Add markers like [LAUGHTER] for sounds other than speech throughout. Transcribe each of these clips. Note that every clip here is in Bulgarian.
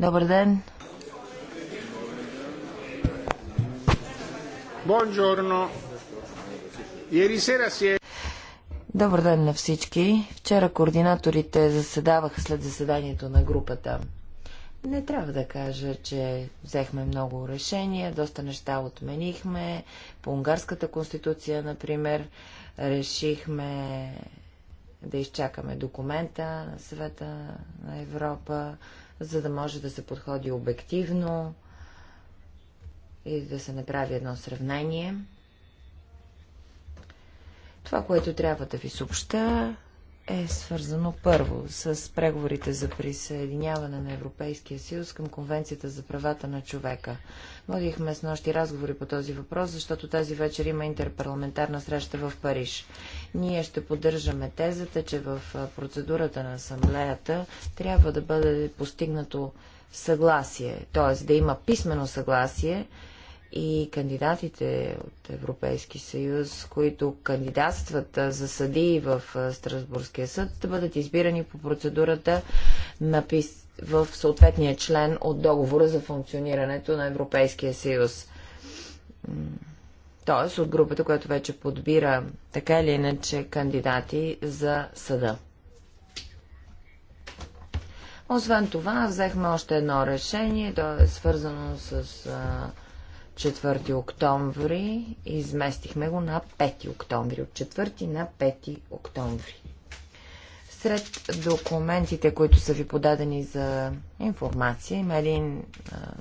Добър ден. Buongiorno. Добър ден на всички. Вчера координаторите заседаваха след заседанието на групата. Не трябва да кажа, че взехме много решения, доста неща отменихме. По унгарската конституция, например, решихме да изчакаме документа на съвета на Европа за да може да се подходи обективно и да се направи едно сравнение. Това, което трябва да ви съобща, е свързано първо с преговорите за присъединяване на Европейския съюз към Конвенцията за правата на човека. Водихме с нощи разговори по този въпрос, защото тази вечер има интерпарламентарна среща в Париж. Ние ще поддържаме тезата, че в процедурата на асамблеята трябва да бъде постигнато съгласие, т.е. да има писмено съгласие и кандидатите от Европейски съюз, които кандидатстват за съдии в Страсбургския съд, да бъдат избирани по процедурата пис... в съответния член от договора за функционирането на Европейския съюз. Тоест от групата, която вече подбира така или иначе кандидати за съда. Освен това, взехме още едно решение, то е свързано с а, 4 октомври, изместихме го на 5 октомври, от 4 на 5 октомври. Сред документите, които са ви подадени за информация, има един,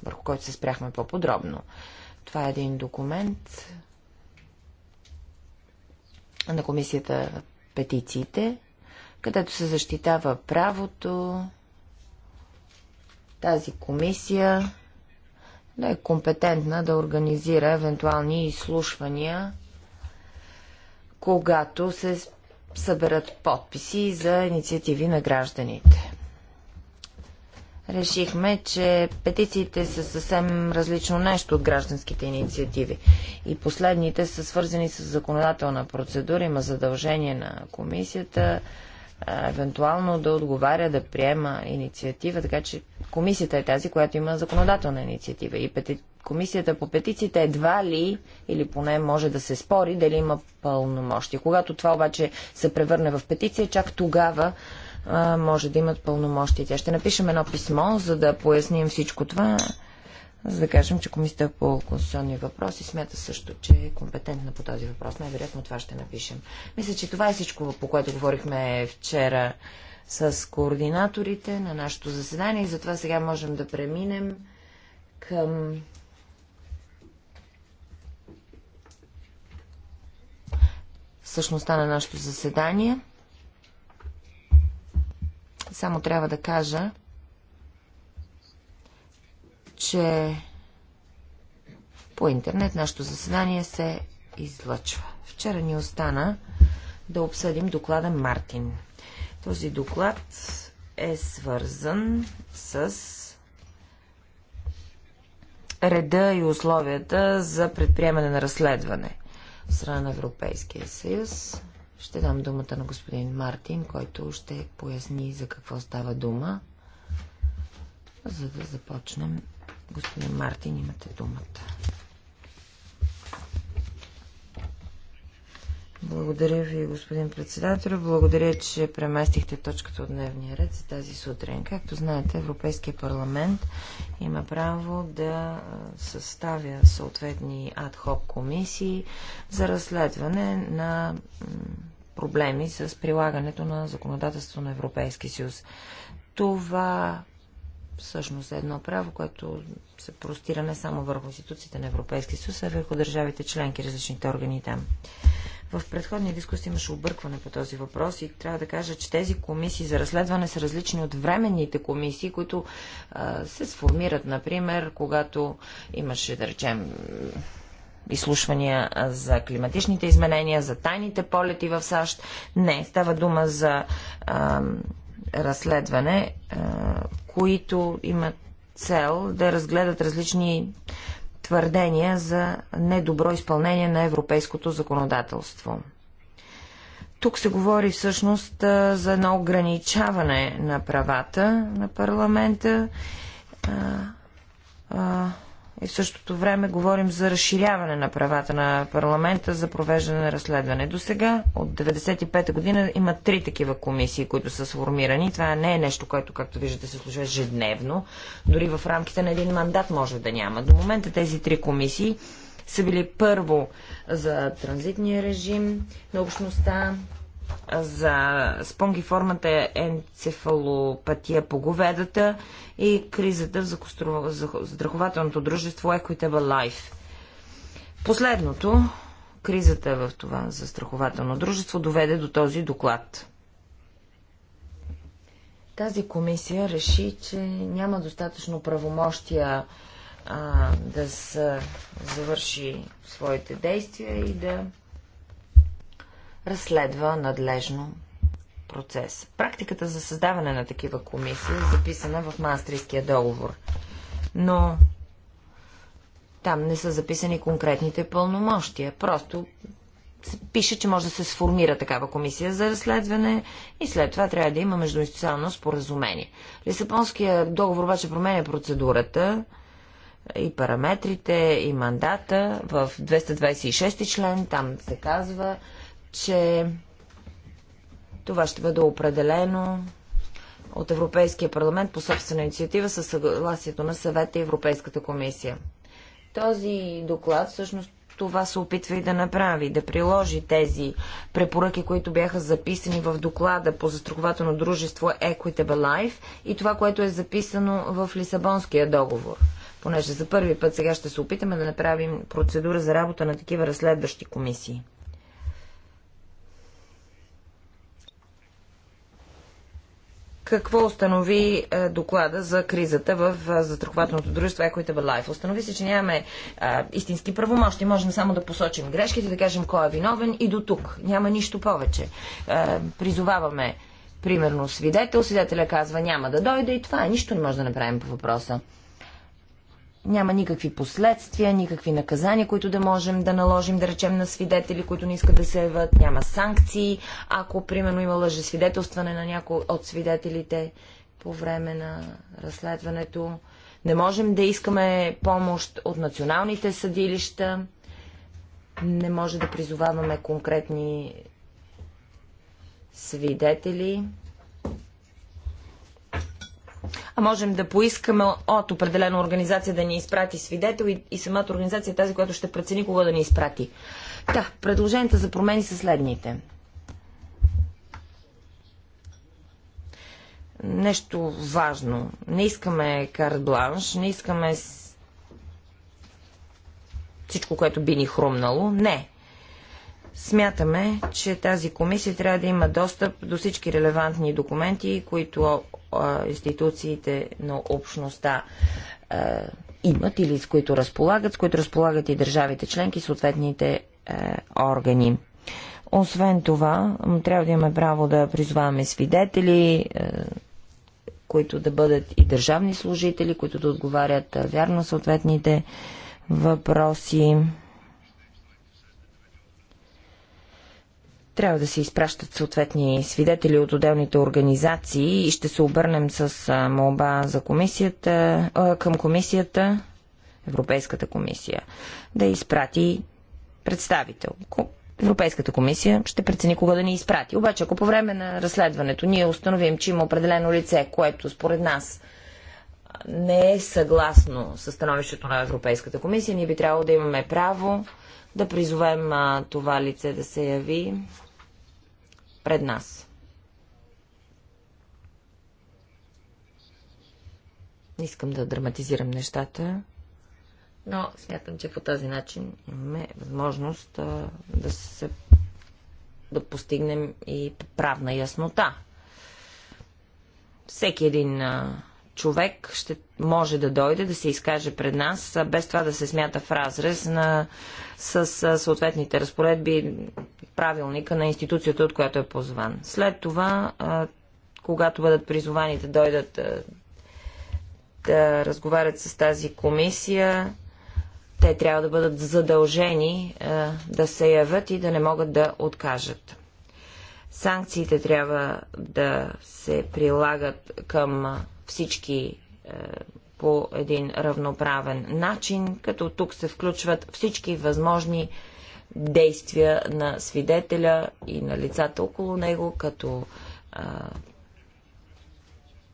върху който се спряхме по-подробно. Това е един документ на комисията петициите, където се защитава правото тази комисия да е компетентна да организира евентуални изслушвания, когато се съберат подписи за инициативи на гражданите. Решихме, че петициите са съвсем различно нещо от гражданските инициативи. И последните са свързани с законодателна процедура. Има задължение на комисията евентуално да отговаря, да приема инициатива, така че комисията е тази, която има законодателна инициатива. И пети... комисията по петициите едва ли, или поне може да се спори, дали има пълномощи. Когато това обаче се превърне в петиция, чак тогава а, може да имат пълномощи. Тя ще напишем едно писмо, за да поясним всичко това за да кажем, че Комисията е по конституционни въпроси смята също, че е компетентна по този въпрос. Най-вероятно това ще напишем. Мисля, че това е всичко, по което говорихме вчера с координаторите на нашето заседание и затова сега можем да преминем към същността на нашето заседание. Само трябва да кажа, че по интернет нашето заседание се излъчва. Вчера ни остана да обсъдим доклада Мартин. Този доклад е свързан с реда и условията за предприемане на разследване в страна на Европейския съюз. Ще дам думата на господин Мартин, който ще поясни за какво става дума, за да започнем Господин Мартин, имате думата. Благодаря ви, господин председател. Благодаря, че преместихте точката от дневния ред за тази сутрин. Както знаете, Европейския парламент има право да съставя съответни адхок комисии за разследване на проблеми с прилагането на законодателство на Европейския съюз. Това всъщност е едно право, което се простира не само върху институциите на Европейския съюз, а върху държавите членки, различните органи там. В предходни дискусии имаше объркване по този въпрос и трябва да кажа, че тези комисии за разследване са различни от временните комисии, които а, се сформират, например, когато имаше, да речем, изслушвания за климатичните изменения, за тайните полети в САЩ. Не, става дума за. А, разследване, е, които имат цел да разгледат различни твърдения за недобро изпълнение на европейското законодателство. Тук се говори всъщност е, за едно ограничаване на правата на парламента. А, е, а, и в същото време говорим за разширяване на правата на парламента за провеждане на разследване. До сега, от 1995 година, има три такива комисии, които са сформирани. Това не е нещо, което, както виждате, се служа ежедневно. Дори в рамките на един мандат може да няма. До момента тези три комисии са били първо за транзитния режим на общността, за спонгиформата енцефалопатия по говедата и кризата в застрахователното дружество Equitable Life. Последното, кризата в това застрахователно дружество доведе до този доклад. Тази комисия реши, че няма достатъчно правомощия а, да се завърши своите действия и да разследва надлежно процес. Практиката за създаване на такива комисии е записана в Мастрийския договор, но там не са записани конкретните пълномощия. Просто пише, че може да се сформира такава комисия за разследване и след това трябва да има междуинституционално споразумение. Лисапонския договор обаче променя процедурата и параметрите, и мандата в 226 член. Там се казва, че това ще бъде определено от Европейския парламент по собствена инициатива със съгласието на съвета и Европейската комисия. Този доклад всъщност това се опитва и да направи, да приложи тези препоръки, които бяха записани в доклада по застрахователно дружество Equitable Life и това, което е записано в Лисабонския договор. Понеже за първи път сега ще се опитаме да направим процедура за работа на такива разследващи комисии. Какво установи е, доклада за кризата в е, застрахователното дружество Equitable Life? Установи се, че нямаме а, е, истински правомощи. Можем само да посочим грешките, да кажем кой е виновен и до тук. Няма нищо повече. А, призоваваме примерно свидетел, свидетеля казва няма да дойде и това Нищо не може да направим по въпроса. Няма никакви последствия, никакви наказания, които да можем да наложим, да речем, на свидетели, които не искат да се явят. Няма санкции, ако, примерно, има лъжесвидетелстване на някой от свидетелите по време на разследването. Не можем да искаме помощ от националните съдилища. Не може да призоваваме конкретни свидетели. А можем да поискаме от определена организация да ни изпрати свидетел и, и самата организация е тази, която ще прецени кога да ни изпрати. Да, предложенията за промени са следните. Нещо важно. Не искаме карт бланш, не искаме всичко, което би ни хрумнало. Не. Смятаме, че тази комисия трябва да има достъп до всички релевантни документи, които институциите на общността имат или с които разполагат, с които разполагат и държавите членки, съответните е, органи. Освен това, трябва да имаме право да призваваме свидетели, е, които да бъдат и държавни служители, които да отговарят вярно съответните въпроси. Трябва да се изпращат съответни свидетели от отделните организации и ще се обърнем с молба за комисията, към комисията, Европейската комисия, да изпрати представител. Европейската комисия ще прецени кога да ни изпрати. Обаче, ако по време на разследването ние установим, че има определено лице, което според нас не е съгласно с становището на Европейската комисия, ние би трябвало да имаме право да призовем а, това лице да се яви пред нас. Не искам да драматизирам нещата, но смятам, че по този начин имаме възможност да, да, се, да постигнем и правна яснота. Всеки един човек ще може да дойде да се изкаже пред нас, без това да се смята в разрез на, с, с съответните разпоредби правилника на институцията, от която е позван. След това, а, когато бъдат призовани да дойдат а, да разговарят с тази комисия, те трябва да бъдат задължени а, да се явят и да не могат да откажат. Санкциите трябва да се прилагат към всички е, по един равноправен начин, като тук се включват всички възможни действия на свидетеля и на лицата около него, като а,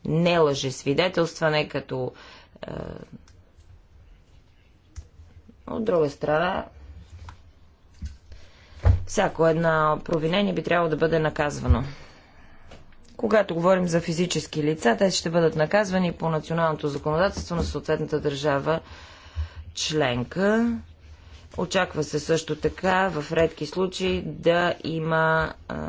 не лъже свидетелстване, като а, от друга страна всяко едно провинение би трябвало да бъде наказвано. Когато говорим за физически лица, те ще бъдат наказвани по националното законодателство на съответната държава членка. Очаква се също така в редки случаи да има а,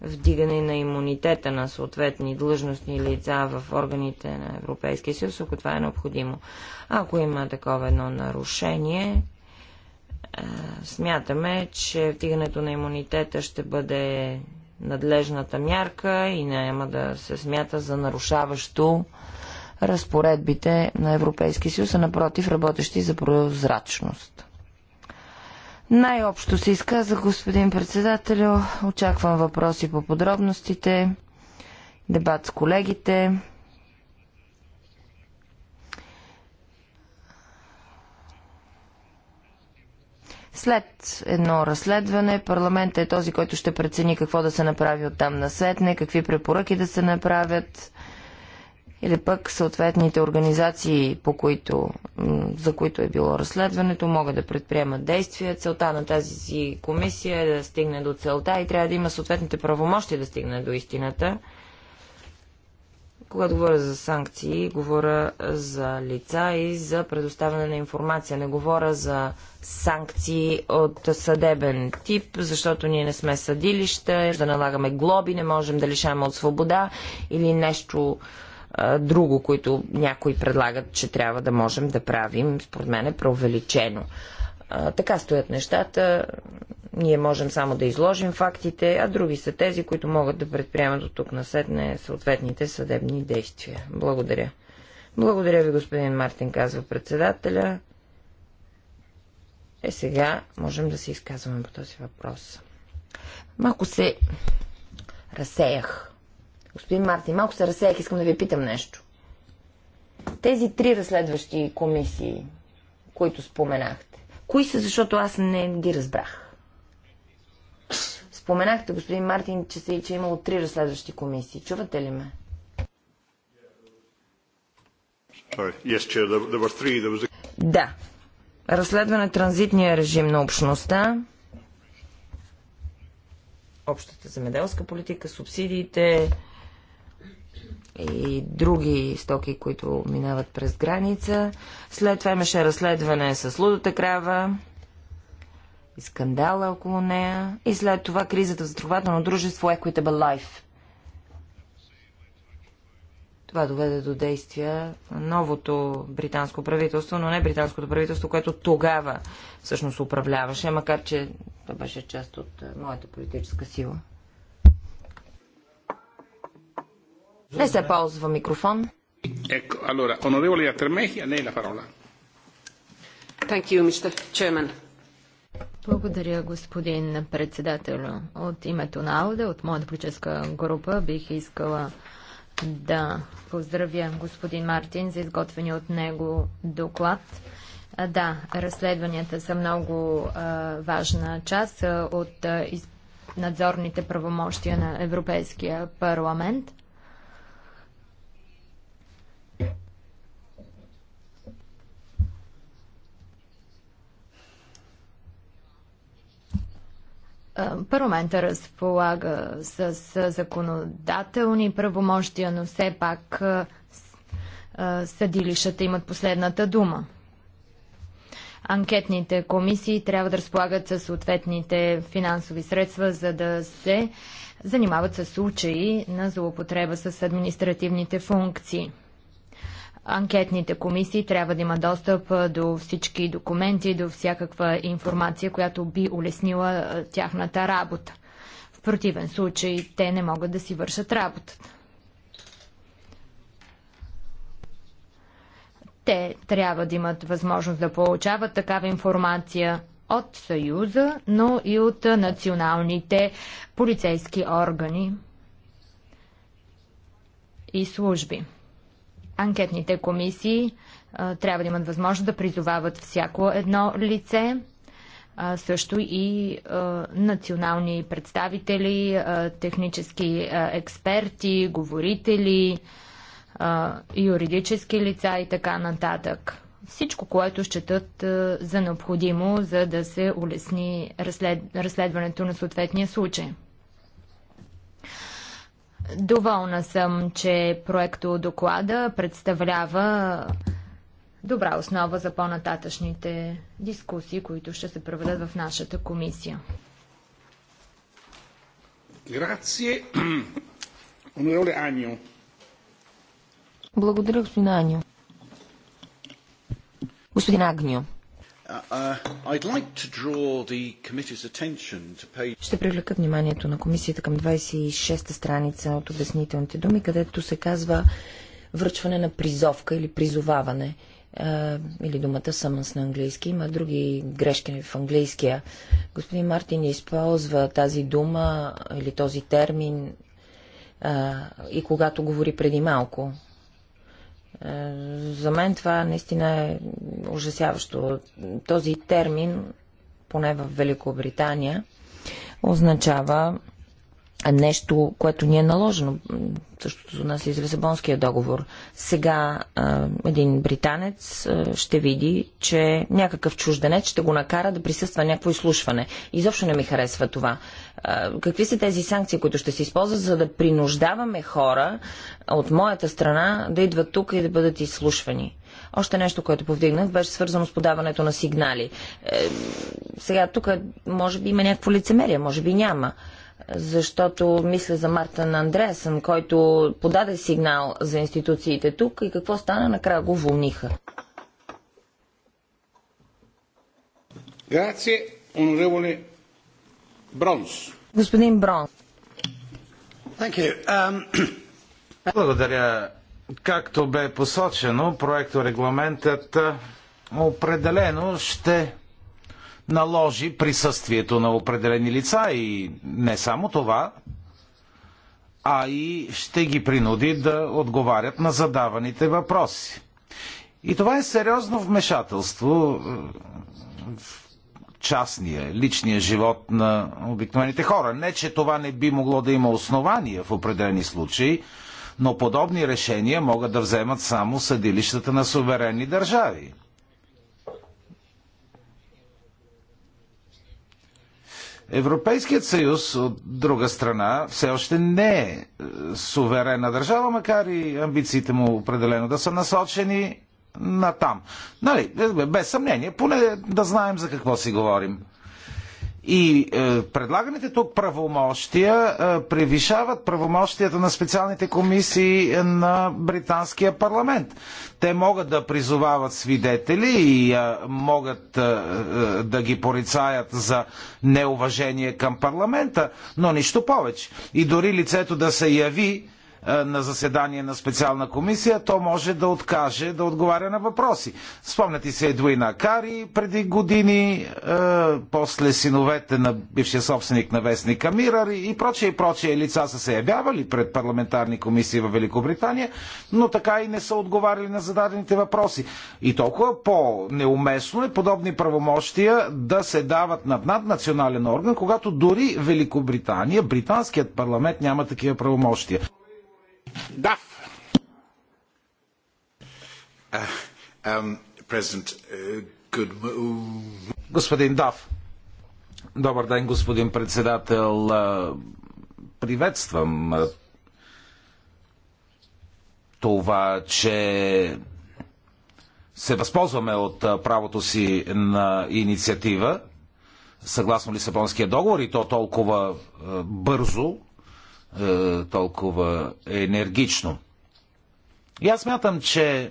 вдигане на имунитета на съответни длъжностни лица в органите на Европейския съюз, ако това е необходимо. Ако има такова едно нарушение, а, смятаме, че вдигането на имунитета ще бъде надлежната мярка и няма да се смята за нарушаващо разпоредбите на Европейския съюз, а напротив работещи за прозрачност. Най-общо се изказа, господин председател, Очаквам въпроси по подробностите, дебат с колегите. След едно разследване, парламентът е този, който ще прецени какво да се направи от там на сетне, какви препоръки да се направят или пък съответните организации, по които, за които е било разследването, могат да предприемат действия. Целта на тази си комисия е да стигне до целта и трябва да има съответните правомощи да стигне до истината. Когато говоря за санкции, говоря за лица и за предоставяне на информация. Не говоря за санкции от съдебен тип, защото ние не сме съдилища, да налагаме глоби, не можем да лишаваме от свобода или нещо а, друго, което някои предлагат, че трябва да можем да правим, според мен е преувеличено. А, така стоят нещата. Ние можем само да изложим фактите, а други са тези, които могат да предприемат от тук насетне съответните съдебни действия. Благодаря. Благодаря ви, господин Мартин, казва председателя. Е, сега можем да се изказваме по този въпрос. Малко се разсеях. Господин Мартин, малко се разсеях, искам да ви питам нещо. Тези три разследващи комисии, които споменахте, кои са, защото аз не ги разбрах? Споменахте, господин Мартин, че, се, че е имало три разследващи комисии. Чувате ли ме? Да. Разследване транзитния режим на общността, общата земеделска политика, субсидиите и други стоки, които минават през граница. След това имаше разследване с лудата крава, и скандала около нея, и след това кризата в затрувателно дружество Equitable Life. Това доведе до действия новото британско правителство, но не британското правителство, което тогава всъщност управляваше, макар че това беше част от е, моята политическа сила. Не се ползва микрофон. Ecco, allora, onorevole Thank you, Mr. Chairman. Благодаря, господин председател. От името на АЛДА, от моята политическа група, бих искала да поздравя господин Мартин за изготвени от него доклад. Да, разследванията са много важна част от надзорните правомощия на Европейския парламент. Е, парламента разполага с законодателни правомощия, но все пак е, е, съдилищата имат последната дума. Анкетните комисии трябва да разполагат със съответните финансови средства, за да се занимават с случаи на злоупотреба с административните функции анкетните комисии трябва да има достъп до всички документи, до всякаква информация, която би улеснила тяхната работа. В противен случай те не могат да си вършат работата. Те трябва да имат възможност да получават такава информация от Съюза, но и от националните полицейски органи и служби. Анкетните комисии трябва да имат възможност да призовават всяко едно лице, също и национални представители, технически експерти, говорители, юридически лица и така нататък. Всичко, което щетат за необходимо, за да се улесни разследването на съответния случай. Доволна съм, че проекто доклада представлява добра основа за по-нататъчните дискусии, които ще се проведат в нашата комисия. Благодаря, господин Аню. Господин Агнио. Uh, uh, Ще привлека вниманието на комисията към 26-та страница от обяснителните думи, където се казва връчване на призовка или призоваване. Или думата summons на английски. Има други грешки в английския. Господин Мартин използва тази дума или този термин и когато говори преди малко е, за мен това наистина е ужасяващо. Този термин, поне в Великобритания, означава нещо, което ни е наложено. Същото за нас е Лисабонския договор. Сега един британец ще види, че някакъв чужденец ще го накара да присъства някакво изслушване. Изобщо не ми харесва това. Какви са тези санкции, които ще се използват, за да принуждаваме хора от моята страна да идват тук и да бъдат изслушвани? Още нещо, което повдигнах, беше свързано с подаването на сигнали. Е, сега тук, може би, има някакво лицемерие, може би няма защото мисля за Мартин Андреасън, който подаде сигнал за институциите тук и какво стана, накрая го вълниха. Грация, Бронс. Господин Бронс. Um... [COUGHS] Благодаря. Както бе посочено, проекторегламентът определено ще наложи присъствието на определени лица и не само това, а и ще ги принуди да отговарят на задаваните въпроси. И това е сериозно вмешателство е, в частния, личния живот на обикновените хора. Не, че това не би могло да има основания в определени случаи, но подобни решения могат да вземат само съдилищата на суверенни държави. Европейският съюз, от друга страна, все още не е, е суверена държава, макар и амбициите му определено да са насочени на там. Нали, без съмнение, поне да знаем за какво си говорим. И е, предлаганите тук правомощия е, превишават правомощията на специалните комисии на британския парламент. Те могат да призовават свидетели и е, могат е, е, да ги порицаят за неуважение към парламента, но нищо повече. И дори лицето да се яви е, на заседание на специална комисия, то може да откаже да отговаря на въпроси. Спомняте се Едуина Кари преди години, е, после синовете на бившия собственик на вестника Мирър и прочие и прочие лица са се явявали пред парламентарни комисии в Великобритания, но така и не са отговаряли на зададените въпроси. И толкова по-неуместно е подобни правомощия да се дават над наднационален орган, когато дори Великобритания, британският парламент няма такива правомощия. Uh, um, uh, good... Господин Дав. Добър ден, господин председател. Uh, приветствам uh, това, че се възползваме от uh, правото си на инициатива, съгласно Лисабонския договор и то толкова бързо, е, толкова енергично. И аз мятам, че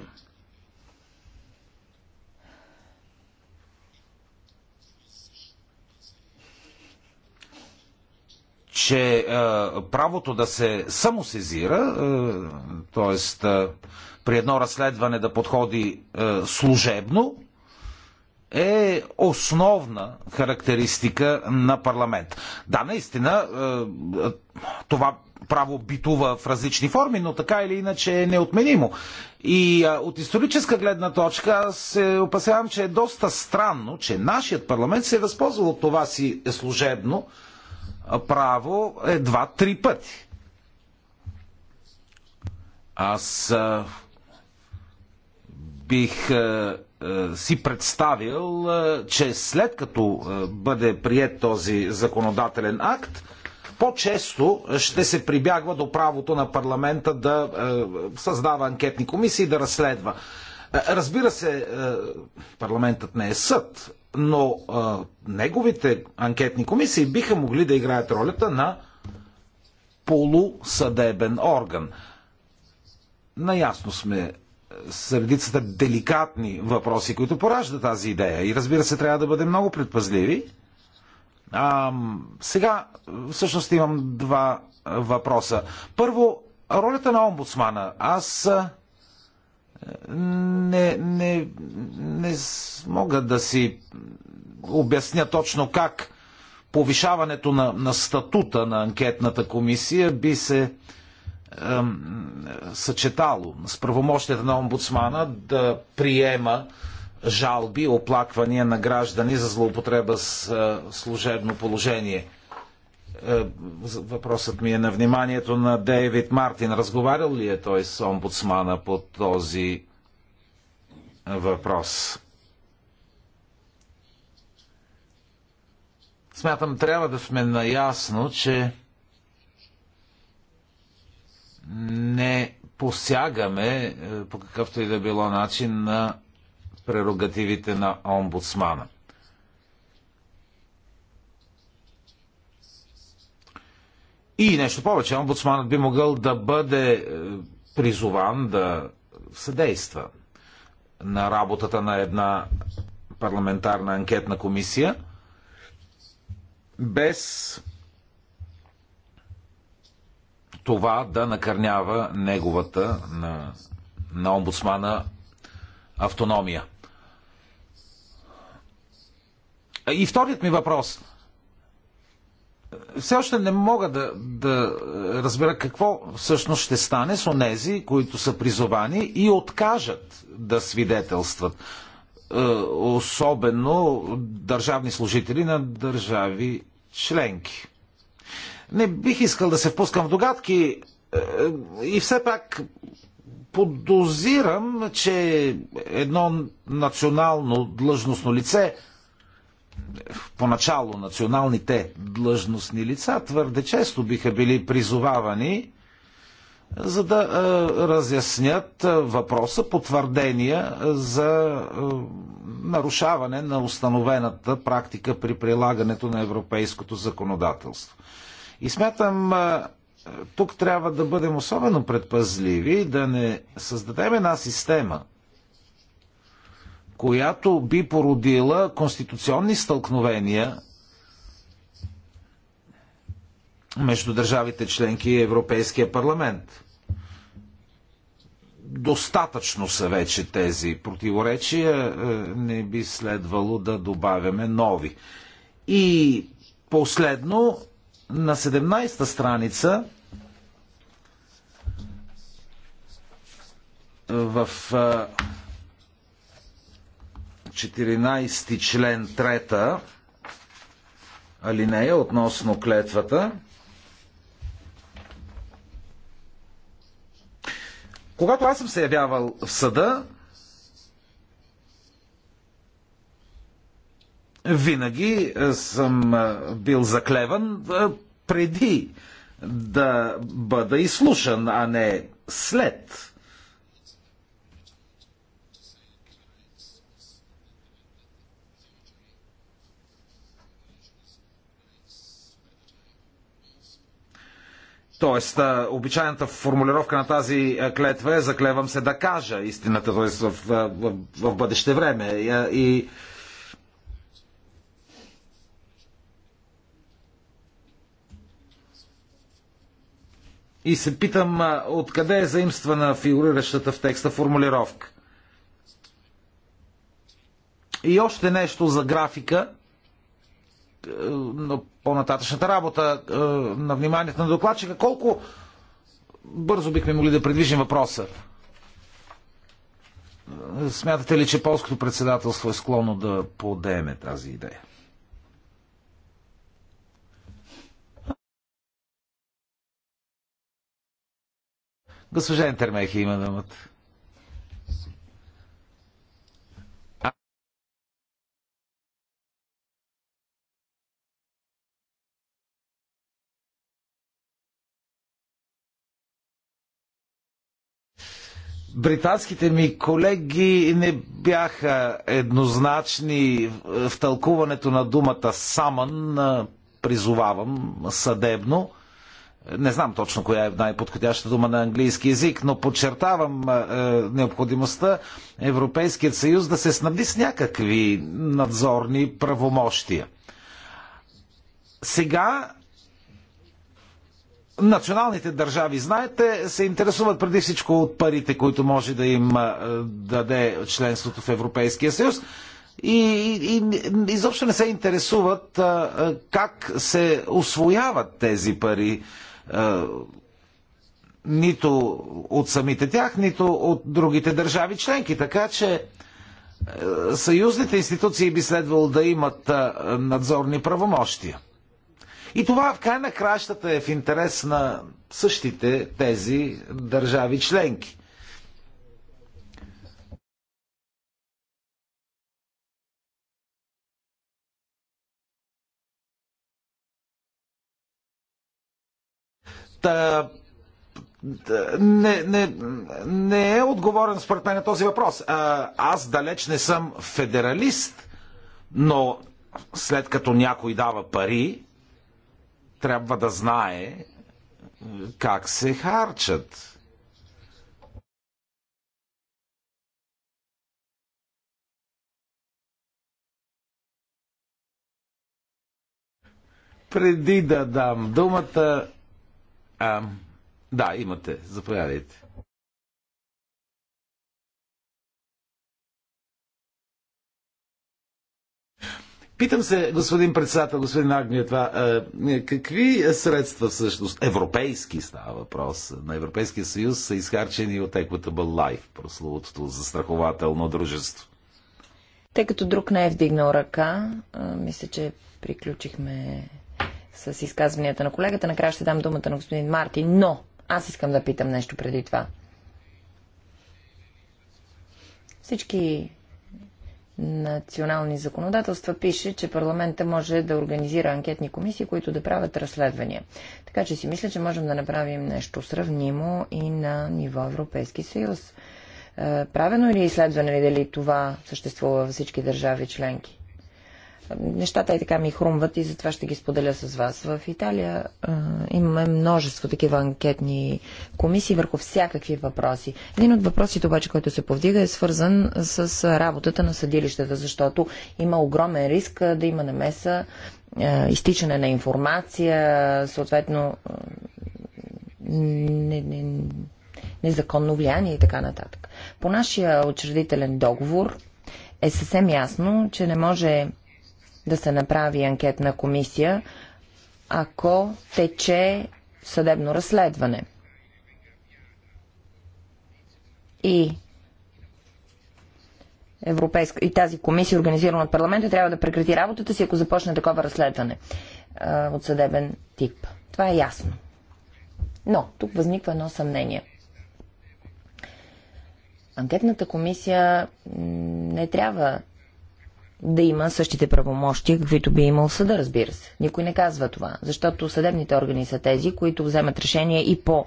че е, правото да се самосезира, е, т.е. Е, при едно разследване да подходи е, служебно, е основна характеристика на парламент. Да, наистина, е, това право битува в различни форми, но така или иначе е неотменимо. И а, е, от историческа гледна точка се опасявам, че е доста странно, че нашият парламент се е възползвал от това си служебно е, право едва-три пъти. Аз а, бих а, е, си представил, е, че след като е, бъде прият този законодателен акт, по-често ще се прибягва до правото на парламента да създава анкетни комисии и да разследва. Разбира се, парламентът не е съд, но неговите анкетни комисии биха могли да играят ролята на полусъдебен орган. Наясно сме Средицата редицата деликатни въпроси, които поражда тази идея. И разбира се, трябва да бъдем много предпазливи. А, сега, всъщност имам два въпроса. Първо, ролята на омбудсмана. Аз не, не, не мога да си обясня точно как повишаването на, на статута на анкетната комисия би се съчетало с правомощията на омбудсмана да приема жалби, оплаквания на граждани за злоупотреба с служебно положение. Е, въпросът ми е на вниманието на Дейвид Мартин. Разговарял ли е той с омбудсмана по този въпрос? Смятам, трябва да сме наясно, че не посягаме е, по какъвто и да било начин на прерогативите на омбудсмана. И нещо повече, омбудсманът би могъл да бъде е, призован да съдейства на работата на една парламентарна анкетна комисия без това да накърнява неговата на, на омбудсмана автономия. И вторият ми въпрос. Все още не мога да, да разбера какво всъщност ще стане с онези, които са призовани и откажат да свидетелстват. Е, особено държавни служители на държави членки. Не бих искал да се впускам в догадки е, и все пак подозирам, че едно национално длъжностно лице, поначало националните длъжностни лица, твърде често биха били призовавани за да е, разяснят е, въпроса, потвърдения за е, нарушаване на установената практика при прилагането на европейското законодателство. И смятам, тук трябва да бъдем особено предпазливи, да не създадем една система, която би породила конституционни стълкновения между държавите членки и Европейския парламент. Достатъчно са вече тези противоречия, е, не би следвало да добавяме нови. И последно, на 17-та страница в 14 ти член 3 алинея относно клетвата. Когато аз съм се явявал в съда, Винаги е, съм е, бил заклеван е, преди да бъда изслушан, а не след. Тоест, обичайната формулировка на тази клетва е заклевам се да кажа истината, т.е. В, в, в бъдеще време. И, И се питам откъде е заимствана фигуриращата в текста формулировка. И още нещо за графика е, на по-нататъчната работа е, на вниманието на докладчика. Колко бързо бихме могли да предвижим въпроса? Смятате ли, че полското председателство е склонно да подеме тази идея? Госпожа Интермехи има думата. британските ми колеги не бяха еднозначни в тълкуването на думата самън, призовавам съдебно не знам точно коя е най-подходяща дума на английски язик, но подчертавам е, е, необходимостта Европейският съюз да се снабди с някакви надзорни правомощия. Сега националните държави, знаете, се интересуват преди всичко от парите, които може да им е, даде членството в Европейския съюз и, и, и изобщо не се интересуват а, е, е, как се освояват тези пари е, нито от самите тях, нито от другите държави членки. Така че е, съюзните институции би следвало да имат е, надзорни правомощия. И това в край на кращата е в интерес на същите тези държави членки. Та, не, не, не е отговорен според мен на този въпрос. А, аз далеч не съм федералист, но след като някой дава пари, трябва да знае е, как се харчат. преди да дам думата а, да, имате. Заповядайте. Питам се, господин председател, господин Агния, това, е, какви средства всъщност, европейски става въпрос, на Европейския съюз са изхарчени от Equitable Life, за застрахователно дружество? Тъй като друг не е вдигнал ръка, мисля, че приключихме с изказванията на колегата. Накрая ще дам думата на господин Марти, но аз искам да питам нещо преди това. Всички национални законодателства пише, че парламента може да организира анкетни комисии, които да правят разследвания. Така че си мисля, че можем да направим нещо сравнимо и на ниво Европейски съюз. Е, правено ли е изследване дали това съществува във всички държави членки? нещата и така ми хрумват и затова ще ги споделя с вас. В Италия а, имаме множество такива анкетни комисии върху всякакви въпроси. Един от въпросите обаче, който се повдига е свързан с работата на съдилищата, защото има огромен риск да има намеса, а, изтичане на информация, съответно не, не, незаконно влияние и така нататък. По нашия учредителен договор е съвсем ясно, че не може да се направи анкетна комисия, ако тече съдебно разследване. И Европейска, и тази комисия, организирана от парламента, трябва да прекрати работата си, ако започне такова разследване а, от съдебен тип. Това е ясно. Но тук възниква едно съмнение. Анкетната комисия не трябва да има същите правомощи, каквито би имал съда, разбира се. Никой не казва това, защото съдебните органи са тези, които вземат решение и по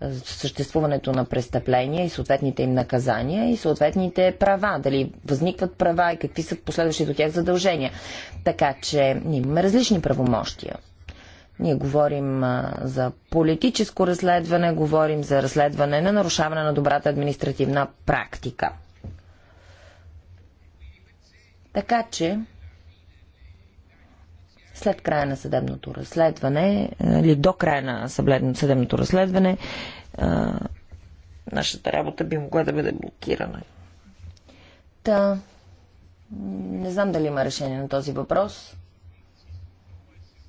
е, съществуването на престъпления и съответните им наказания и съответните права, дали възникват права и какви са последващите от тях задължения. Така че ние имаме различни правомощия. Ние говорим е, за политическо разследване, говорим за разследване на нарушаване на добрата административна практика. Така че, след края на съдебното разследване, или до края на съдебното разследване, нашата работа би могла да бъде блокирана. Та, не знам дали има решение на този въпрос.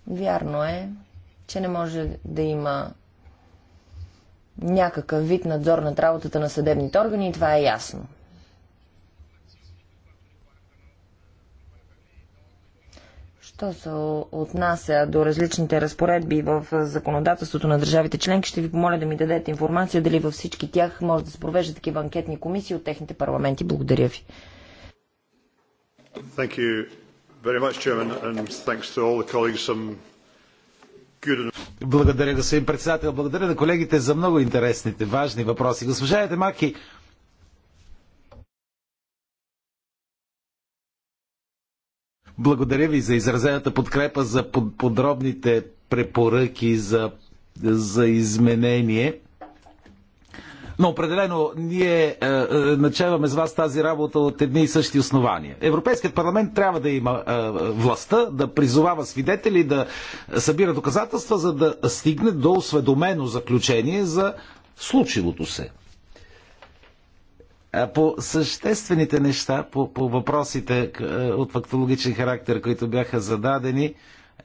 Вярно е, че не може да има някакъв вид надзор над работата на съдебните органи и това е ясно. Що се отнася до различните разпоредби в законодателството на държавите членки, ще ви помоля да ми дадете информация дали във всички тях може да се провежда такива анкетни комисии от техните парламенти. Благодаря ви. Благодаря, господин председател. Благодаря на колегите за много интересните, важни въпроси. Госпожа Етемаки, Благодаря ви за изразената подкрепа, за подробните препоръки за, за изменение. Но определено ние е, е, начеваме с вас тази работа от едни и същи основания. Европейският парламент трябва да има е, властта да призовава свидетели, да събира доказателства, за да стигне до осведомено заключение за случилото се. По съществените неща, по, по въпросите е, от фактологичен характер, които бяха зададени,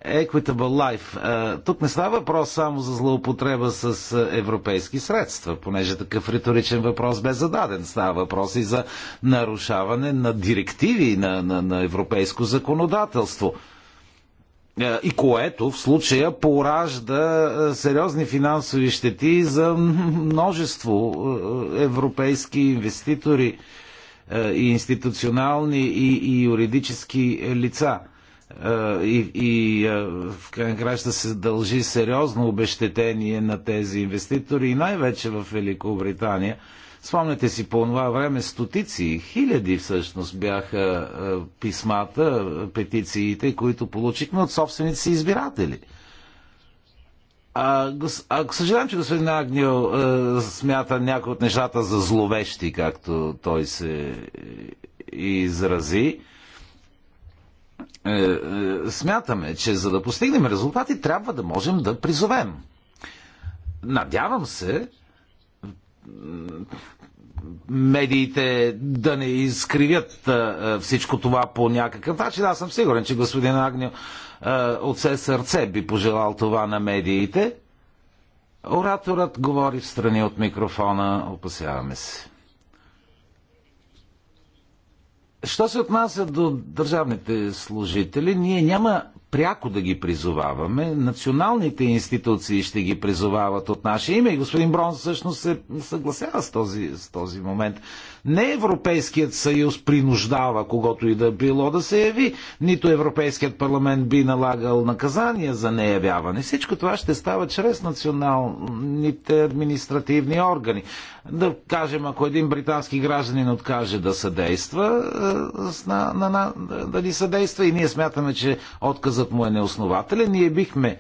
Equitable Life. Е, тук не става въпрос само за злоупотреба с е, европейски средства, понеже такъв риторичен въпрос бе зададен. Става въпрос и за нарушаване на директиви на, на, на европейско законодателство и което в случая поражда е, сериозни финансови щети за множество е, европейски инвеститори е, и институционални и, юридически лица. И, и в крайна краща се дължи сериозно обещетение на тези инвеститори и най-вече в Великобритания – Спомняте си по това време стотици, хиляди всъщност бяха е, писмата, петициите, които получихме от собствените си избиратели. А, а съжалявам, че господин Агнио е, смята някои от нещата за зловещи, както той се е, изрази. Е, е, смятаме, че за да постигнем резултати, трябва да можем да призовем. Надявам се, медиите да не изкривят всичко това по някакъв начин. Аз съм сигурен, че господин Агнио от все сърце би пожелал това на медиите. Ораторът говори в страни от микрофона, опасяваме се. Що се отнася до държавните служители, ние няма пряко да ги призоваваме, националните институции ще ги призовават от наше име и господин Брон всъщност се съгласява с този, с този момент. Не Европейският съюз принуждава когото и да било да се яви, нито Европейският парламент би налагал наказания за неявяване. Всичко това ще става чрез националните административни органи. Да кажем, ако един британски гражданин откаже да съдейства, е, на, на, на, да ни съдейства и ние смятаме, че отказът му е неоснователен, ние бихме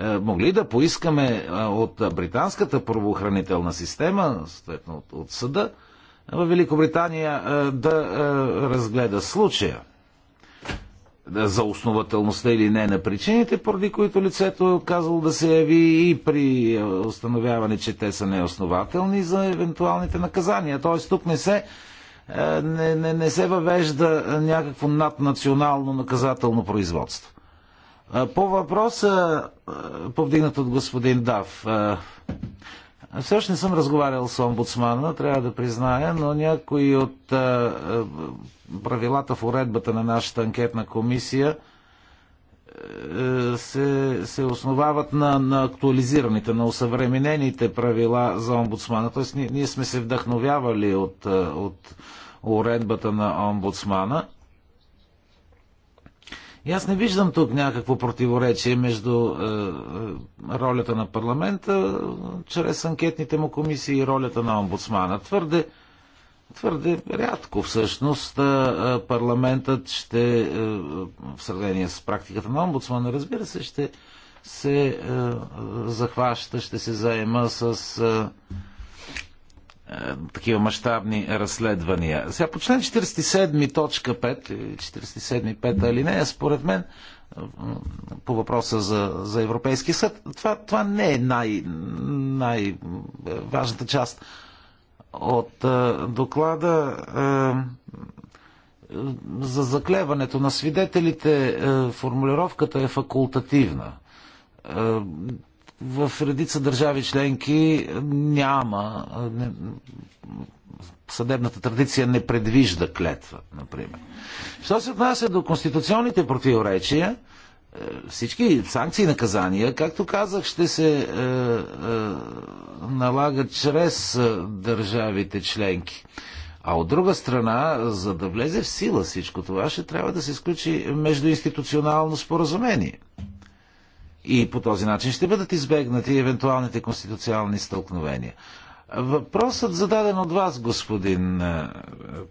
е, могли да поискаме е, от британската правоохранителна система, от, от съда, в Великобритания е, да е, разгледа случая за основателността или не на причините, поради които лицето е да се яви и при е, установяване, че те са неоснователни за евентуалните наказания. Т.е. тук не се, не, не, не се въвежда някакво наднационално наказателно производство. По въпроса, повдигнат от господин Дав, все още не съм разговарял с омбудсмана, трябва да призная, но някои от правилата в уредбата на нашата анкетна комисия се, се основават на, на актуализираните, на усъвременените правила за омбудсмана. Тоест, ние, ние сме се вдъхновявали от, от уредбата на омбудсмана. И аз не виждам тук някакво противоречие между е, е, ролята на парламента е, чрез анкетните му комисии и ролята на омбудсмана. Твърде, твърде рядко всъщност е, е, парламентът ще, в сравнение с практиката на омбудсмана, разбира се, ще се захваща, ще се заема с е, такива мащабни разследвания. Сега по член 47 точка 5, 47 е, алинея, според мен, е, по въпроса за, за Европейски съд, това, това не е най, най-важната част от а, доклада а, за заклеването на свидетелите. А, формулировката е факултативна в редица държави членки няма. Не, съдебната традиция не предвижда клетва, например. Що се отнася до конституционните противоречия, е, всички санкции и наказания, както казах, ще се е, е, налагат чрез е, държавите членки. А от друга страна, за да влезе в сила всичко това, ще трябва да се изключи междуинституционално споразумение. И по този начин ще бъдат избегнати евентуалните конституционални стълкновения. Въпросът зададен от вас, господин е,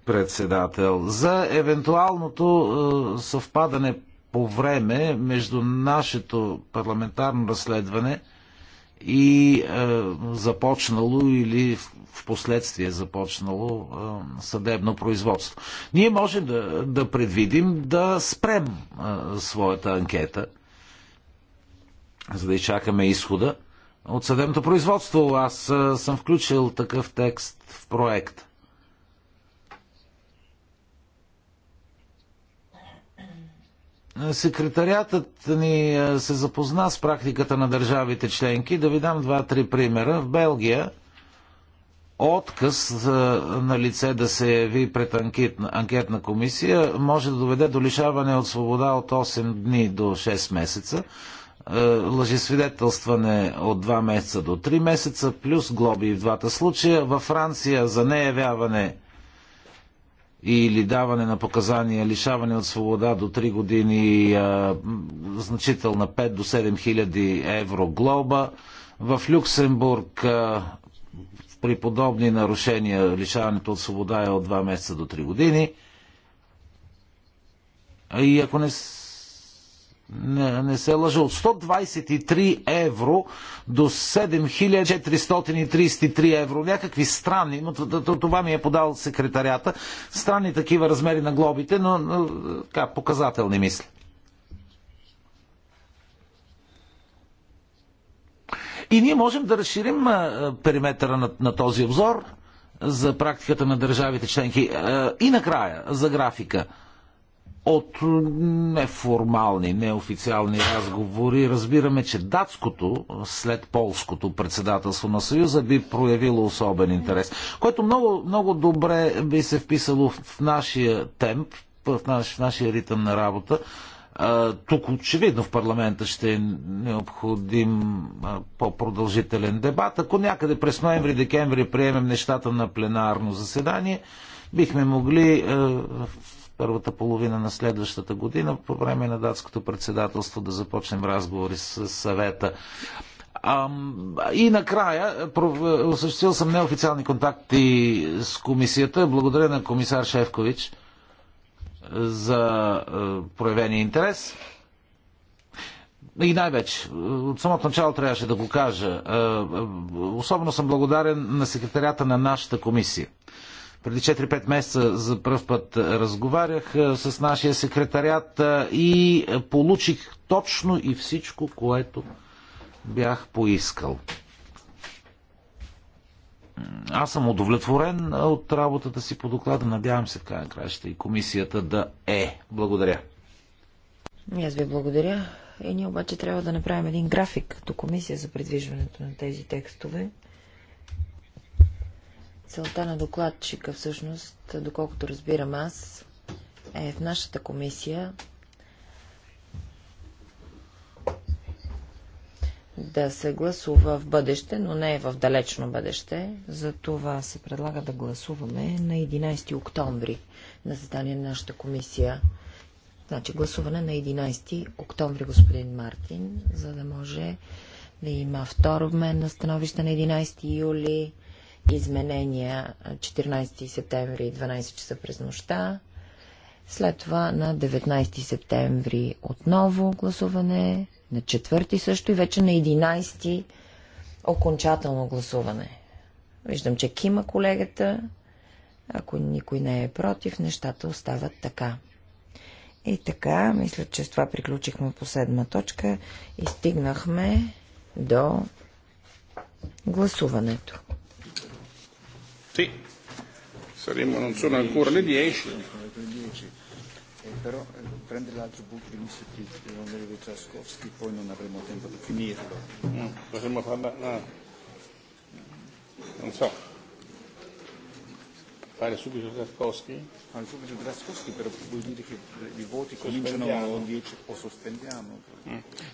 председател, за евентуалното е, съвпадане по време между нашето парламентарно разследване и е, започнало или в последствие започнало е, съдебно производство. Ние можем да, да предвидим да спрем е, своята анкета за да изчакаме изхода от съдебното производство. Аз съм включил такъв текст в проект. Секретариатът ни се запозна с практиката на държавите членки. Да ви дам два-три примера. В Белгия отказ на лице да се яви пред анкетна, анкетна комисия може да доведе до лишаване от свобода от 8 дни до 6 месеца. Е, лъжесвидетелстване от 2 месеца до 3 месеца, плюс глоби в двата случая. Във Франция за неявяване или даване на показания, лишаване от свобода до 3 години, а, е, значителна 5 до 7 хиляди евро глоба. В Люксембург а, е, при подобни нарушения лишаването от свобода е от 2 месеца до 3 години. И ако не не, не се лъжа, от 123 евро до 7433 евро. Някакви странни, но това ми е подал секретарята. Странни такива размери на глобите, но, но така, показателни мисля. И ние можем да разширим периметъра на, на този обзор за практиката на държавите членки. И накрая, за графика – от неформални, неофициални разговори разбираме, че датското след полското председателство на Съюза би проявило особен интерес, което много, много добре би се вписало в нашия темп, в, наш, в нашия ритъм на работа. Тук очевидно в парламента ще е необходим по-продължителен дебат. Ако някъде през ноември-декември приемем нещата на пленарно заседание, бихме могли в първата половина на следващата година, по време на датското председателство, да започнем разговори с съвета. А, и накрая осъществил съм неофициални контакти с комисията. Благодаря на комисар Шефкович е, за е, проявения интерес. И най-вече, от самото начало трябваше да го кажа. Е, особено съм благодарен на секретарята на нашата комисия преди 4-5 месеца за първ път е, разговарях е, с нашия секретарят е, и получих точно и всичко, което бях поискал. Аз съм удовлетворен от работата си по доклада. Надявам се в края краща и комисията да е. Благодаря. Аз ви благодаря. И ние обаче трябва да направим един график до комисия за предвижването на тези текстове. Целта на докладчика всъщност, доколкото разбирам аз, е в нашата комисия да се гласува в бъдеще, но не в далечно бъдеще. За това се предлага да гласуваме на 11 октомври на създание на нашата комисия. Значи гласуване на 11 октомври, господин Мартин, за да може да има втор обмен на становище на 11 юли изменения 14 септември 12 часа през нощта. След това на 19 септември отново гласуване, на 4 също и вече на 11 окончателно гласуване. Виждам, че кима колегата. Ако никой не е против, нещата остават така. И така, мисля, че с това приключихме по седма точка и стигнахме до гласуването. Sì, saremmo, non sono ancora le 10. Però prendere l'altro book di Mr. dell'onorevole Traskowski, poi non avremo tempo di finirlo. potremmo farla, no. non so, fare subito Traskowski? Fare subito Traskowski, però vuol dire che i voti cominciano a 10 o sospendiamo.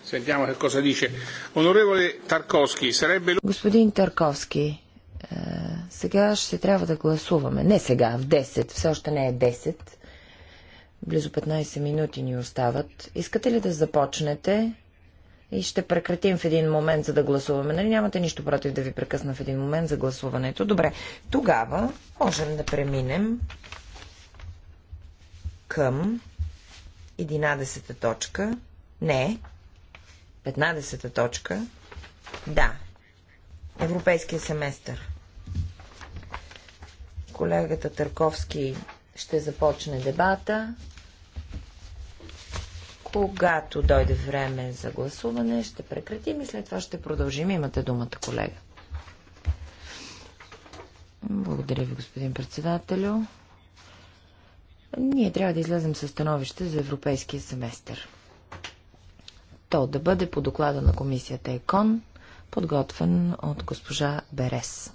Sentiamo che cosa dice. Onorevole Tarkovsky, sarebbe... Gospodin Тарковски, е, сега ще трябва да гласуваме. Не сега, в 10. Все още не е 10. Близо 15 минути ни остават. Искате ли да започнете? И ще прекратим в един момент, за да гласуваме. Нали нямате нищо против да ви прекъсна в един момент за гласуването? Добре, тогава можем да преминем към 11-та точка. Не, 15-та точка. Да, Европейския семестър. Колегата Търковски ще започне дебата. Когато дойде време за гласуване, ще прекратим и след това ще продължим. Имате думата, колега. Благодаря ви, господин председателю. Ние трябва да излезем със становище за европейския семестър. То да бъде по доклада на комисията ЕКОН, подготвен от госпожа Берес.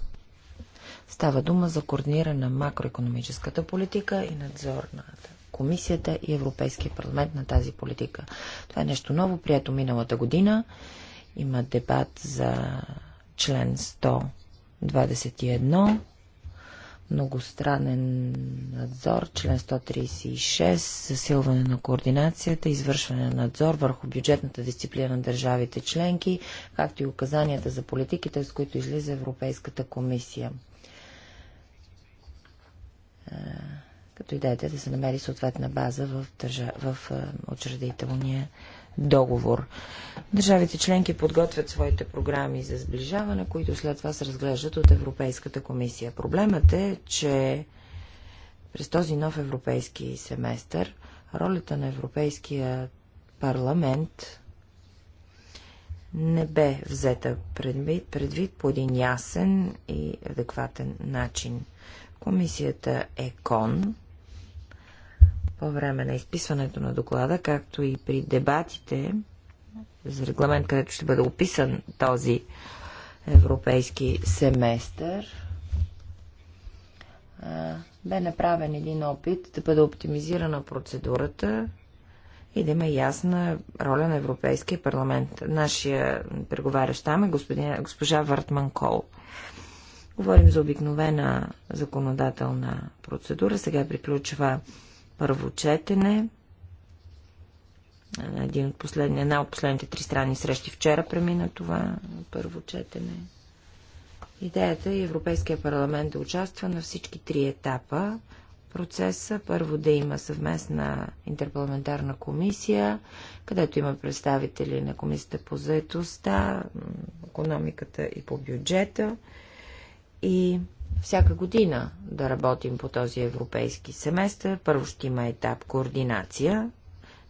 Става дума за координиране на макроекономическата политика и надзор на Комисията и Европейския парламент на тази политика. Това е нещо ново, прието миналата година. Има дебат за член 121, многостранен надзор, член 136, засилване на координацията, извършване на надзор върху бюджетната дисциплина на държавите членки, както и указанията за политиките, с които излиза Европейската комисия като идеята е да се намери съответна база в, държа... в учредителния договор. Държавите членки подготвят своите програми за сближаване, които след това се разглеждат от Европейската комисия. Проблемът е, че през този нов европейски семестър ролята на Европейския парламент не бе взета предвид, предвид по един ясен и адекватен начин. Комисията ЕКОН по време на изписването на доклада, както и при дебатите за регламент, където ще бъде описан този европейски семестър, бе направен един опит да бъде оптимизирана процедурата и да има ясна роля на Европейския парламент. Нашия преговарящ там е госпожа Въртман Кол. Говорим за обикновена законодателна процедура. Сега приключва първо четене. Един от последни, една от последните три страни срещи вчера премина това първо четене. Идеята е Европейския парламент да участва на всички три етапа процеса. Първо да има съвместна интерпарламентарна комисия, където има представители на комисията по заетостта, економиката и по бюджета и всяка година да работим по този европейски семестър. Първо ще има етап координация.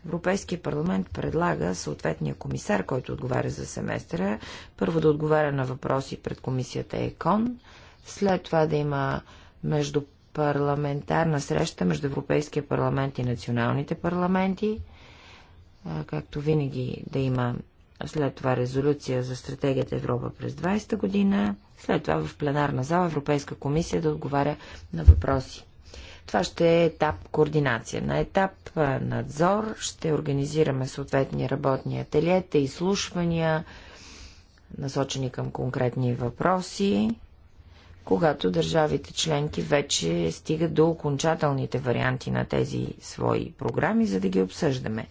Европейския парламент предлага съответния комисар, който отговаря за семестъра, първо да отговаря на въпроси пред комисията ЕКОН, след това да има между парламентарна среща между Европейския парламент и националните парламенти, както винаги да има след това резолюция за стратегията Европа през 20-та година, след това в пленарна зала Европейска комисия да отговаря на въпроси. Това ще е етап координация. На етап надзор ще организираме съответни работни ателиета, изслушвания, насочени към конкретни въпроси, когато държавите членки вече стигат до окончателните варианти на тези свои програми, за да ги обсъждаме.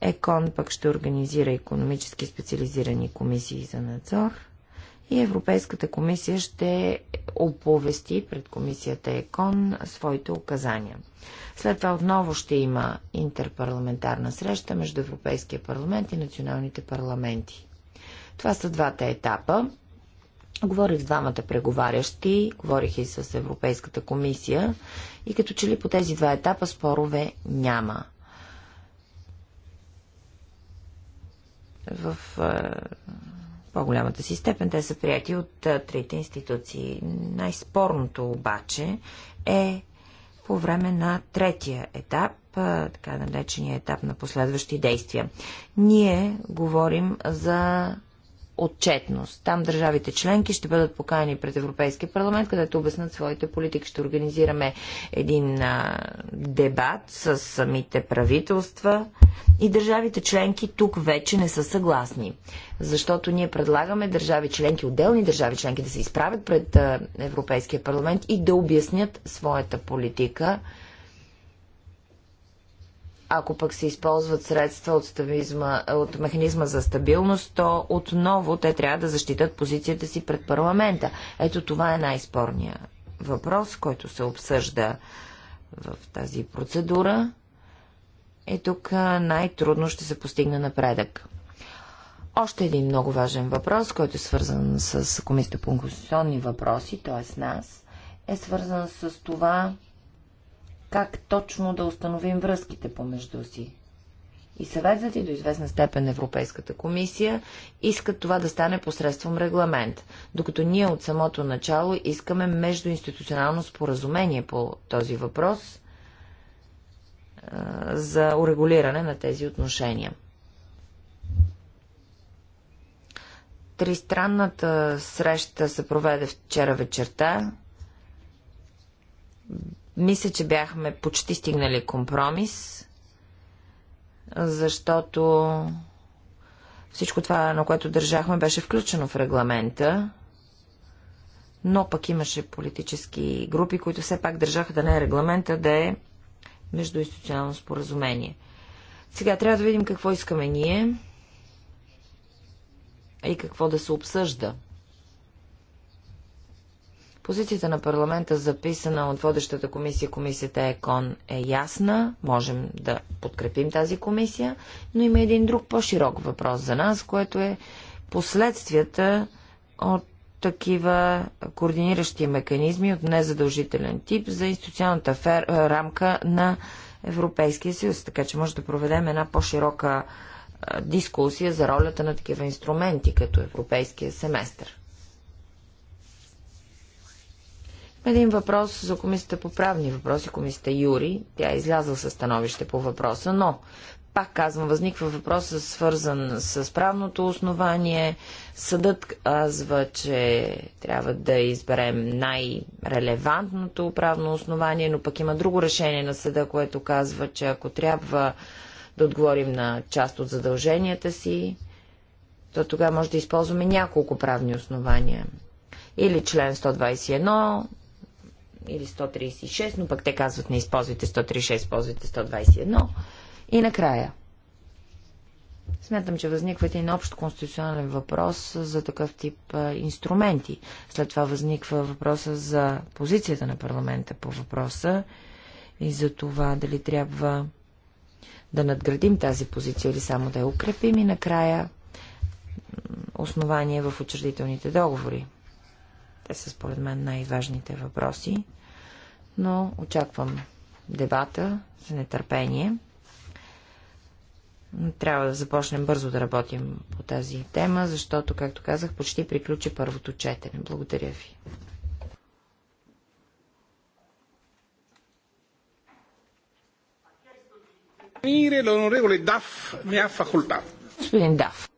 ЕКОН пък ще организира економически специализирани комисии за надзор и Европейската комисия ще оповести пред комисията ЕКОН своите указания. След това отново ще има интерпарламентарна среща между Европейския парламент и националните парламенти. Това са двата етапа. Говорих с двамата преговарящи, говорих и с Европейската комисия и като че ли по тези два етапа спорове няма. в е, по-голямата си степен те са прияти от е, трите институции. Най-спорното обаче е по време на третия етап, е, така наречения етап на последващи действия. Ние говорим за отчетност. Там държавите членки ще бъдат поканени пред Европейския парламент, където обяснат своите политики. Ще организираме един а, дебат с самите правителства и държавите членки тук вече не са съгласни. Защото ние предлагаме държави членки, отделни държави членки да се изправят пред а, Европейския парламент и да обяснят своята политика. Ако пък се използват средства от, стабизма, от механизма за стабилност, то отново те трябва да защитат позицията си пред парламента. Ето това е най-спорният въпрос, който се обсъжда в тази процедура. И тук най-трудно ще се постигне напредък. Още един много важен въпрос, който е свързан с Комисията по конституционни въпроси, т.е. нас, е свързан с това как точно да установим връзките помежду си. И съветът и до известна степен Европейската комисия искат това да стане посредством регламент, докато ние от самото начало искаме междуинституционално споразумение по този въпрос а, за урегулиране на тези отношения. Тристранната среща се проведе вчера вечерта мисля, че бяхме почти стигнали компромис, защото всичко това, на което държахме, беше включено в регламента, но пък имаше политически групи, които все пак държаха да не е регламента, да е междуинституционално споразумение. Сега трябва да видим какво искаме ние и какво да се обсъжда. Позицията на парламента, записана от водещата комисия, комисията ЕКОН, е ясна. Можем да подкрепим тази комисия, но има един друг по-широк въпрос за нас, което е последствията от такива координиращи механизми от незадължителен тип за институционалната фер, е, рамка на Европейския съюз. Така че може да проведем една по-широка е, дискусия за ролята на такива инструменти, като Европейския семестър. Един въпрос за комисията по правни въпроси, комисията Юри. Тя е излязла със становище по въпроса, но пак казвам, възниква въпрос, свързан с правното основание. Съдът казва, че трябва да изберем най-релевантното правно основание, но пък има друго решение на съда, което казва, че ако трябва да отговорим на част от задълженията си, то тогава може да използваме няколко правни основания. Или член 121, или 136, но пък те казват не използвайте 136, използвайте 121. И накрая. Смятам, че възниква един общ конституционален въпрос за такъв тип а, инструменти. След това възниква въпроса за позицията на парламента по въпроса и за това дали трябва да надградим тази позиция или само да я укрепим и накрая основание в учредителните договори. Те са според мен най-важните въпроси, но очаквам дебата с нетърпение. Трябва да започнем бързо да работим по тази тема, защото, както казах, почти приключи първото четене. Благодаря ви. Господин Даф.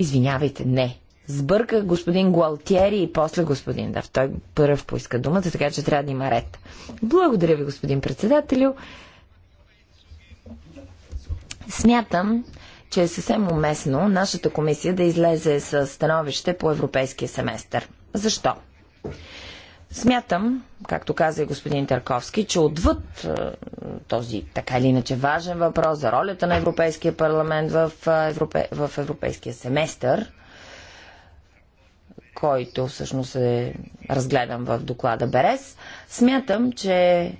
Извинявайте, не. Сбърка господин Гуалтиери и после господин Дав. Той първ поиска думата, така че трябва да има ред. Благодаря ви, господин председателю. Смятам, че е съвсем уместно нашата комисия да излезе с становище по европейския семестър. Защо? Смятам, както каза и господин Тарковски, че отвъд е, този така или иначе важен въпрос за ролята на Европейския парламент в, е, Европе... в Европейския семестър, който всъщност е разгледан в доклада Берес, смятам, че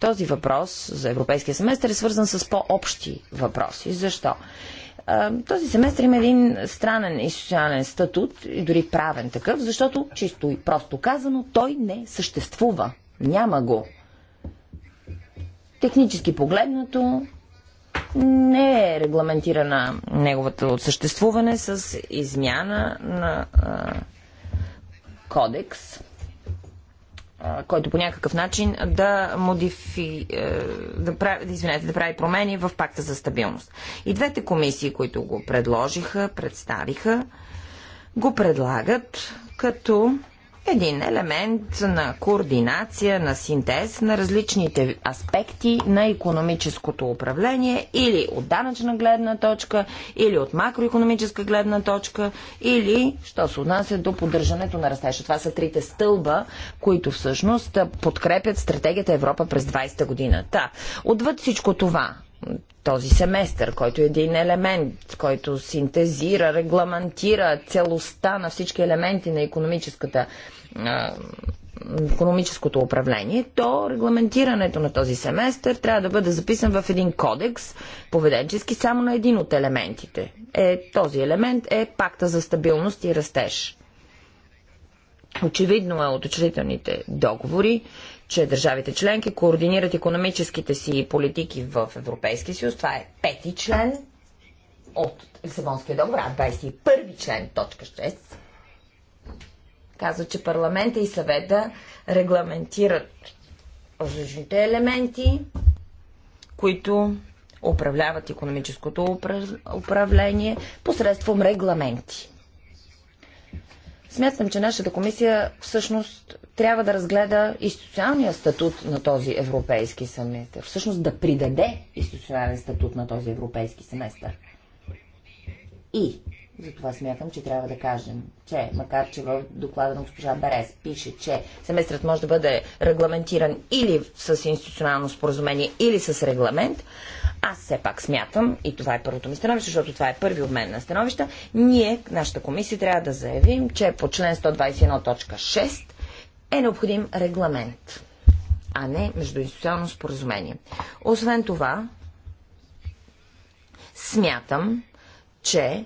този въпрос за Европейския семестър е свързан с по-общи въпроси. Защо? Този семестър има един странен социален статут и дори правен такъв, защото чисто и просто казано той не съществува. Няма го. Технически погледнато не е регламентирана неговото съществуване с измяна на а, кодекс който по някакъв начин да модифи... Е, да прави, извинете, да прави промени в пакта за стабилност. И двете комисии, които го предложиха, представиха, го предлагат като един елемент на координация, на синтез на различните аспекти на економическото управление или от данъчна гледна точка, или от макроекономическа гледна точка, или, що се отнася до поддържането на растежа. Това са трите стълба, които всъщност подкрепят стратегията Европа през 20-та година. Та, отвъд всичко това, този семестър, който е един елемент, който синтезира, регламентира целостта на всички елементи на економическата економическото управление, то регламентирането на този семестър трябва да бъде записан в един кодекс, поведенчески само на един от елементите. Е, този елемент е пакта за стабилност и растеж. Очевидно е от учредителните договори, че държавите членки координират економическите си политики в Европейския съюз. Това е пети член от Лисабонския договор, а 21 член, точка 6, казва, че парламента и съвета регламентират различните елементи, които управляват економическото управление посредством регламенти. Смятам, че нашата комисия всъщност трябва да разгледа институционалния статут на този европейски семестър. Всъщност да придаде институционален статут на този европейски семестър. И затова смятам, че трябва да кажем, че макар, че в доклада на госпожа Берес пише, че семестрът може да бъде регламентиран или с институционално споразумение, или с регламент, аз все пак смятам, и това е първото ми становище, защото това е първи обмен на становища, ние, нашата комисия, трябва да заявим, че по член 121.6 е необходим регламент, а не междуинституционално споразумение. Освен това, смятам, че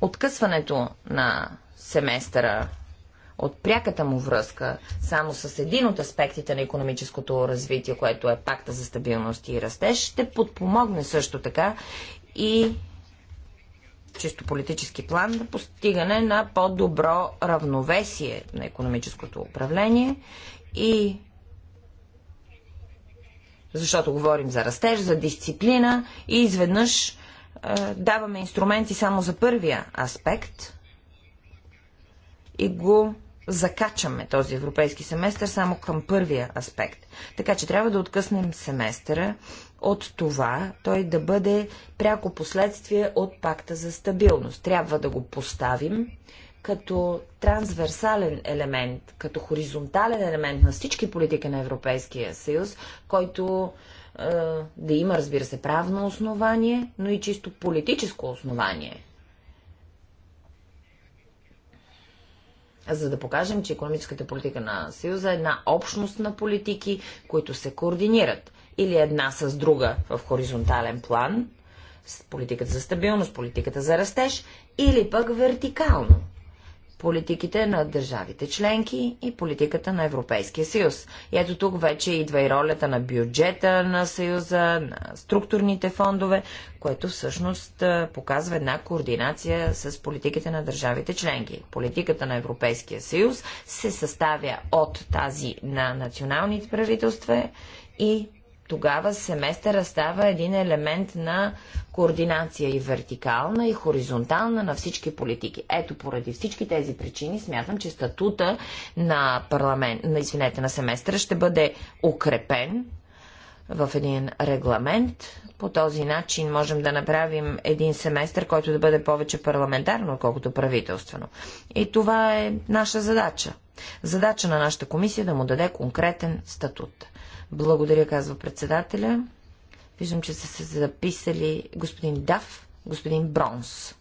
откъсването на семестъра от пряката му връзка само с един от аспектите на економическото развитие, което е пакта за стабилност и растеж, ще подпомогне също така и чисто политически план на постигане на по-добро равновесие на економическото управление и защото говорим за растеж, за дисциплина и изведнъж е, даваме инструменти само за първия аспект и го закачаме този европейски семестър само към първия аспект. Така че трябва да откъснем семестъра от това той да бъде пряко последствие от пакта за стабилност. Трябва да го поставим като трансверсален елемент, като хоризонтален елемент на всички политики на Европейския съюз, който е, да има, разбира се, правно основание, но и чисто политическо основание за да покажем, че економическата политика на Съюза е една общност на политики, които се координират или една с друга в хоризонтален план, политиката за стабилност, политиката за растеж, или пък вертикално, политиките на държавите членки и политиката на Европейския съюз. И ето тук вече идва и ролята на бюджета на съюза, на структурните фондове, което всъщност показва една координация с политиките на държавите членки. Политиката на Европейския съюз се съставя от тази на националните правителства и тогава семестъра става един елемент на координация и вертикална, и хоризонтална на всички политики. Ето, поради всички тези причини, смятам, че статута на парламент, на, извинете, на семестъра ще бъде укрепен в един регламент. По този начин можем да направим един семестър, който да бъде повече парламентарно, отколкото правителствено. И това е наша задача. Задача на нашата комисия е да му даде конкретен статут. Благодаря, казва председателя. Виждам, че са се записали господин Дав, господин Бронс.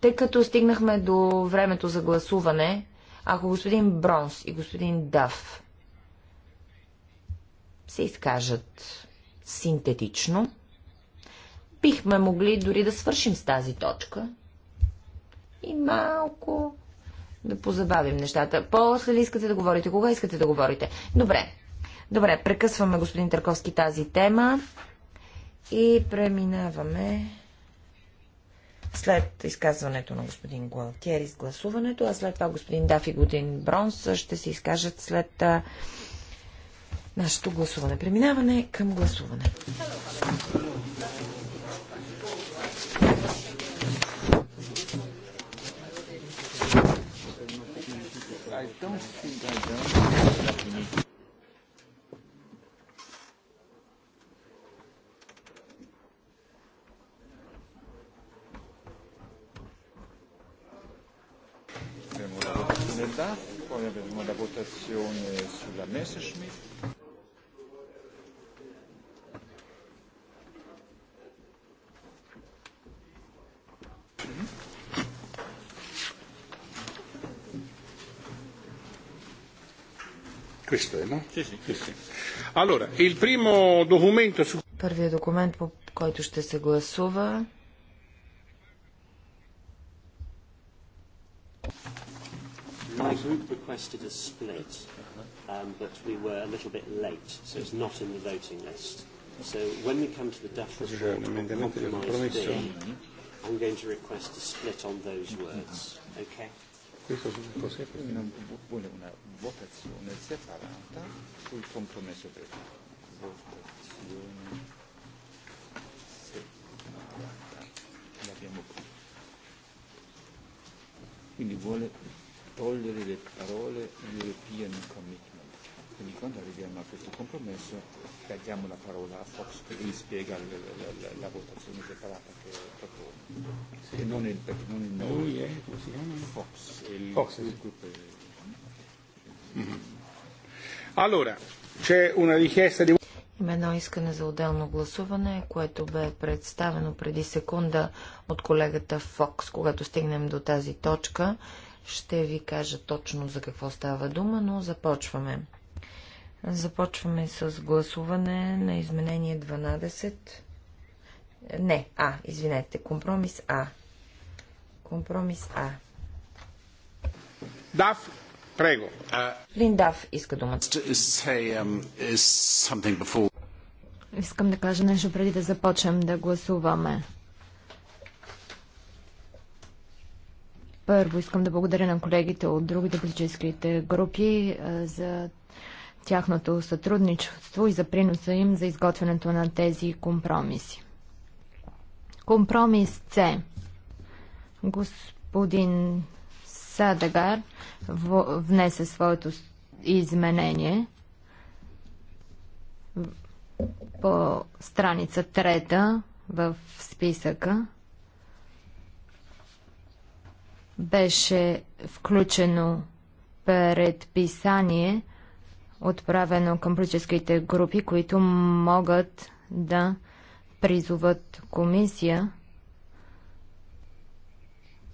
Тъй като стигнахме до времето за гласуване, ако господин Бронс и господин Дав се изкажат синтетично, бихме могли дори да свършим с тази точка и малко да позабавим нещата. После ли искате да говорите? Кога искате да говорите? Добре. Добре, прекъсваме господин Търковски тази тема и преминаваме след изказването на господин Гуалтиер с гласуването, а след това господин Даф и господин Бронс ще се изкажат след а, нашето гласуване. Преминаване към гласуване. I don't think I don't. da, votazione sulla Messerschmitt. Questo è, no? Sì, sì. sì, sì. Allora, il primo documento su... Първият документ, по който ще се гласува... My group requested a split, um, but we were a little bit late, so it's not in the voting list. So when we come to the DAF report on compromise B, I'm going to request a split on those words. Okay? Questo cos'è? Non vuole una votazione separata sul compromesso per votazione separata l'abbiamo qui quindi vuole togliere le parole European Commitment quindi quando arriviamo a questo compromesso diamo la parola a Fox che lui spiega la, la, la, la votazione separata che propone sì. e non il, nome lui è come Fox, il, Fox il gruppo Allora, c'è una richiesta di... Има едно искане за отделно гласуване, което бе представено преди секунда от колегата Фокс. Когато стигнем до тази точка, ще ви кажа точно за какво става дума, но започваме. Започваме с гласуване на изменение 12. Не, А, извинете, компромис А. Компромис А. Даф, Линдав иска думата. Um, искам да кажа нещо преди да започнем да гласуваме. Първо искам да благодаря на колегите от другите политическите групи за тяхното сътрудничество и за приноса им за изготвянето на тези компромиси. Компромис С. Господин Садагар внесе своето изменение по страница трета в списъка беше включено предписание, отправено към политическите групи, които могат да призоват комисия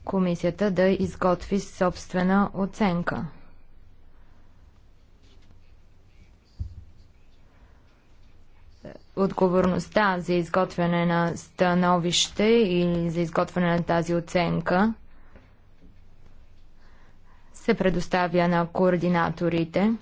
комисията да изготви собствена оценка. Отговорността за изготвяне на становище и за изготвяне на тази оценка се предоставя на координаторите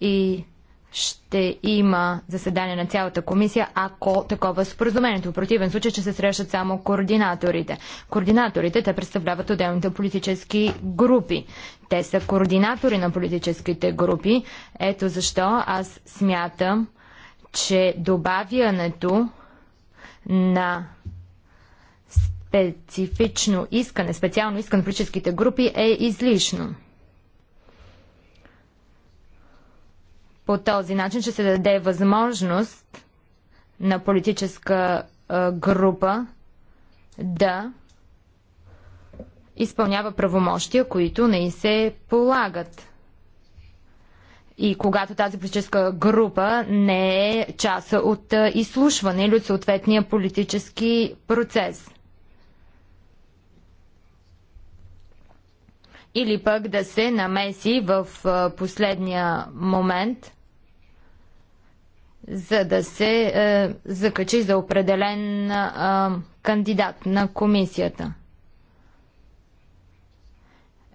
и ще има заседание на цялата комисия, ако такова е споразумението. В противен случай че се срещат само координаторите. Координаторите, те представляват отделните политически групи. Те са координатори на политическите групи. Ето защо аз смятам, че добавянето на специфично искане, специално искане на политическите групи е излишно. По този начин ще се даде възможност на политическа група да изпълнява правомощия, които не се полагат. И когато тази политическа група не е част от изслушване или от съответния политически процес. Или пък да се намеси в последния момент – за да се е, закачи за определен е, кандидат на комисията.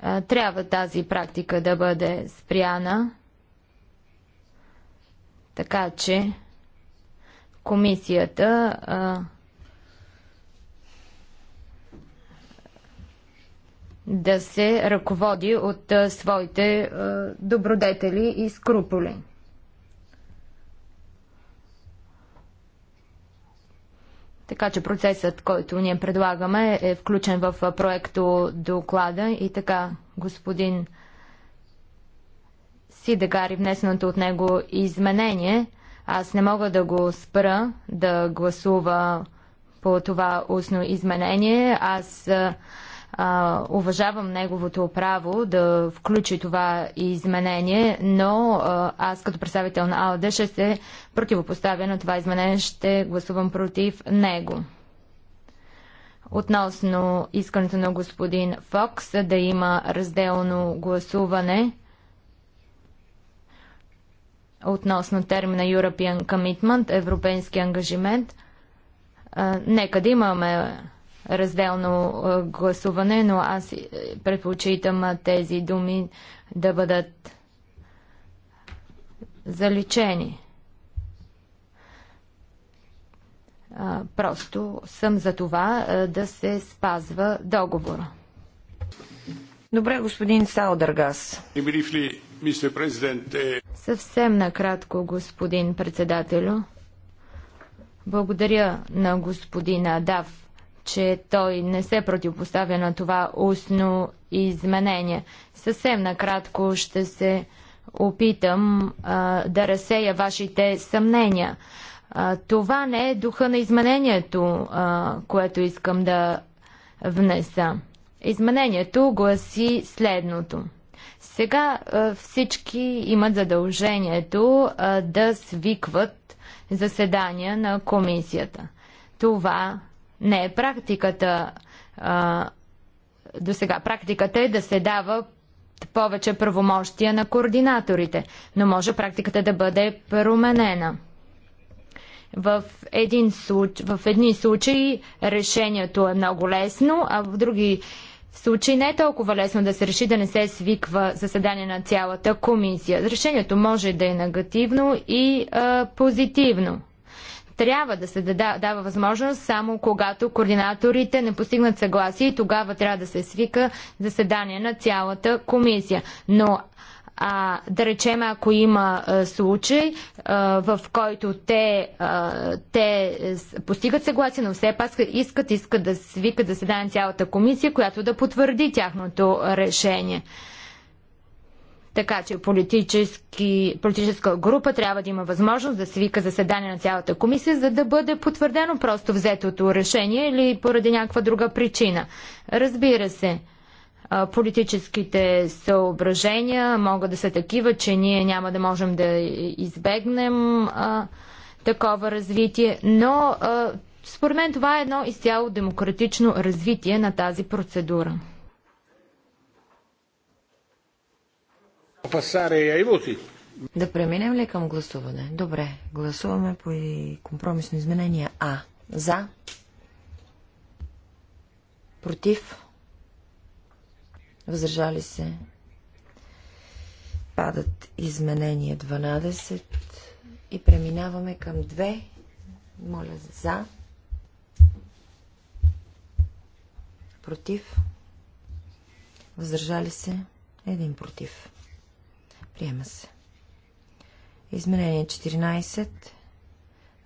Е, трябва тази практика да бъде спряна, така че комисията е, да се ръководи от е, своите е, добродетели и скруполи. Така че процесът, който ние предлагаме, е включен в проекто доклада и така господин Сидегари, внесеното от него изменение, аз не мога да го спра да гласува по това устно изменение. Аз а, уважавам неговото право да включи това изменение, но а, аз като представител на АОД ще се противопоставя на това изменение, ще гласувам против него. Относно искането на господин Фокс да има разделно гласуване относно термина European Commitment, европейски ангажимент, а, нека да имаме разделно гласуване, но аз е, предпочитам тези думи да бъдат заличени. Просто съм за това да се спазва договора. Добре, господин Саудъргас. Е- Съвсем накратко, господин председателю. Благодаря на господина Дав че той не се противопоставя на това устно изменение. Съвсем накратко ще се опитам а, да разсея вашите съмнения. А, това не е духа на изменението, а, което искам да внеса. Изменението гласи следното. Сега а, всички имат задължението а, да свикват заседания на комисията. Това не е практиката а, до сега. Практиката е да се дава повече правомощия на координаторите, но може практиката да бъде променена. В, един случ... в едни случаи решението е много лесно, а в други случаи не е толкова лесно да се реши да не се свиква заседание на цялата комисия. Решението може да е негативно и а, позитивно трябва да се дада, дава възможност само когато координаторите не постигнат съгласие и тогава трябва да се свика заседание на цялата комисия. Но а, да речем, ако има а, случай, а, в който те, а, те постигат съгласие, но все пак искат, искат да свикат заседание на цялата комисия, която да потвърди тяхното решение. Така че политическа група трябва да има възможност да свика заседание на цялата комисия, за да бъде потвърдено просто взетото решение или поради някаква друга причина. Разбира се, политическите съображения могат да са такива, че ние няма да можем да избегнем а, такова развитие, но а, според мен това е едно изцяло демократично развитие на тази процедура. Да преминем ли към гласуване? Добре, гласуваме по и компромисно изменение А. За? Против? Въздържали се? Падат изменения 12 и преминаваме към 2. Моля за. Против? Въздържали се? Един против. Приема се. Изменение 14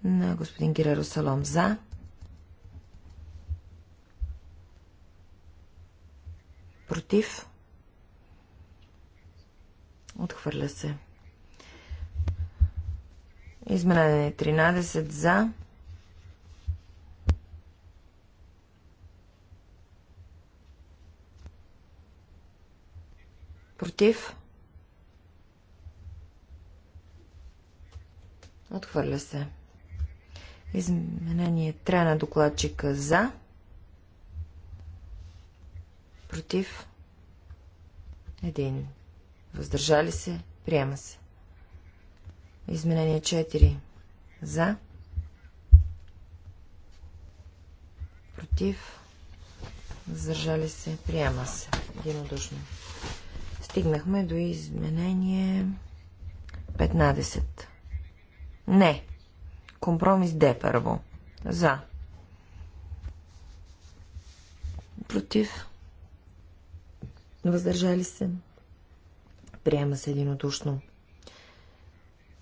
на господин Гераро Салом за. Против. Отхвърля се. Изменение 13 за. Против. Отхвърля се. Изменение трябва на докладчика за. Против. Един. Въздържали се. Приема се. Изменение 4. За. Против. Въздържали се. Приема се. Единодушно. Стигнахме до изменение 15. Не. Компромис Д първо. За. Против. Въздържали се. Приема се единодушно.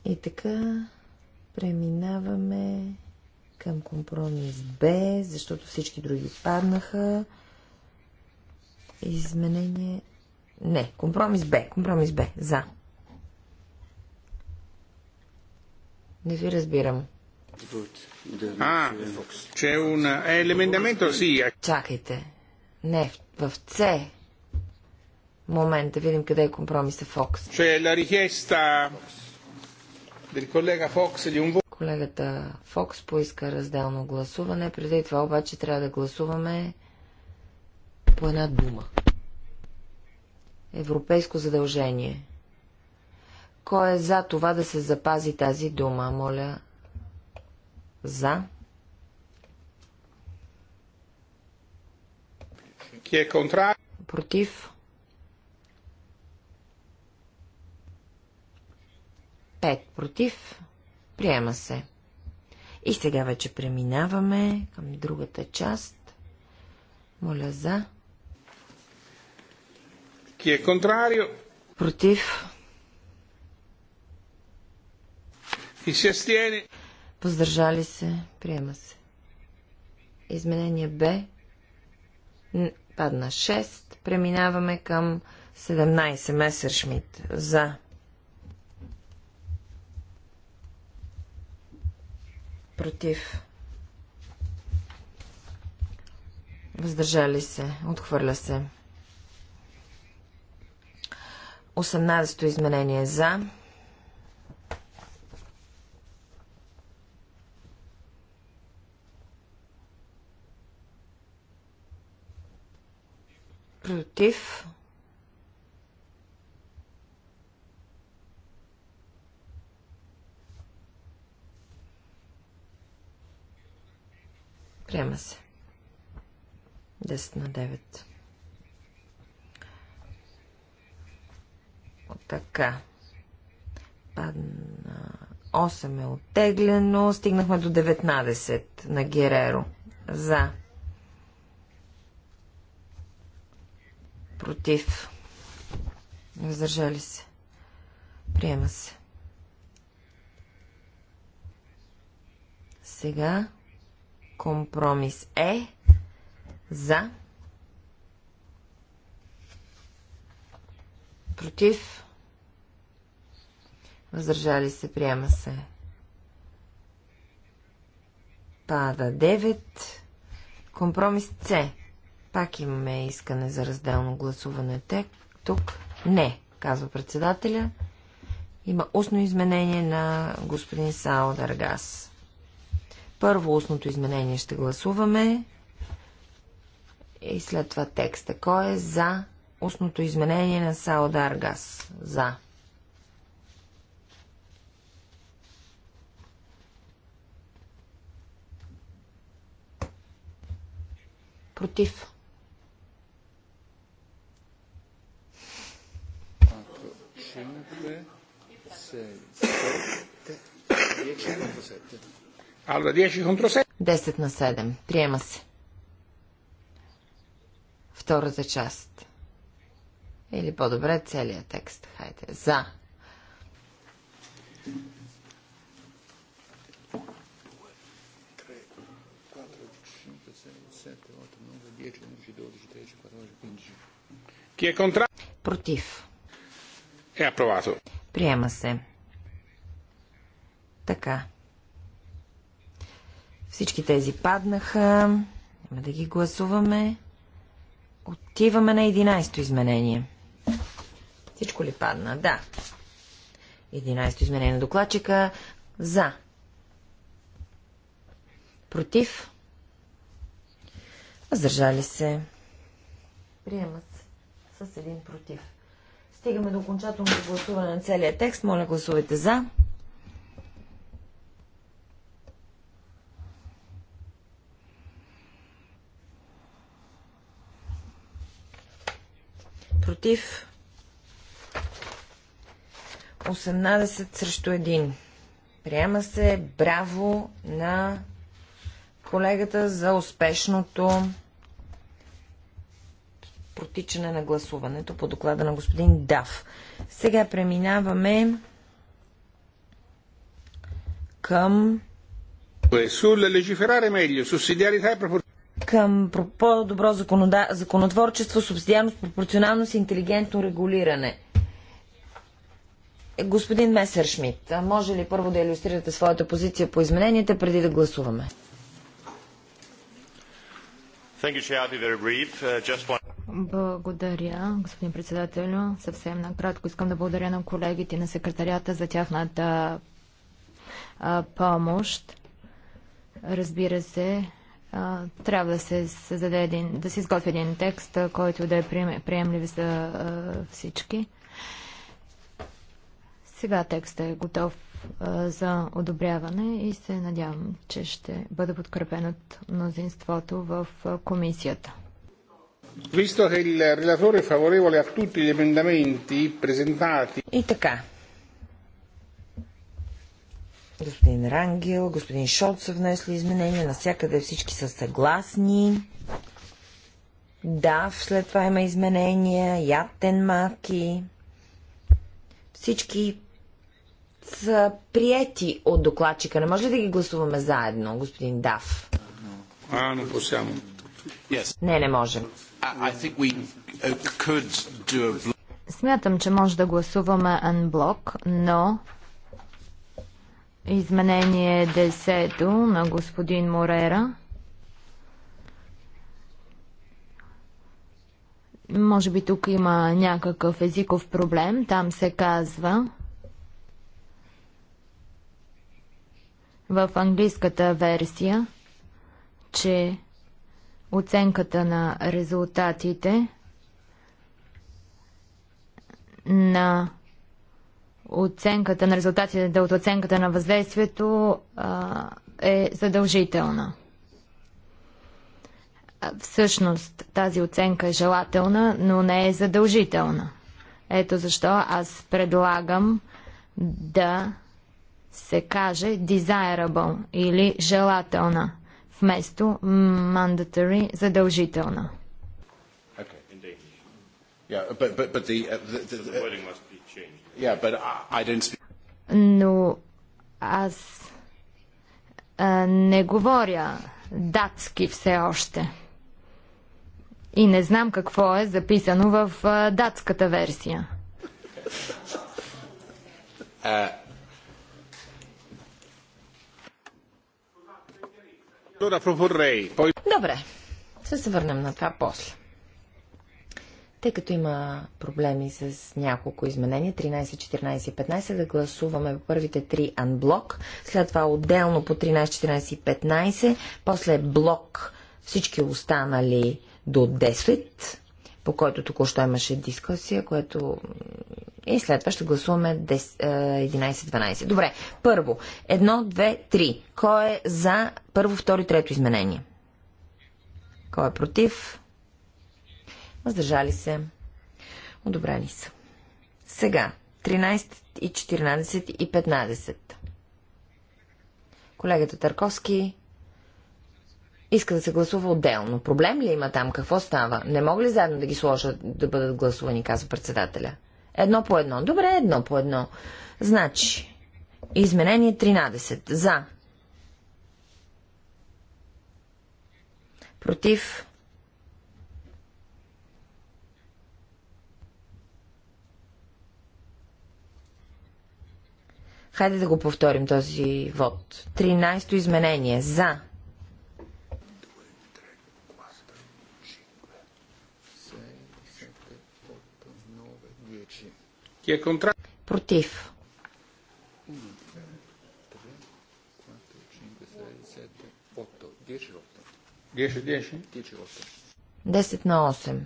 И така преминаваме към компромис Б, защото всички други паднаха. Изменение... Не, компромис Б. Компромис Б. За. Не ви разбирам. А, че Е, е елементамент, си. Чакайте. Не, в С. Момент, да видим къде е компромиса Фокс. C'è la richiesta del колега Фокс di un Колегата Фокс поиска разделно гласуване. Преди това обаче трябва да гласуваме по една дума. Европейско задължение. Кой е за това да се запази тази дума, моля? За. Е против. Пет против. Приема се. И сега вече преминаваме към другата част. Моля за. Ки е контрарио? Против. Въздържали се. Приема се. Изменение Б. Падна 6. Преминаваме към 17. Месершмит. За. Против. Въздържали се. Отхвърля се. 18-то изменение за. Против. Приема се. 10 на 9. От Така. Падна 8 е оттеглено. Стигнахме до 19 на Гереро. За. Против. Въздържали се. Приема се. Сега компромис е за. Против. Въздържали се. Приема се. Пада 9. Компромис С. Пак имаме искане за разделно гласуване. Те тук не, казва председателя. Има устно изменение на господин Сао Даргас. Първо устното изменение ще гласуваме и след това текста. Кой е за устното изменение на Сао Даргас? За. Против. 5, 6, 7, 10 contro 7. Allora 10 contro 7. 10 на 7. Приема се. Втората част. Или по-добре целият текст. Хайде. За. Chi è contrario? Против. Е апровато. Приема се. Така. Всички тези паднаха. Няма да ги гласуваме. Отиваме на 11-то изменение. Всичко ли падна? Да. 11-то изменение на докладчика. За. Против. Въздържали се. Приемат с един против. Стигаме до окончателното гласуване на целия текст. Моля, гласувайте за. Против 18 срещу 1. Приема се браво на колегата за успешното протичане на гласуването по доклада на господин Дав. Сега преминаваме към е, e към по-добро законотворчество, субсидиарност, пропорционалност и интелигентно регулиране. Господин Месершмит, може ли първо да иллюстрирате своята позиция по измененията преди да гласуваме? Uh, благодаря, господин председател. Съвсем накратко искам да благодаря на колегите на секретарията за тяхната а, помощ. Разбира се, а, трябва да се създаде един, да се изготви един текст, който да е приемлив за всички. Сега текстът е готов за одобряване и се надявам, че ще бъде подкрепен от мнозинството в комисията. И така. Господин Рангел, господин Шот са внесли изменения, насякъде всички са съгласни. Да, след това има изменения, ятен маки. Всички са прияти от докладчика. Не може ли да ги гласуваме заедно, господин Дав? А, не possiamo. Не, не можем. Uh, Смятам, че може да гласуваме анблок, но изменение 10 на господин Морера може би тук има някакъв езиков проблем. Там се казва в английската версия, че оценката на резултатите на оценката на резултатите от оценката на въздействието а, е задължителна. Всъщност тази оценка е желателна, но не е задължителна. Ето защо аз предлагам да се каже desirable или желателна, вместо mandatory задължителна. Okay, yeah, but, but, but the, uh, the, yeah, speak... Но аз а, не говоря датски все още. И не знам какво е записано в а, датската версия. Uh... Добре, ще се върнем на това после. Тъй като има проблеми с няколко изменения, 13, 14 и 15, да гласуваме първите три анблок, след това отделно по 13, 14 и 15, после блок всички останали до 10 по който току-що имаше дискусия, което и след това ще гласуваме 11-12. Е, Добре, първо, едно, две, три. Кой е за първо, второ и трето изменение? Кой е против? Въздържали се. Одобрени са. Сега, 13 и 14 и 15. Колегата Тарковски? иска да се гласува отделно. Проблем ли има там? Какво става? Не мога ли заедно да ги сложат да бъдат гласувани, казва председателя. Едно по едно. Добре, едно по едно. Значи, изменение 13. За. Против. Хайде да го повторим този вод. 13-то изменение. За. Против. Десет на 8.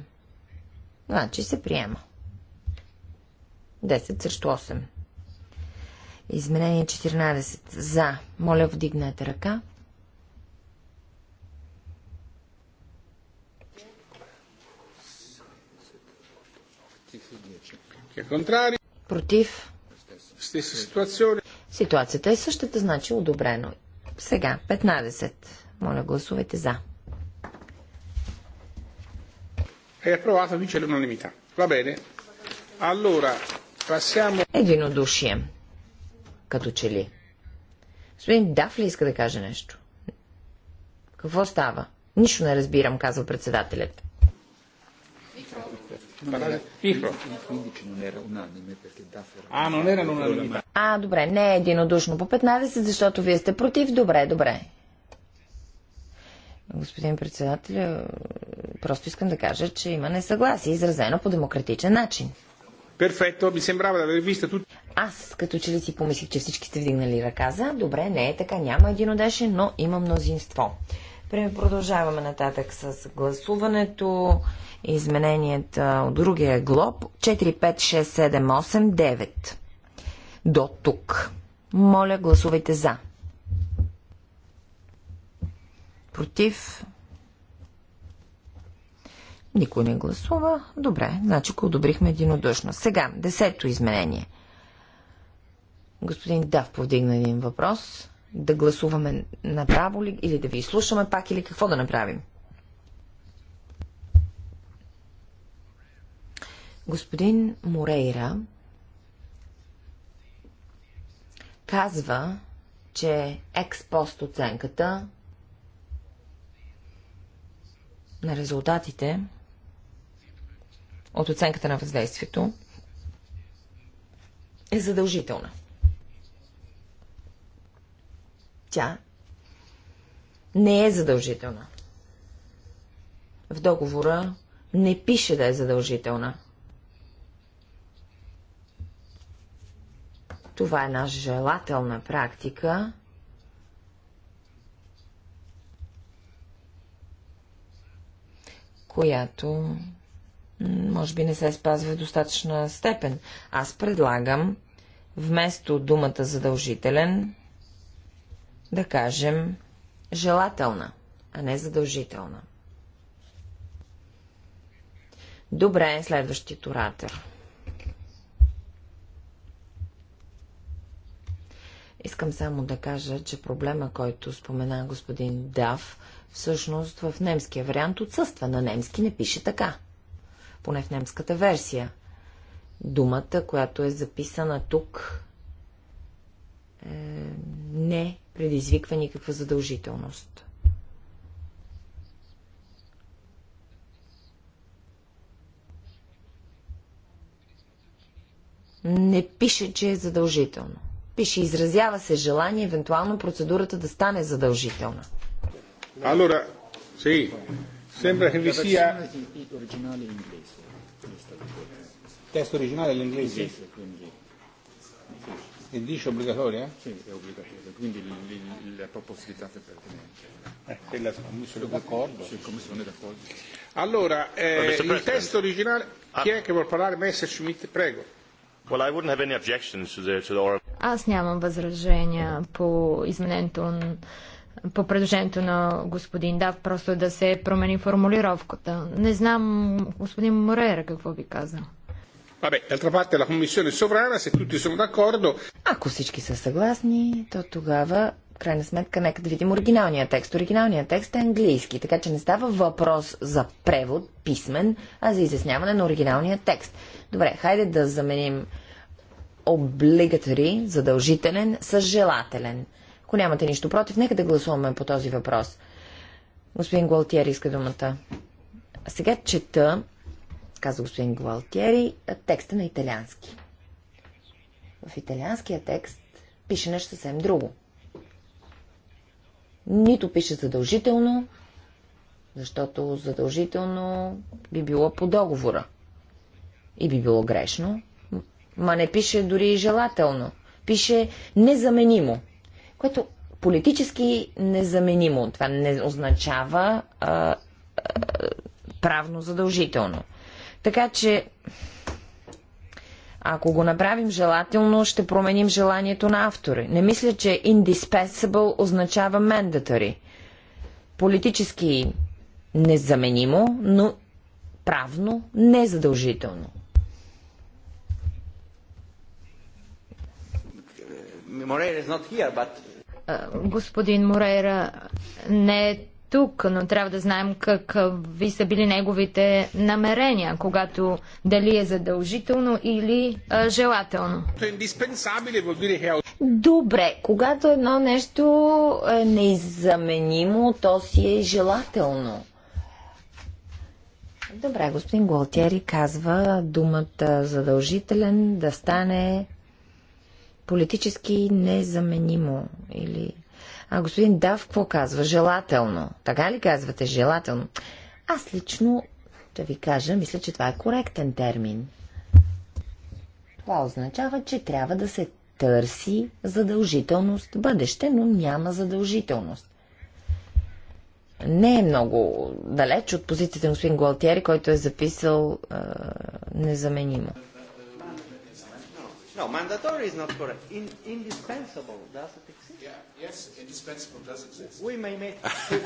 Значи се приема. 10 срещу 8. Изменение 14. За. Моля, вдигнете ръка. Против. Ситуацията е същата, значи одобрено. Сега, 15. Моля, гласувайте за. Е l'unanimità. Va bene. Allora, passiamo... Единодушие. Като че ли. Господин Дафли иска да каже нещо. Какво става? Нищо не разбирам, казва председателят parlare micro. А, non erano unanimità. А, добре, не е единодушно по 15, защото вие сте против. Добре, добре. Господин председател, просто искам да кажа, че има несъгласие, изразено по демократичен начин. Перфекто, ми сембрава да виста тут. Аз като че ли си помислих, че всички сте вдигнали ръка за. Добре, не е така, няма единодеше, но има мнозинство. Продължаваме нататък с гласуването. Измененията от другия глоб 4, 5, 6, 7, 8, 9. До тук. Моля, гласувайте за. Против. Никой не гласува. Добре, значи го одобрихме единодушно. Сега, десето изменение. Господин Дав повдигна един въпрос. Да гласуваме направо ли, или да ви изслушаме пак, или какво да направим? Господин Морейра казва, че експост оценката на резултатите от оценката на въздействието е задължителна. Тя не е задължителна. В договора не пише да е задължителна. Това е наша желателна практика. която може би не се спазва в достатъчна степен. Аз предлагам вместо думата задължителен да кажем, желателна, а не задължителна. Добре, следващия оратор. Искам само да кажа, че проблема, който спомена господин Дав, всъщност в немския вариант отсъства. На немски не пише така. Поне в немската версия. Думата, която е записана тук, не предизвиква никаква задължителност. Не пише, че е задължително. Пише, изразява се желание, евентуално процедурата да стане задължителна. Allora, sì, sembra che vi sia... Testo originale all'inglese. E dice obbligatoria? Sì, è obbligatoria, quindi la possibilità è pertinente. Eh, quella sono d'accordo. Sì, come sono d'accordo. Allora, eh, il testo originale, chi è che vuol parlare? Messer Schmidt, prego. Well, I wouldn't have any objections to the, to the oral... Аз нямам възражения по изменението по предложението на господин Дав, просто да се промени формулировката. Не знам, господин Морера, какво ви каза. Vabbè, d'altra parte la commissione sovrana, se tutti sono d'accordo... Ако всички са съгласни, то тогава, крайна сметка, нека да видим оригиналния текст. Оригиналният текст е английски, така че не става въпрос за превод, писмен, а за изясняване на оригиналния текст. Добре, хайде да заменим облигатори, задължителен, с желателен. Ако нямате нищо против, нека да гласуваме по този въпрос. Господин Голтиер иска думата. Сега чета каза господин Гуалтиери, текста на италиански. В италианския текст пише нещо съвсем друго. Нито пише задължително, защото задължително би било по договора. И би било грешно, ма не пише дори и желателно. Пише незаменимо, което политически незаменимо. Това не означава а, а, правно задължително. Така че, ако го направим желателно, ще променим желанието на автори. Не мисля, че indispensable означава mandatory. Политически незаменимо, но правно незадължително. Е Господин Морейра не е тук, но трябва да знаем какви са били неговите намерения, когато дали е задължително или а, желателно. Е Добре, когато едно нещо е неизаменимо, то си е желателно. Добре, господин Голтери казва думата задължителен да стане политически незаменимо или а господин Дав какво казва? Желателно. Така ли казвате? Желателно. Аз лично, да ви кажа, мисля, че това е коректен термин. Това означава, че трябва да се търси задължителност в бъдеще, но няма задължителност. Не е много далеч от позицията на господин Гуалтиери, който е записал е, незаменимо. No, mandatory is not correct. In, indispensable, that's Yes, indispensable does exist. We may, make,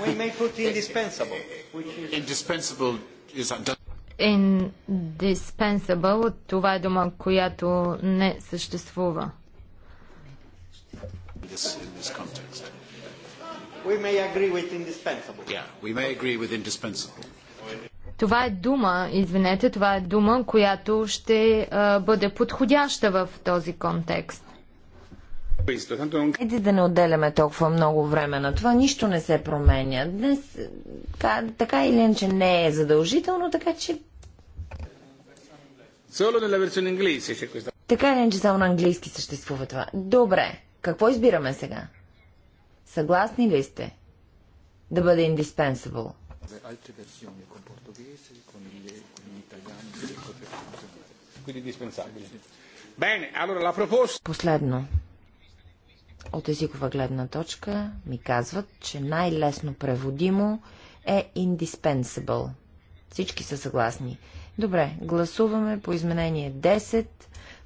we may put indispensable. Which is... Indispensable is Indispensable, това е дума, която не съществува. This, in this context. We may agree with indispensable. Yeah, we may agree with indispensable. Това е дума, извинете, това е дума, която ще а, бъде подходяща в този контекст да не отделяме толкова много време на това, нищо не се променя. Днес така, така или иначе не е задължително, така че... Така или иначе само на английски съществува това. Добре, какво избираме сега? Съгласни ли сте да бъде indispensable? Последно от езикова гледна точка ми казват, че най-лесно преводимо е indispensable. Всички са съгласни. Добре, гласуваме по изменение 10,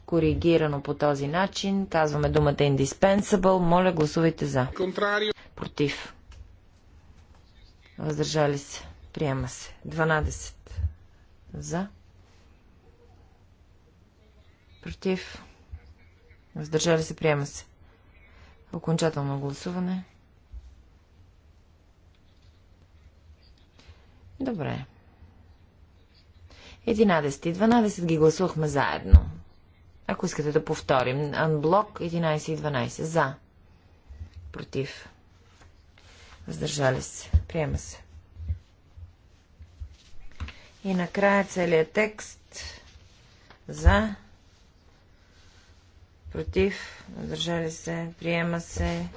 коригирано по този начин. Казваме думата indispensable. Моля, гласувайте за. Contrario. Против. Въздържали се. Приема се. 12. За. Против. Въздържали се. Приема се. Окончателно гласуване. Добре. 11 и 12 ги гласувахме заедно. Ако искате да повторим. Анблок 11 и 12. За. Против. Въздържали се. Приема се. И накрая целият текст за против, въздържали се, приема се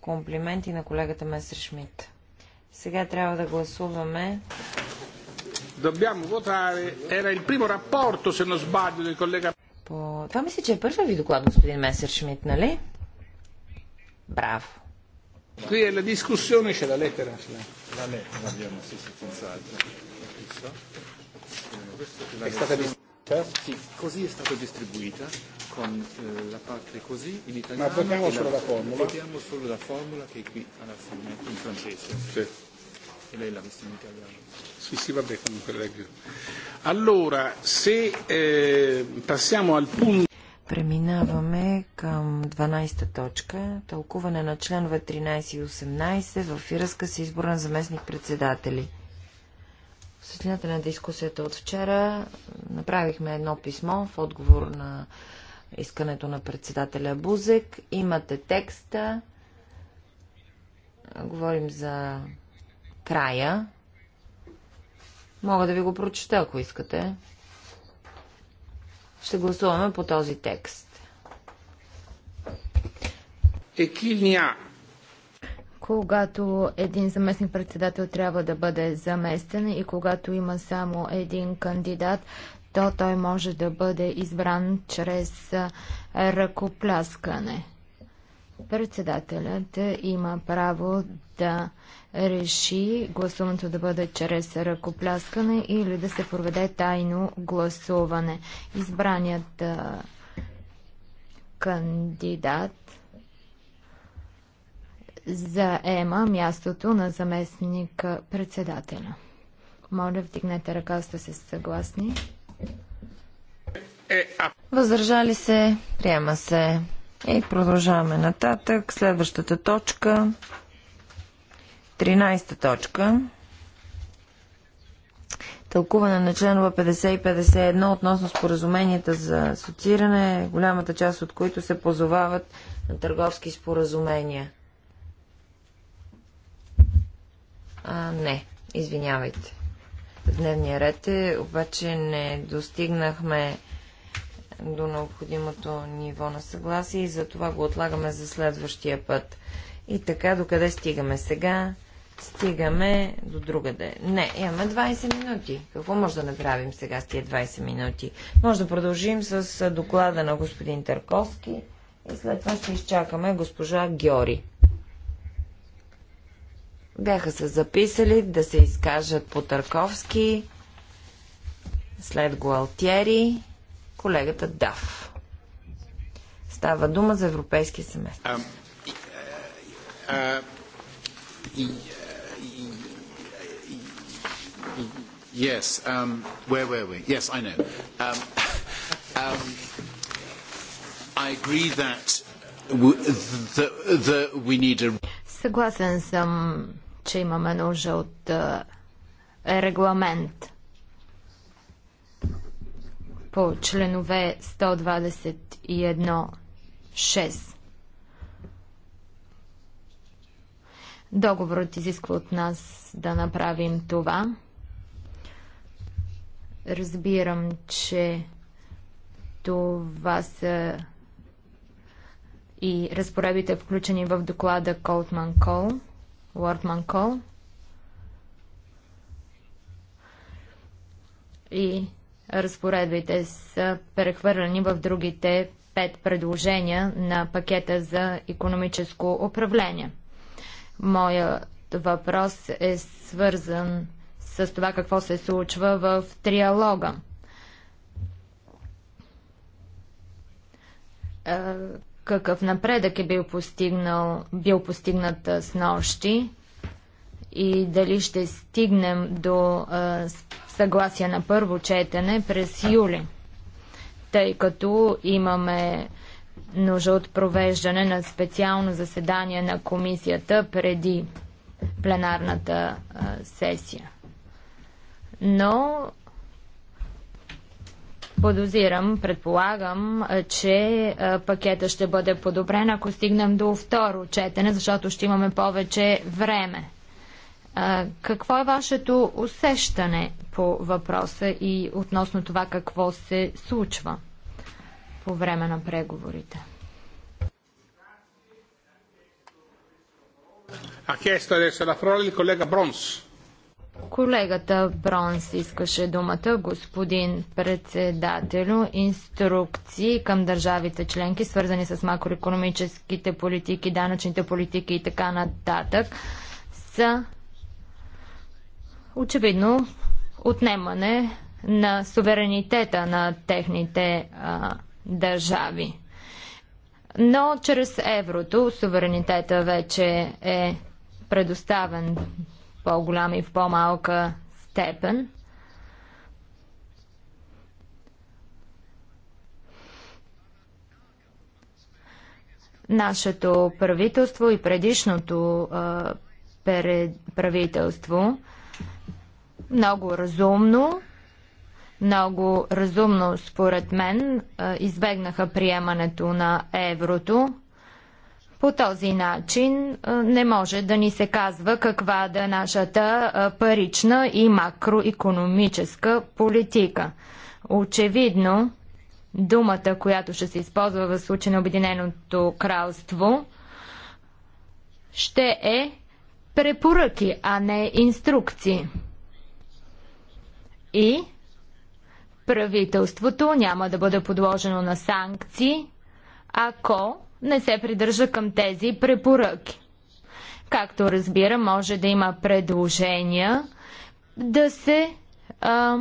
комплименти на колегата Месер Шмидт. Сега трябва да гласуваме. Dobbiamo votare, era il primo rapporto, se non sbaglio, del collega... По... Това мисля, че е първият ви доклад, господин Месер Шмидт, нали? Браво. Qui è la discussione, c'è la lettera. La lettera, abbiamo, sì, sì, senz'altro. È la discussione. Sì, così è stata distribuita con eh, la parte così in italiano. Ma votiamo solo la formula. Vediamo solo la formula che è qui alla fine in francese. Sì. E lei l'ha vista in italiano. Sì, sì, vabbè, comunque leggo. Allora, se eh, passiamo al punto. Преминаваме към 12-та точка тълкуване на членове 13 и 18 в връзка с избора на заместник председатели светлината на дискусията от вчера направихме едно писмо в отговор на искането на председателя Бузек. Имате текста. Говорим за края. Мога да ви го прочета, ако искате. Ще гласуваме по този текст. Е когато един заместник председател трябва да бъде заместен и когато има само един кандидат, то той може да бъде избран чрез ръкопляскане. Председателят има право да реши гласуването да бъде чрез ръкопляскане или да се проведе тайно гласуване. Избраният кандидат заема мястото на заместник председателя. Моля, вдигнете ръка, сте се съгласни. Въздържали се, приема се. И продължаваме нататък. Следващата точка. 13 точка. Тълкуване на членове 50 и 51 относно споразуменията за асоцииране, голямата част от които се позовават на търговски споразумения. А, не, извинявайте. Дневния ред е, обаче не достигнахме до необходимото ниво на съгласие и затова го отлагаме за следващия път. И така, докъде стигаме сега? Стигаме до другаде. Не, имаме 20 минути. Какво може да направим сега с тия 20 минути? Може да продължим с доклада на господин Търковски и след това ще изчакаме госпожа Геори бяха се записали да се изкажат по Търковски, след Гуалтери, колегата Дав. Става дума за европейски семестър. Yes, um, where were we? Yes, I know. Um, um, I agree that, we need a... Съгласен съм че имаме нужда от регламент по членове 121.6. Договорът изисква от нас да направим това. Разбирам, че това са и разпоредбите, включени в доклада Колтман Кол. Cole. Уортман Кол и разпоредбите са прехвърлени в другите пет предложения на пакета за економическо управление. Моят въпрос е свързан с това какво се случва в триалога. Е, какъв напредък е бил, постигнал, бил постигнат с нощи и дали ще стигнем до а, съгласие на първо четене през юли, тъй като имаме нужда от провеждане на специално заседание на комисията преди пленарната а, сесия. Но Подозирам, предполагам, че пакета ще бъде подобрен, ако стигнем до второ четене, защото ще имаме повече време. Какво е вашето усещане по въпроса и относно това какво се случва по време на преговорите? Ha chiesto adesso la parola il collega Brons. Колегата Бронс искаше думата, господин председателю, инструкции към държавите членки, свързани с макроекономическите политики, данъчните политики и така нататък, са очевидно отнемане на суверенитета на техните а, държави. Но чрез еврото суверенитета вече е предоставен по-голяма и в по-малка степен. Нашето правителство и предишното а, правителство много разумно много разумно, според мен, избегнаха приемането на еврото. По този начин не може да ни се казва каква да е нашата парична и макроекономическа политика. Очевидно, думата, която ще се използва в случай на Обединеното кралство, ще е препоръки, а не инструкции. И правителството няма да бъде подложено на санкции, ако не се придържа към тези препоръки. Както разбира, може да има предложения да се а,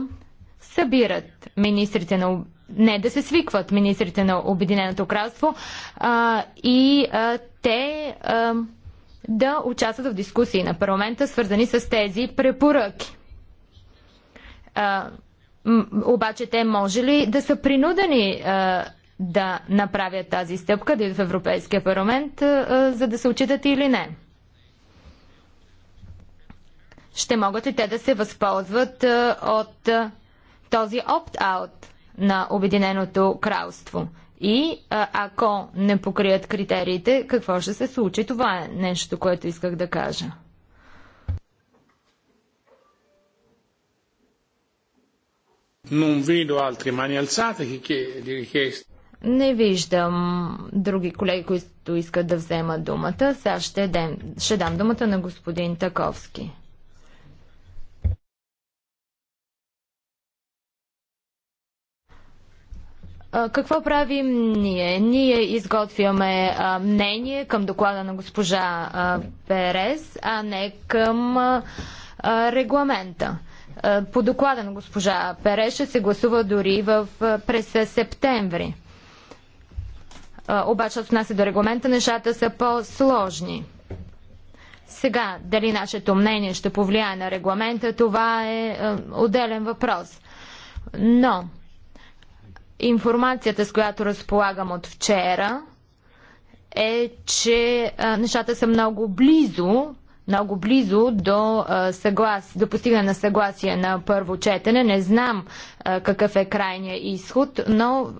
събират министрите на не да се свикват министрите на Обединеното кралство а, и а, те а, да участват в дискусии на парламента, свързани с тези препоръки. А, обаче те може ли да са принудени а, да направят тази стъпка, да идват в Европейския парламент, за да се очитат или не. Ще могат ли те да се възползват от този опт-аут на Обединеното кралство? И ако не покрият критериите, какво ще се случи? Това е нещо, което исках да кажа. Non vedo altre mani alzate che, di не виждам други колеги, които искат да вземат думата. Сега ще, дем, ще дам думата на господин Таковски. Какво правим ние? Ние изготвяме мнение към доклада на госпожа Перес, а не към регламента. По доклада на госпожа Перес ще се гласува дори в, през септември обаче от нас до регламента нещата са по-сложни. Сега, дали нашето мнение ще повлияе на регламента, това е, отделен въпрос. Но информацията, с която разполагам от вчера, е, че нещата са много близо, много близо до, съглас, до постигане на съгласие на първо четене. Не знам какъв е крайният изход, но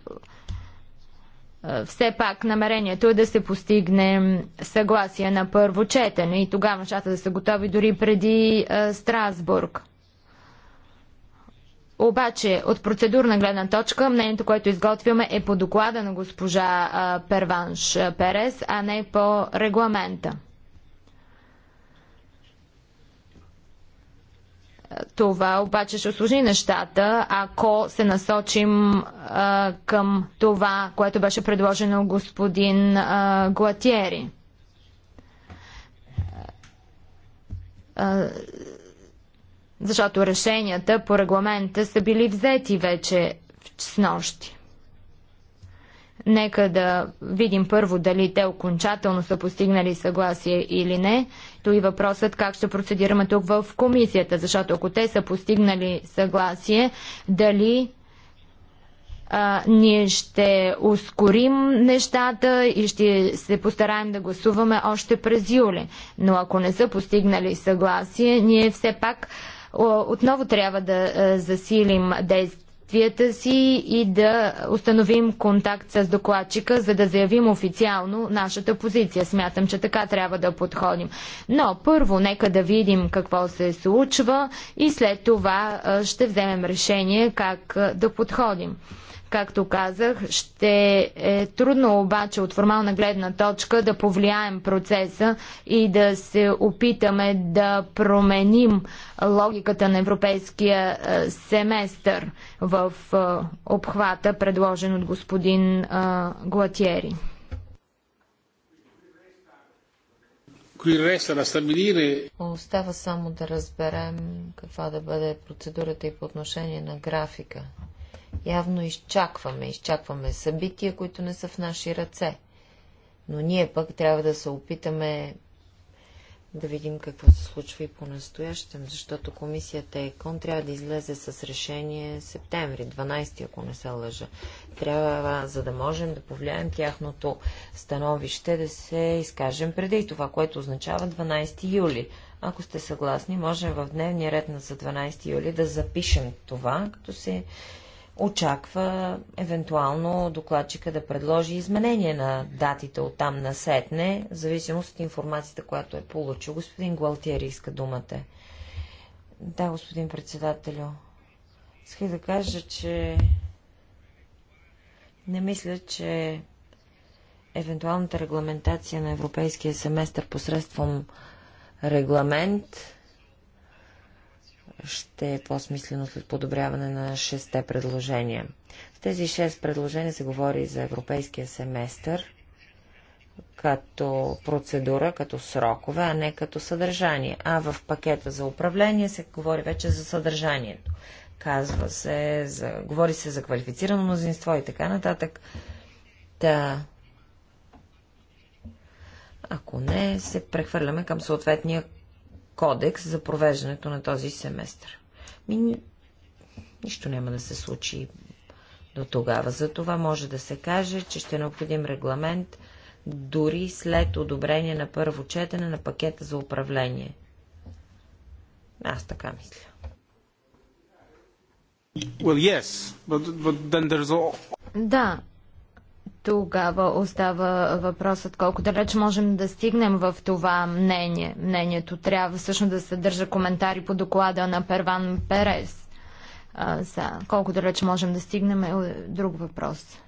все пак намерението е да се постигне съгласие на първо четене и тогава нещата да са готови дори преди Страсбург. Обаче, от процедурна гледна точка, мнението, което изготвяме е по доклада на госпожа Перванш Перес, а не по регламента. Това обаче ще осложни нещата, ако се насочим а, към това, което беше предложено господин а, Глатиери. А, защото решенията по регламента са били взети вече с нощи. Нека да видим първо дали те окончателно са постигнали съгласие или не. То и въпросът как ще процедираме тук в комисията, защото ако те са постигнали съгласие, дали а, ние ще ускорим нещата и ще се постараем да гласуваме още през юли. Но ако не са постигнали съгласие, ние все пак отново трябва да засилим действието действията си и да установим контакт с докладчика, за да заявим официално нашата позиция. Смятам, че така трябва да подходим. Но първо, нека да видим какво се случва и след това ще вземем решение как да подходим. Както казах, ще е трудно обаче от формална гледна точка да повлияем процеса и да се опитаме да променим логиката на европейския е, семестър в е, обхвата, предложен от господин е, Глатиери. Остава само да разберем каква да бъде процедурата и по отношение на графика. Явно изчакваме, изчакваме събития, които не са в наши ръце. Но ние пък трябва да се опитаме да видим какво се случва и по-настоящем, защото комисията ЕКОН трябва да излезе с решение септември, 12, ако не се лъжа. Трябва, за да можем да повлияем тяхното становище, да се изкажем преди това, което означава 12 юли. Ако сте съгласни, можем в дневния ред на за 12 юли да запишем това, като се очаква евентуално докладчика да предложи изменение на датите от там на сетне, в зависимост от информацията, която е получил. Господин Гуалтиери иска думата. Да, господин председателю. Исках да кажа, че не мисля, че евентуалната регламентация на европейския семестър посредством регламент ще е по-смислено след подобряване на шесте предложения. В тези шест предложения се говори за европейския семестър като процедура, като срокове, а не като съдържание. А в пакета за управление се говори вече за съдържанието. Казва се, за, говори се за квалифицирано мнозинство и така нататък. Та, ако не, се прехвърляме към съответния кодекс за провеждането на този семестър. Ми, нищо няма да се случи до тогава. За това може да се каже, че ще е необходим регламент дори след одобрение на първо четене на пакета за управление. Аз така мисля. Well, yes, but, but then there's all... Да, тогава остава въпросът колко далеч можем да стигнем в това мнение. Мнението трябва всъщност да съдържа коментари по доклада на Перван Перес. А, са, колко далеч можем да стигнем е друг въпрос.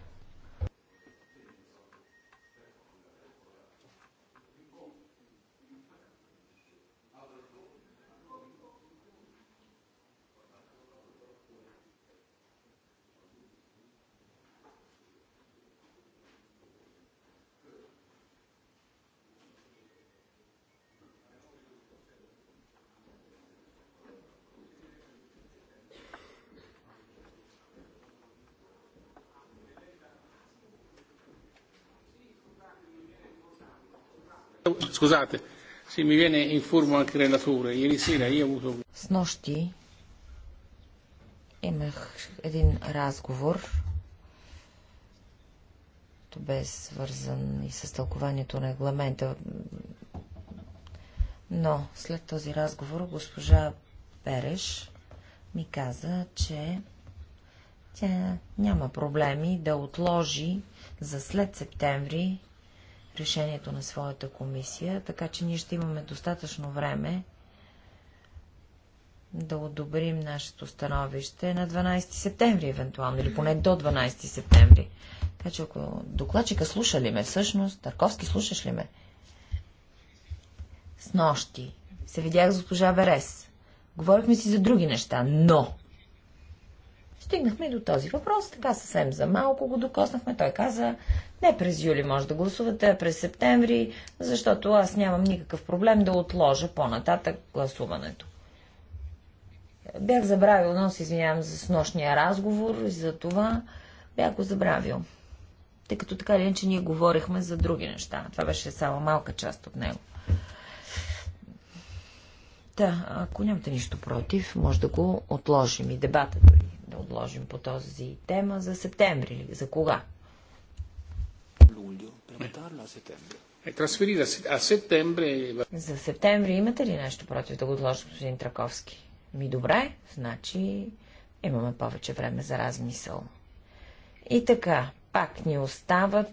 Scusate, sì, mi viene in furmo anche il relatore. Ieri sera io ho avuto... С нощи имах един разговор. То бе свързан и с тълкованието на регламента. Но след този разговор госпожа Переш ми каза, че тя няма проблеми да отложи за след септември решението на своята комисия, така че ние ще имаме достатъчно време да одобрим нашето становище на 12 септември, евентуално, или поне до 12 септември. Така че ако докладчика слуша ли ме всъщност, Тарковски слушаш ли ме? С нощи се видях с госпожа Верес. Говорихме си за други неща, но... Стигнахме до този въпрос, така съвсем за малко го докоснахме. Той каза, не през юли може да гласувате, а през септември, защото аз нямам никакъв проблем да отложа по-нататък гласуването. Бях забравил, но се извинявам за снощния разговор и за това бях го забравил. Тъй като така ли че ние говорихме за други неща. Това беше само малка част от него. Да, ако нямате нищо против, може да го отложим и дебата дори да отложим по този тема за септември или за кога. Е, е за септември имате ли нещо против да го отложи господин Траковски? Ми добре, значи имаме повече време за размисъл. И така, пак ни остават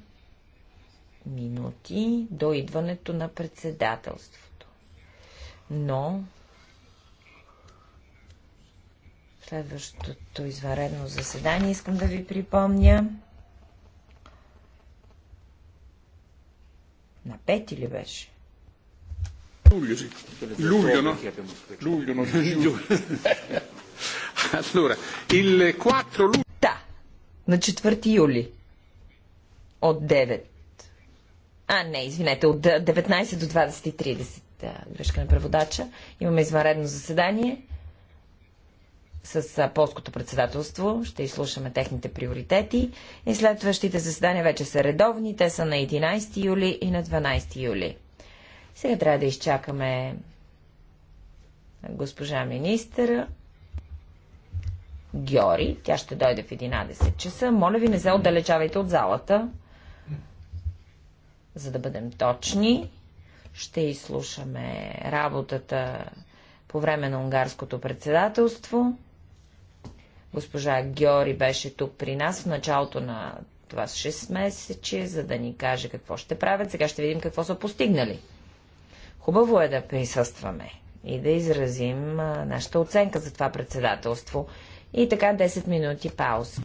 минути до идването на председателството. Но следващото изваредно заседание искам да ви припомня. На пети ли беше? Luglio, sì. Luglio, 4 Да, на 4 юли. От 9. А, не, извинете, от 19 до 20.30. грешка на преводача. Имаме извънредно заседание с полското председателство. Ще изслушаме техните приоритети. И следващите заседания вече са редовни. Те са на 11 юли и на 12 юли. Сега трябва да изчакаме госпожа министъра Гьори. Тя ще дойде в 11 часа. Моля ви, не се отдалечавайте от залата. За да бъдем точни, ще изслушаме работата по време на унгарското председателство. Госпожа Геори беше тук при нас в началото на това 6 месече, за да ни каже какво ще правят. Сега ще видим какво са постигнали. Хубаво е да присъстваме и да изразим нашата оценка за това председателство. И така 10 минути пауза.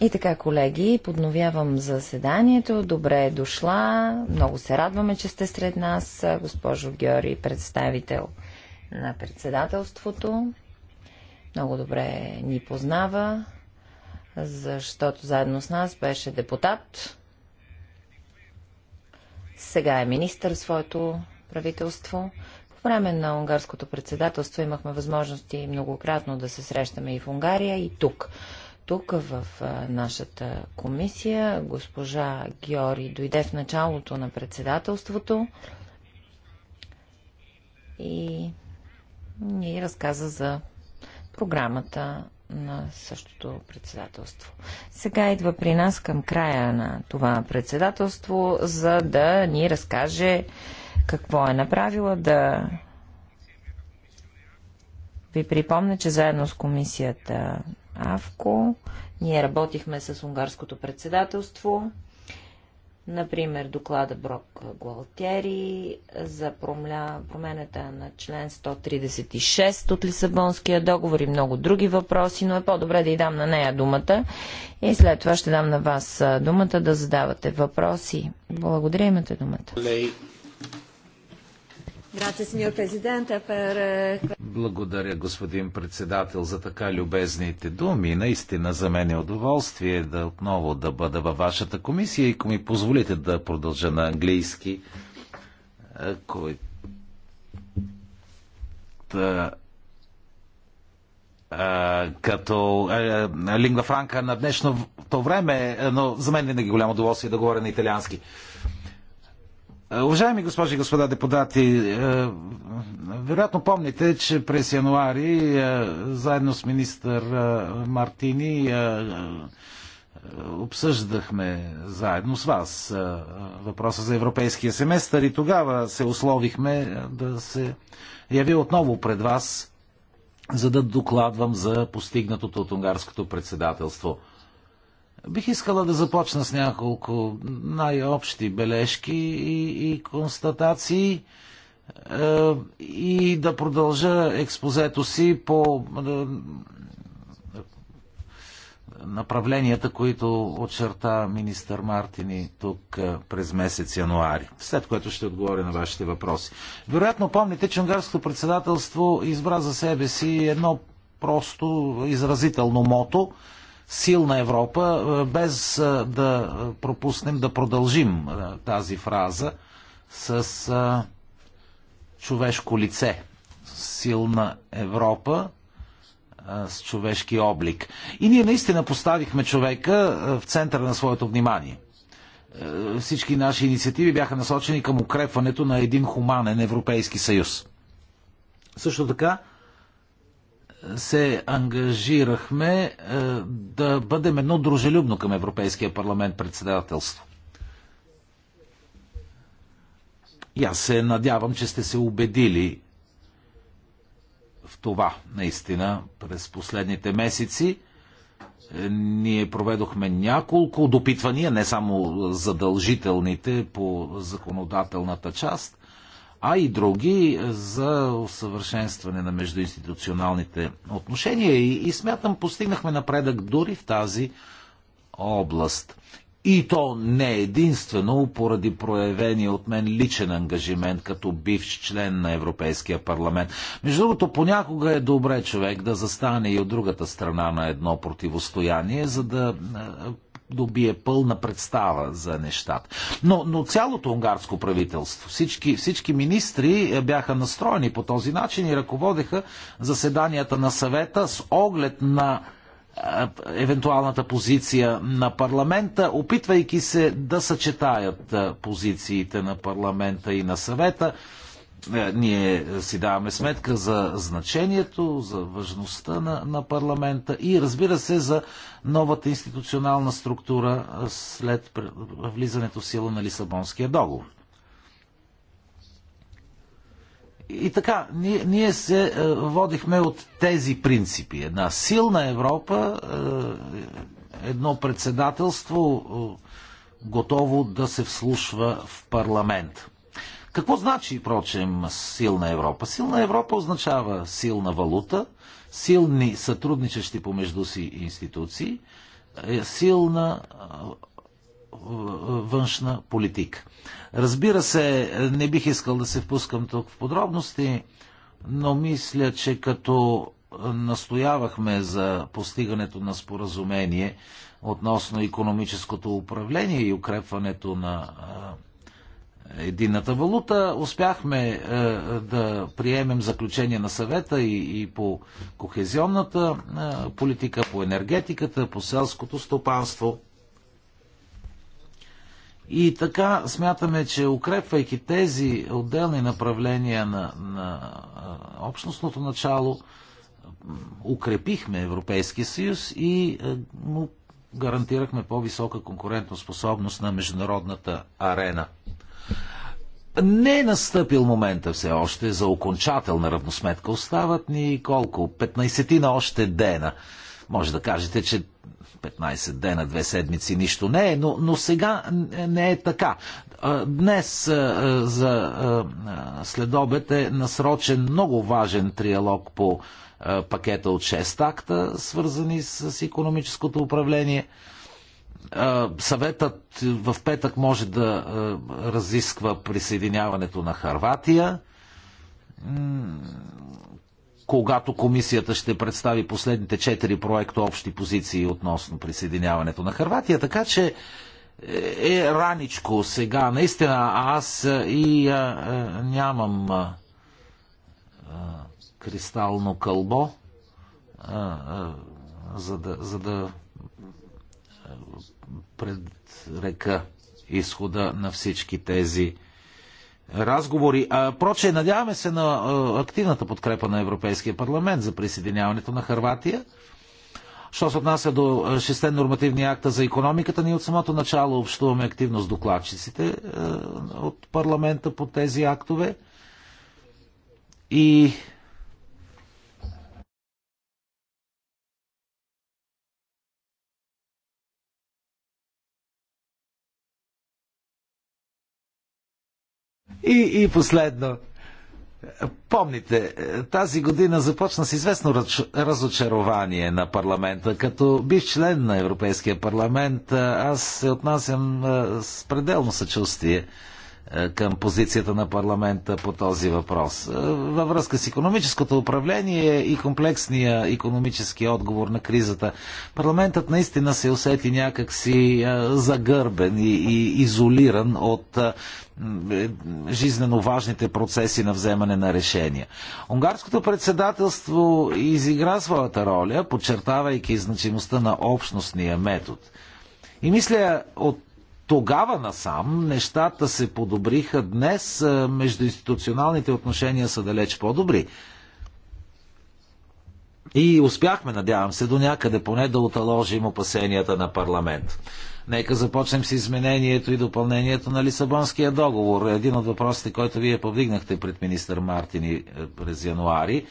И така, колеги, подновявам заседанието. Добре е дошла. Много се радваме, че сте сред нас, госпожо Георги, представител на председателството. Много добре ни познава, защото заедно с нас беше депутат. Сега е министър в своето правителство време на унгарското председателство имахме възможности многократно да се срещаме и в Унгария, и тук. Тук в нашата комисия госпожа Георги дойде в началото на председателството и ни разказа за програмата на същото председателство. Сега идва при нас към края на това председателство, за да ни разкаже какво е направила, да ви припомня, че заедно с комисията АВКО ние работихме с унгарското председателство. Например, доклада Брок Гуалтери за промената на член 136 от Лисабонския договор и много други въпроси, но е по-добре да й дам на нея думата и след това ще дам на вас думата да задавате въпроси. Благодаря, имате думата. Eh, Благодаря, господин председател, за така любезните думи. Наистина за мен е удоволствие да отново да бъда във вашата комисия и ако ми позволите да продължа на английски, е, е, е, като лингва франка на днешното време, но за мен винаги голямо удоволствие да говоря на италиански. Е, уважаеми госпожи и господа депутати, е, вероятно помните, че през януари е, заедно с министър Мартини обсъждахме заедно с вас въпроса за европейския семестър и тогава се условихме да се яви отново пред вас, за да докладвам за постигнатото от унгарското председателство – Бих искала да започна с няколко най-общи бележки и, и констатации е, и да продължа експозето си по е, направленията, които очерта министър Мартини тук е, през месец януари, след което ще отговоря на вашите въпроси. Вероятно помните, че унгарското председателство избра за себе си едно просто изразително мото – силна Европа, е, без е, да пропуснем да продължим е, тази фраза с човешко лице. Силна Европа с човешки облик. И ние наистина поставихме човека в центъра на своето внимание. Всички наши инициативи бяха насочени към укрепването на един хуманен Европейски съюз. Също така, се ангажирахме е, да бъдем едно дружелюбно към Европейския парламент председателство. И аз се надявам, че сте се убедили в това, наистина, през последните месеци. Е, ние проведохме няколко допитвания, не само задължителните по законодателната част, а и други е, за усъвършенстване на междуинституционалните отношения и, и смятам постигнахме напредък дори в тази област. И то не единствено поради проявения от мен личен ангажимент като бивш член на Европейския парламент. Между другото, понякога е добре човек да застане и от другата страна на едно противостояние, за да е, добие пълна представа за нещата. Но, но цялото унгарско правителство, всички, всички министри е, бяха настроени по този начин и ръководеха заседанията на съвета с оглед на е, евентуалната позиция на парламента, опитвайки се да съчетаят е, позициите на парламента и на съвета е, ние си даваме сметка за значението, за важността на, на парламента и разбира се за новата институционална структура е, след влизането в сила на Лисабонския договор. И така, ние, ние се е, водихме от тези принципи. Една силна Европа, е, едно председателство, е, готово да се вслушва в парламент. Какво значи, впрочем, силна Европа? Силна Европа означава силна валута, силни сътрудничащи помежду си институции, е, силна външна политика. Разбира се, не бих искал да се впускам тук в подробности, но мисля, че като настоявахме за постигането на споразумение относно економическото управление и укрепването на единната валута. Успяхме е, е, да приемем заключение на съвета и, и по кохезионната е, политика, по енергетиката, по селското стопанство. И така смятаме, че укрепвайки тези отделни направления на, на е, общностното начало, укрепихме Европейския съюз и е, му гарантирахме по-висока конкурентоспособност на международната арена. Не е настъпил момента все още за окончателна равносметка. Остават ни колко? 15 на още дена. Може да кажете, че 15 дена, две седмици, нищо не е, но, но сега не е така. Днес за следобед е насрочен много важен триалог по пакета от 6 акта, свързани с економическото управление – Съветът в петък може да разисква присъединяването на Харватия, когато комисията ще представи последните четири проекта общи позиции относно присъединяването на Харватия. Така че е, е раничко сега. Наистина аз и а, а, нямам а, а, кристално кълбо, а, а, за да, за да пред река изхода на всички тези разговори. А, проче, надяваме се на а, активната подкрепа на Европейския парламент за присъединяването на Харватия. Що се отнася до шестен нормативни акта за економиката, ние от самото начало общуваме активно с докладчиците а, от парламента по тези актове. И И, и последно. Помните, тази година започна с известно разочарование на парламента. Като бивш член на Европейския парламент, аз се отнасям с пределно съчувствие е, към позицията на парламента по този въпрос. Е, във връзка с економическото управление и комплексния економически отговор на кризата, парламентът наистина се усети някакси е, загърбен и, и изолиран от жизнено важните процеси на вземане на решения. Унгарското председателство изигра своята роля, подчертавайки значимостта на общностния метод. И мисля, от тогава насам нещата се подобриха. Днес е, междуинституционалните отношения са далеч по-добри. И успяхме, надявам се, до някъде поне да оталожим опасенията на парламент. Нека започнем с изменението и допълнението на Лисабонския договор. Един от въпросите, който вие повдигнахте пред министър Мартини е, през януари,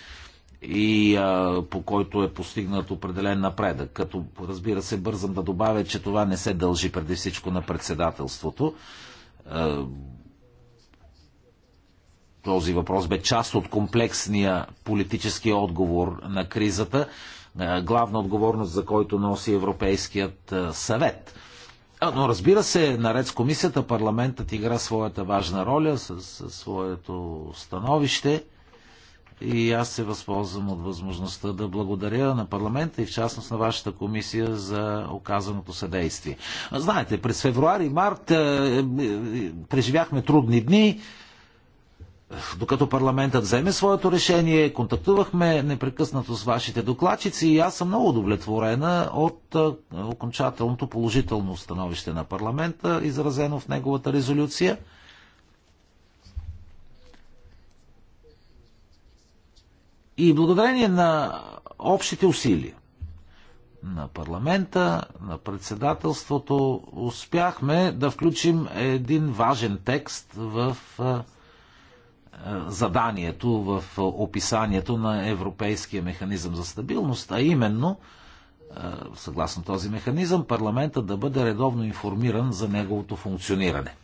и а, по който е постигнат определен напредък. Като разбира се, бързам да добавя, че това не се дължи преди всичко на председателството. А, този въпрос бе част от комплексния политически отговор на кризата, а, главна отговорност за който носи Европейският а, съвет. А, но разбира се, наред с комисията, парламентът игра своята важна роля със своето становище и аз се възползвам от възможността да благодаря на парламента и в частност на вашата комисия за оказаното съдействие. Знаете, през февруари и март е, е, преживяхме трудни дни. Докато парламентът вземе своето решение, контактувахме непрекъснато с вашите докладчици и аз съм много удовлетворена от е, окончателното положително становище на парламента, изразено в неговата резолюция. И благодарение на общите усилия на парламента, на председателството, успяхме да включим един важен текст в е, заданието, в е, описанието на Европейския механизъм за стабилност, а именно, е, съгласно този механизъм, парламента да бъде редовно информиран за неговото функциониране.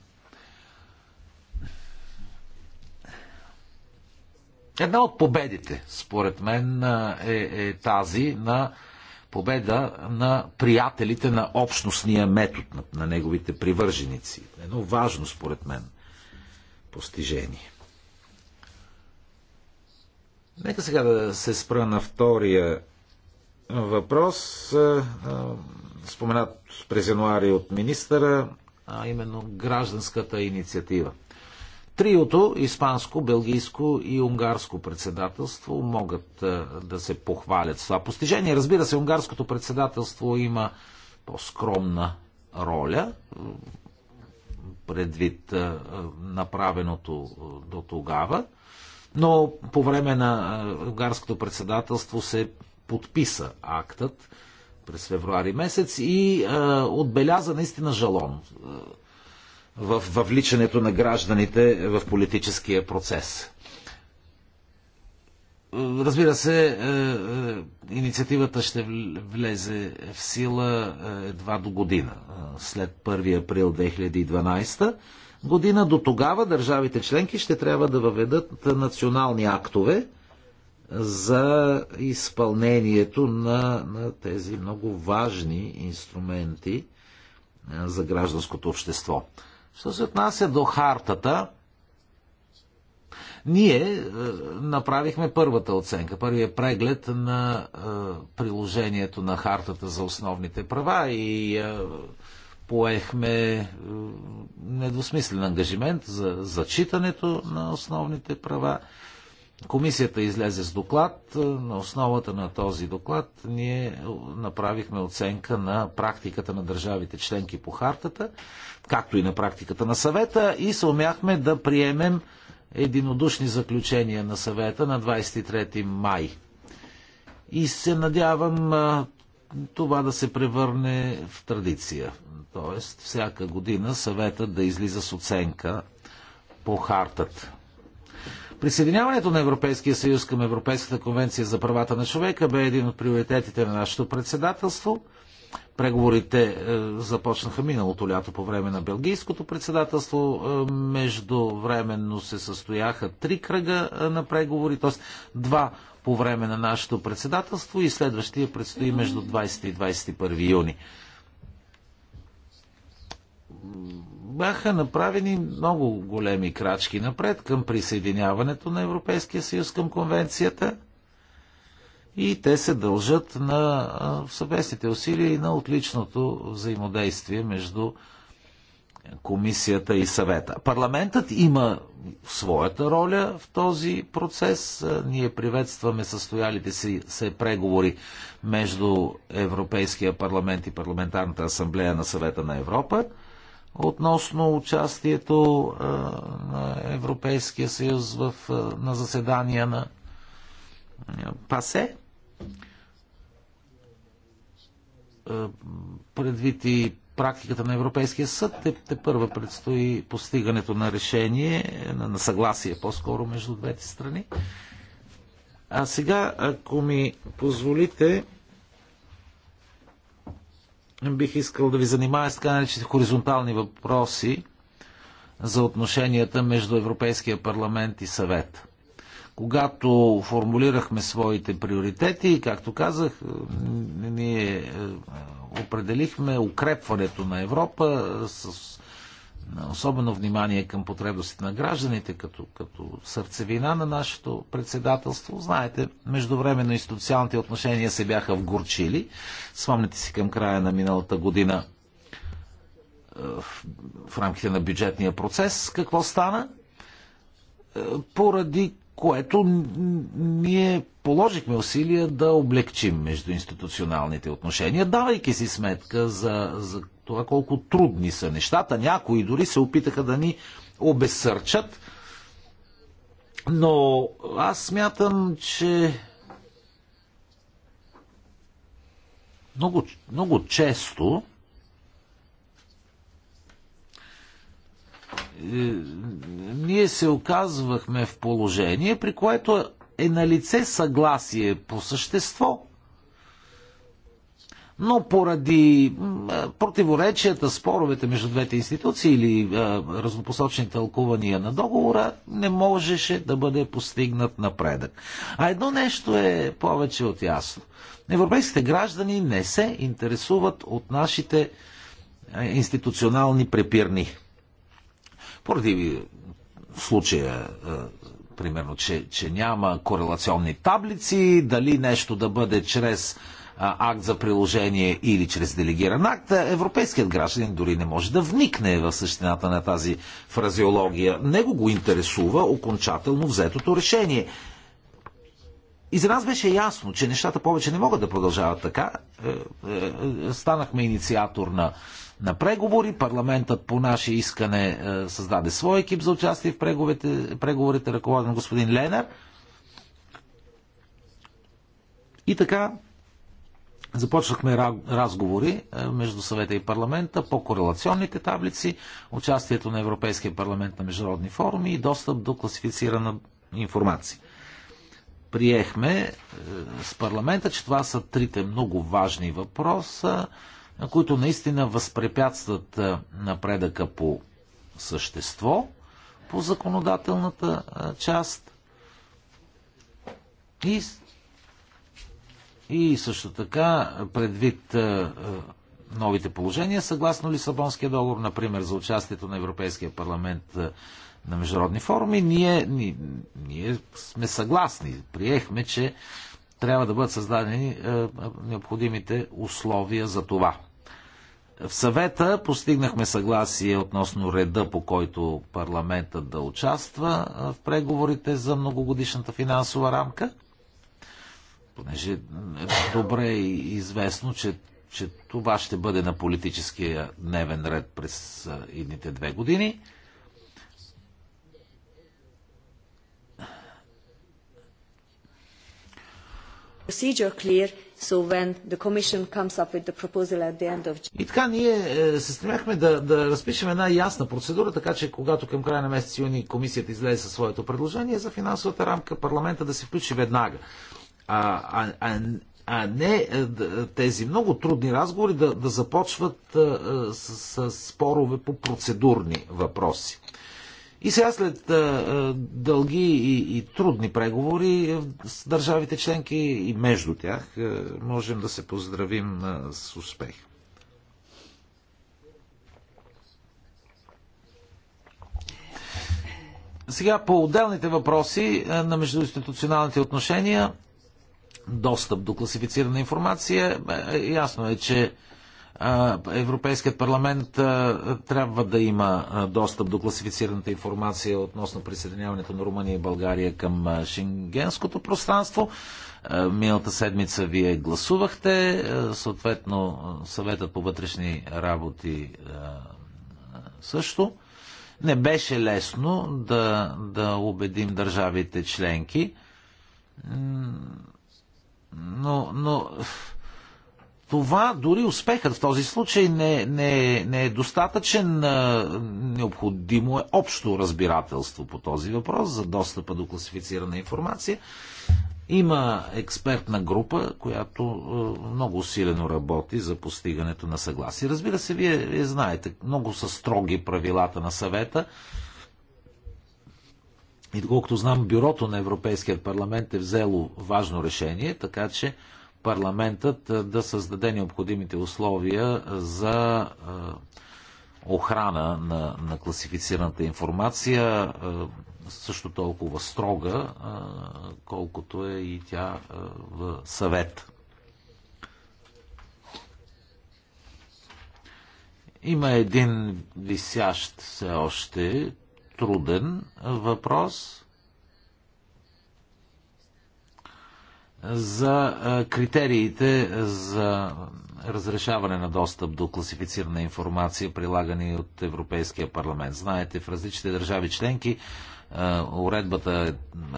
Една от победите, според мен, е, е тази на победа на приятелите на общностния метод, на, на неговите привърженици. Едно важно, според мен, постижение. Нека сега да се спра на втория въпрос, споменат през януари от министъра, а именно гражданската инициатива. Триото, испанско, белгийско и унгарско председателство, могат е, да се похвалят с това постижение. Разбира се, унгарското председателство има по-скромна роля предвид е, направеното е, до тогава, но по време на унгарското председателство се подписа актът през февруари месец и отбеляза наистина жалон в въвличането на гражданите в политическия процес. Разбира се, е, е, инициативата ще влезе в сила е, едва до година, след 1 април 2012 година. До тогава държавите членки ще трябва да въведат национални актове за изпълнението на, на тези много важни инструменти за гражданското общество. Що се отнася до хартата, ние е, направихме първата оценка, първия преглед на е, приложението на хартата за основните права и е, поехме недвусмислен ангажимент за зачитането на основните права. Комисията излезе с доклад. На основата на този доклад ние направихме оценка на практиката на държавите членки по хартата както и на практиката на съвета, и се умяхме да приемем единодушни заключения на съвета на 23 май. И се надявам това да се превърне в традиция. Тоест, всяка година съветът да излиза с оценка по хартата. Присъединяването на Европейския съюз към Европейската конвенция за правата на човека бе един от приоритетите на нашето председателство – Преговорите е, започнаха миналото лято по време на Белгийското председателство. Е, междувременно се състояха три кръга е, на преговори, т.е. два по време на нашето председателство и следващия предстои между 20 и 21 юни. Бяха направени много големи крачки напред към присъединяването на Европейския съюз към конвенцията – и те се дължат на съвместните усилия и на отличното взаимодействие между комисията и съвета. Парламентът има своята роля в този процес. Ние приветстваме състоялите си се преговори между Европейския парламент и Парламентарната асамблея на съвета на Европа относно участието на Европейския съюз в, на заседания на пасе. Е, предвид и практиката на Европейския съд, те, те първа предстои постигането на решение, на, на съгласие по-скоро между двете страни. А сега, ако ми позволите, бих искал да ви занимая с така наречените хоризонтални въпроси за отношенията между Европейския парламент и съвет когато формулирахме своите приоритети, както казах, ние е, определихме укрепването на Европа с особено внимание към потребностите на гражданите, като, като сърцевина на нашето председателство. Знаете, междувременно институционалните отношения се бяха вгорчили. Спомняте си към края на миналата година е, в рамките на бюджетния процес какво стана, е, поради което ние положихме усилия да облегчим между институционалните отношения, давайки си сметка за, за това колко трудни са нещата. Някои дори се опитаха да ни обесърчат, но аз смятам, че много, много често Е, ние се оказвахме в положение, при което е на лице съгласие по същество. Но поради е, противоречията, споровете между двете институции или е, разнопосочни тълкувания на договора, не можеше да бъде постигнат напредък. А едно нещо е повече от ясно. Европейските граждани не се интересуват от нашите институционални препирни. Поради случая, е, примерно, че, че няма корелационни таблици, дали нещо да бъде чрез е, акт за приложение или чрез делегиран акт, е, европейският гражданин дори не може да вникне в същината на тази фразеология. Него го интересува окончателно взетото решение. И за нас беше ясно, че нещата повече не могат да продължават така. Станахме инициатор на на преговори. Парламентът по наше искане е, създаде свой екип за участие в преговорите, преговорите ръководен господин Ленер. И така, Започнахме разговори е, между съвета и парламента по корелационните таблици, участието на Европейския парламент на международни форуми и достъп до класифицирана информация. Приехме е, с парламента, че това са трите много важни въпроса, които наистина възпрепятстват напредъка по същество, по законодателната част и, и също така предвид новите положения, съгласно Лисабонския договор, например, за участието на Европейския парламент на международни форуми, ние, ние, ние сме съгласни, приехме, че трябва да бъдат създадени необходимите условия за това. В съвета постигнахме съгласие относно реда, по който парламентът да участва в преговорите за многогодишната финансова рамка, понеже е добре известно, че, че това ще бъде на политическия дневен ред през едните две години. Procedure clear So when the commission comes up with the proposal at the end of... И така ние е, се стремяхме да, да разпишем една ясна процедура, така че когато към края на месец юни комисията излезе със своето предложение за финансовата рамка, парламента да се включи веднага. А, а, а, а не е, тези много трудни разговори да, да започват е, с, с спорове по процедурни въпроси. И сега след дълги и, и трудни преговори е, с държавите членки и между тях е, можем да се поздравим с успех. Сега по отделните въпроси е, на междуинституционалните отношения, достъп до класифицирана информация, ясно е, че Европейският парламент трябва да има достъп до класифицираната информация относно присъединяването на Румъния и България към шенгенското пространство. Миналата седмица вие гласувахте, съответно съветът по вътрешни работи също. Не беше лесно да, да убедим държавите членки, но, но това дори успехът в този случай не, не, не е достатъчен. Необходимо е общо разбирателство по този въпрос за достъпа до класифицирана информация. Има експертна група, която много усилено работи за постигането на съгласие. Разбира се, вие, вие знаете, много са строги правилата на съвета. И доколкото знам, бюрото на Европейския парламент е взело важно решение, така че парламентът да създаде необходимите условия за охрана на, на класифицираната информация, също толкова строга, колкото е и тя в съвет. Има един висящ все още труден въпрос – за критериите за разрешаване на достъп до класифицирана информация, прилагани от Европейския парламент. Знаете, в различните държави членки уредбата е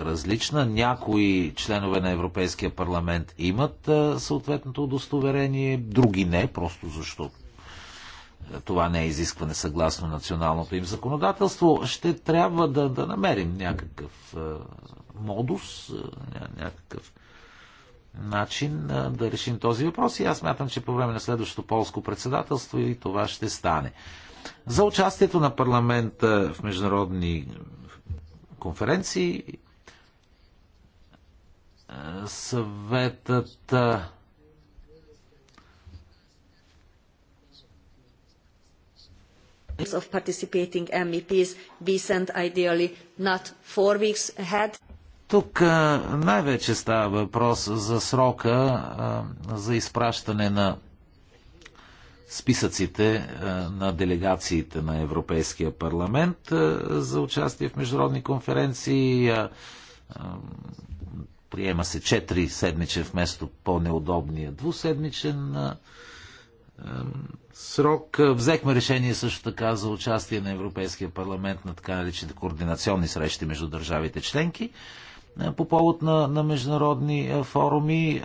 различна. Някои членове на Европейския парламент имат съответното удостоверение, други не, просто защото това не е изискване съгласно националното им законодателство. Ще трябва да, да намерим някакъв модус, някакъв начин да решим този въпрос и аз мятам, че по време на следващото полско председателство и това ще стане. За участието на парламента в международни конференции съветът of participating MEPs be sent ideally not four weeks ahead. Тук най-вече става въпрос за срока за изпращане на списъците на делегациите на Европейския парламент за участие в международни конференции. Приема се 4 седмичен вместо по-неудобния двуседмичен срок. Взехме решение също така за участие на Европейския парламент на така наречените координационни срещи между държавите членки. Е, по повод на, на международни е, форуми. Е,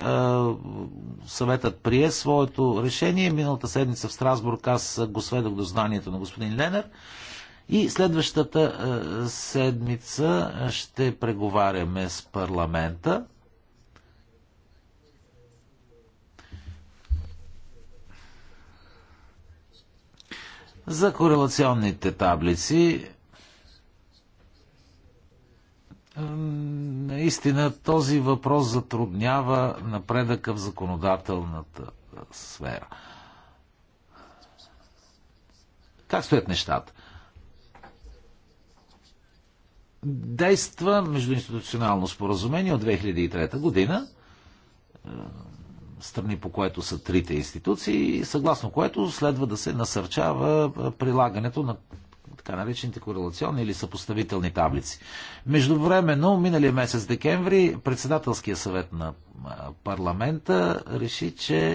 съветът прие своето решение. Миналата седмица в Страсбург аз го сведох до знанието на господин Ленер. И следващата седмица ще преговаряме с парламента. За корелационните таблици Наистина този въпрос затруднява напредъка в законодателната сфера. Как стоят нещата? Действа междуинституционално споразумение от 2003 година, страни по което са трите институции, съгласно което следва да се насърчава прилагането на така наречените корелационни или съпоставителни таблици. Междувременно, миналия месец декември, председателския съвет на парламента реши, че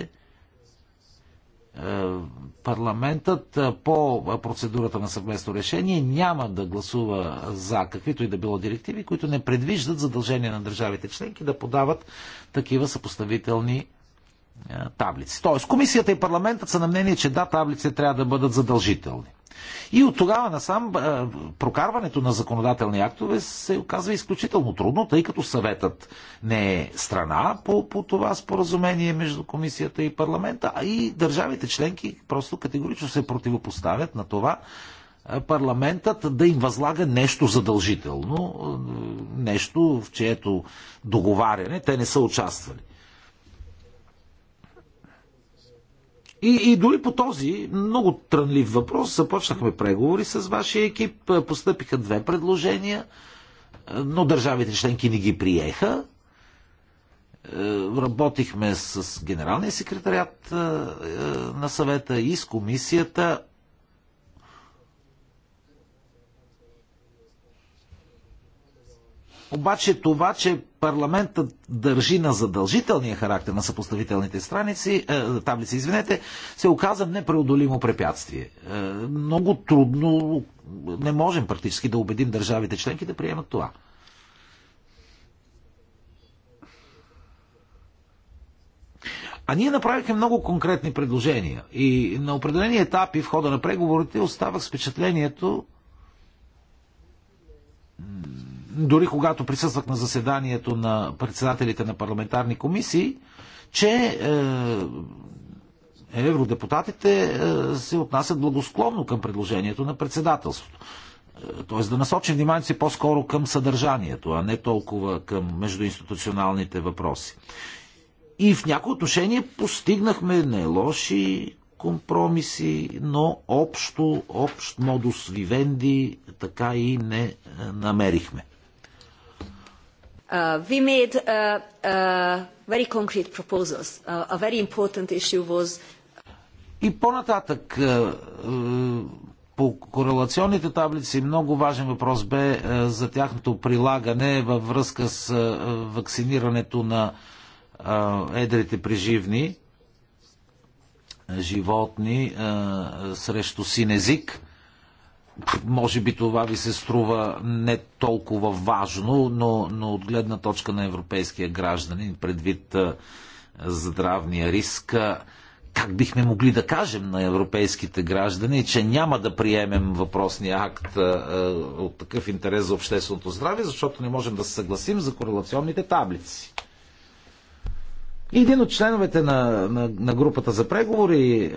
е, парламентът по процедурата на съвместно решение няма да гласува за каквито и да било директиви, които не предвиждат задължение на държавите членки да подават такива съпоставителни е, таблици. Тоест, комисията и парламентът са на мнение, че да, таблици трябва да бъдат задължителни. И от тогава насам прокарването на законодателни актове се оказва изключително трудно, тъй като съветът не е страна по, по това споразумение между комисията и парламента, а и държавите членки просто категорично се противопоставят на това парламентът да им възлага нещо задължително, нещо в чието договаряне те не са участвали. И, и дори по този много трънлив въпрос започнахме преговори с вашия екип. Постъпиха две предложения, но държавите членки не ги приеха. Е, работихме с генералния секретарят е, е, на съвета и с комисията Обаче това, че парламентът държи на задължителния характер на съпоставителните страници, е, таблици, извинете, се оказа непреодолимо препятствие. Е, много трудно, не можем практически да убедим държавите членки да приемат това. А ние направихме много конкретни предложения и на определени етапи в хода на преговорите оставах с впечатлението, дори когато присъствах на заседанието на председателите на парламентарни комисии, че е, евродепутатите е, се отнасят благосклонно към предложението на председателството. Е, тоест да насочим вниманието си по-скоро към съдържанието, а не толкова към междуинституционалните въпроси. И в някои отношения постигнахме не лоши компромиси, но общо, общ модус вивенди така и не намерихме. Uh, we made uh, uh, very concrete proposals. a very important issue was и по-нататък по корелационните таблици много важен въпрос бе за тяхното прилагане във връзка с вакцинирането на едрите преживни животни срещу син език може би това ви се струва не толкова важно, но, но от гледна точка на европейския гражданин, предвид здравния риск, как бихме могли да кажем на европейските граждани, че няма да приемем въпросния акт от такъв интерес за общественото здраве, защото не можем да се съгласим за корелационните таблици. И един от членовете на, на, на групата за преговори е,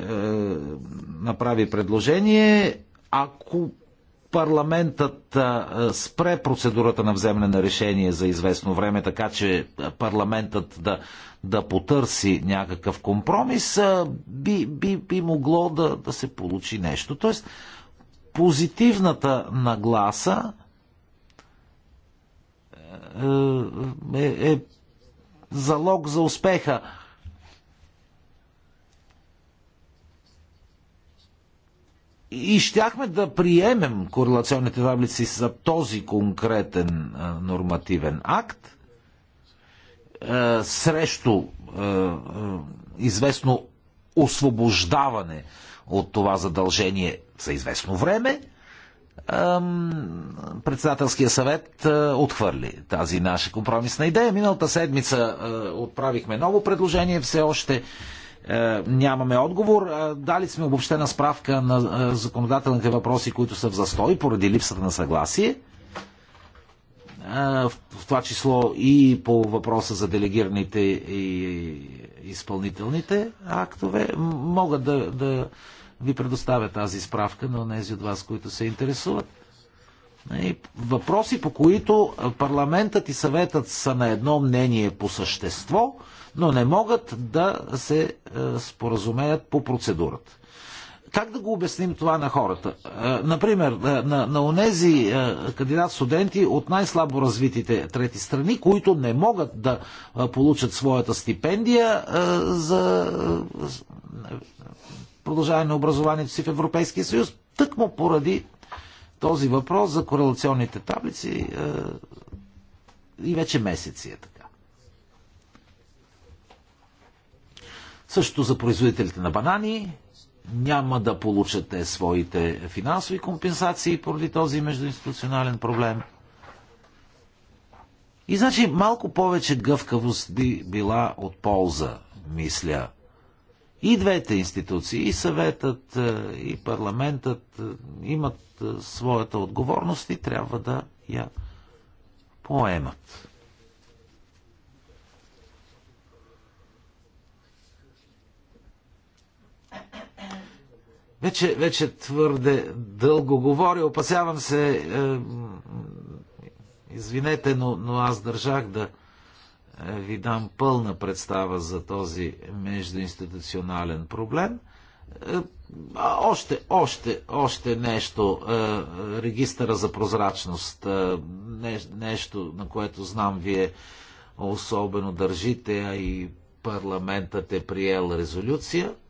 направи предложение ако парламентът спре процедурата на вземане на решение за известно време, така че парламентът да, да потърси някакъв компромис, би, би, би могло да, да се получи нещо. Тоест, позитивната нагласа е, е, е залог за успеха. и щяхме да приемем корелационните таблици за този конкретен нормативен акт е, срещу известно освобождаване от това задължение за известно време, председателския съвет отхвърли тази наша компромисна идея. Миналата седмица отправихме ново предложение, все още е, нямаме отговор. Е, дали сме обобщена справка на е, законодателните въпроси, които са в застой поради липсата на съгласие. В това число и по въпроса за делегираните и изпълнителните актове. мога да, да ви предоставя тази справка на тези от вас, които се интересуват. И въпроси, по които парламентът и съветът са на едно мнение по същество – но не могат да се е, споразумеят по процедурата. Как да го обясним това на хората? Е, например, е, на, на онези кандидат-студенти от най-слабо развитите трети страни, които не могат да получат своята стипендия за продължаване на образованието си в Европейския съюз, тъкмо поради този въпрос за корелационните таблици и вече месеци е така. Също за производителите на банани няма да получат своите финансови компенсации поради този междуинституционален проблем. И значи малко повече гъвкавост би била от полза, мисля. И двете институции, и съветът, е, и парламентът е, имат е, своята отговорност и трябва да я поемат. Вече, вече твърде дълго говоря. Опасявам се. Е, извинете, но, но аз държах да е, ви дам пълна представа за този междуинституционален проблем. Е, още, още, още нещо. Е, регистъра за прозрачност. Нещо, на което знам вие особено държите, а и парламентът е приел резолюция –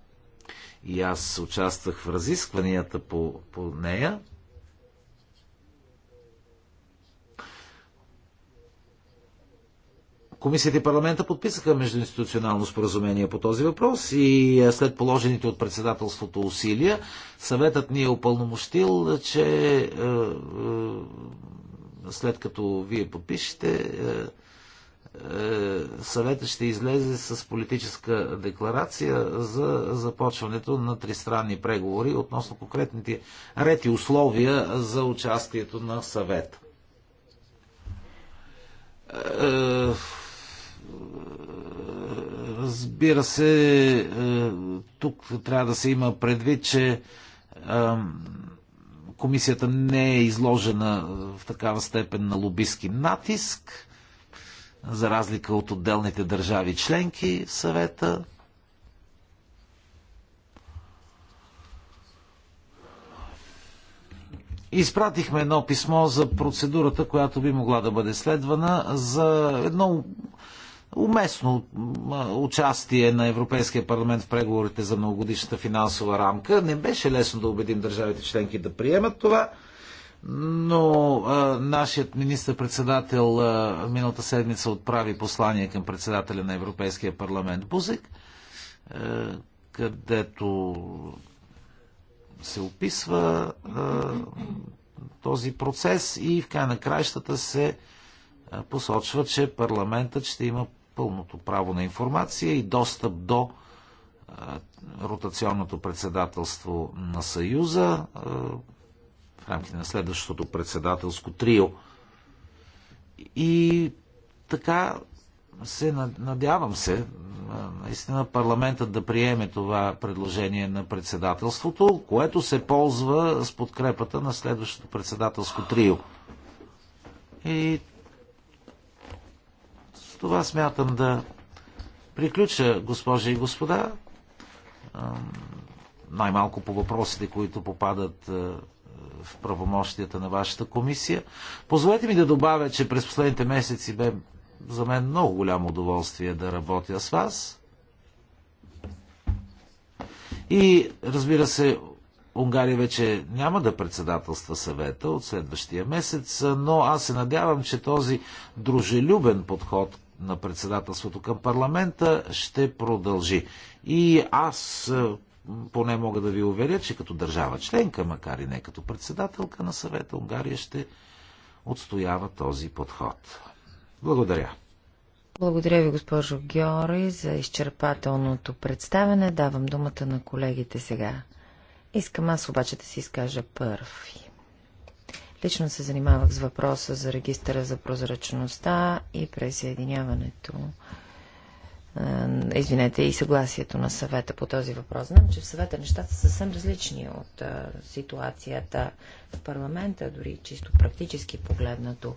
и аз участвах в разискванията по, по нея. Комисията и парламента подписаха междуинституционално споразумение по този въпрос и е, след положените от председателството усилия, съветът ни е упълномощил, че е, е, след като вие подпишете, е, съветът ще излезе с политическа декларация за започването на тристранни преговори относно конкретните ред и условия за участието на съвет. Е, разбира се, е, тук трябва да се има предвид, че е, комисията не е изложена в такава степен на лобистки натиск за разлика от отделните държави членки съвета. Изпратихме едно писмо за процедурата, която би могла да бъде следвана за едно уместно участие на Европейския парламент в преговорите за многогодишната финансова рамка. Не беше лесно да убедим държавите членки да приемат това но а, нашият министр-председател а, миналата седмица отправи послание към председателя на Европейския парламент Бузик, а, където се описва а, този процес и в край на краищата се а, посочва, че парламентът ще има пълното право на информация и достъп до а, ротационното председателство на Съюза. А, Рамки рамките на следващото председателско трио. И така се надявам се наистина парламентът да приеме това предложение на председателството, което се ползва с подкрепата на следващото председателско трио. И с това смятам да приключа, госпожи и господа, най-малко по въпросите, които попадат в правомощията на вашата комисия. Позволете ми да добавя, че през последните месеци бе за мен много голямо удоволствие да работя с вас. И разбира се, Унгария вече няма да председателства съвета от следващия месец, но аз се надявам, че този дружелюбен подход на председателството към парламента ще продължи. И аз поне мога да ви уверя, че като държава членка, макар и не като председателка на съвета, Унгария ще отстоява този подход. Благодаря. Благодаря ви, госпожо Георги, за изчерпателното представене. Давам думата на колегите сега. Искам аз обаче да си изкажа първи. Лично се занимавах с въпроса за регистъра за прозрачността и присъединяването е, извинете, и съгласието на съвета по този въпрос. Знам, че в съвета нещата са съвсем различни от е, ситуацията в парламента, дори чисто практически погледнато.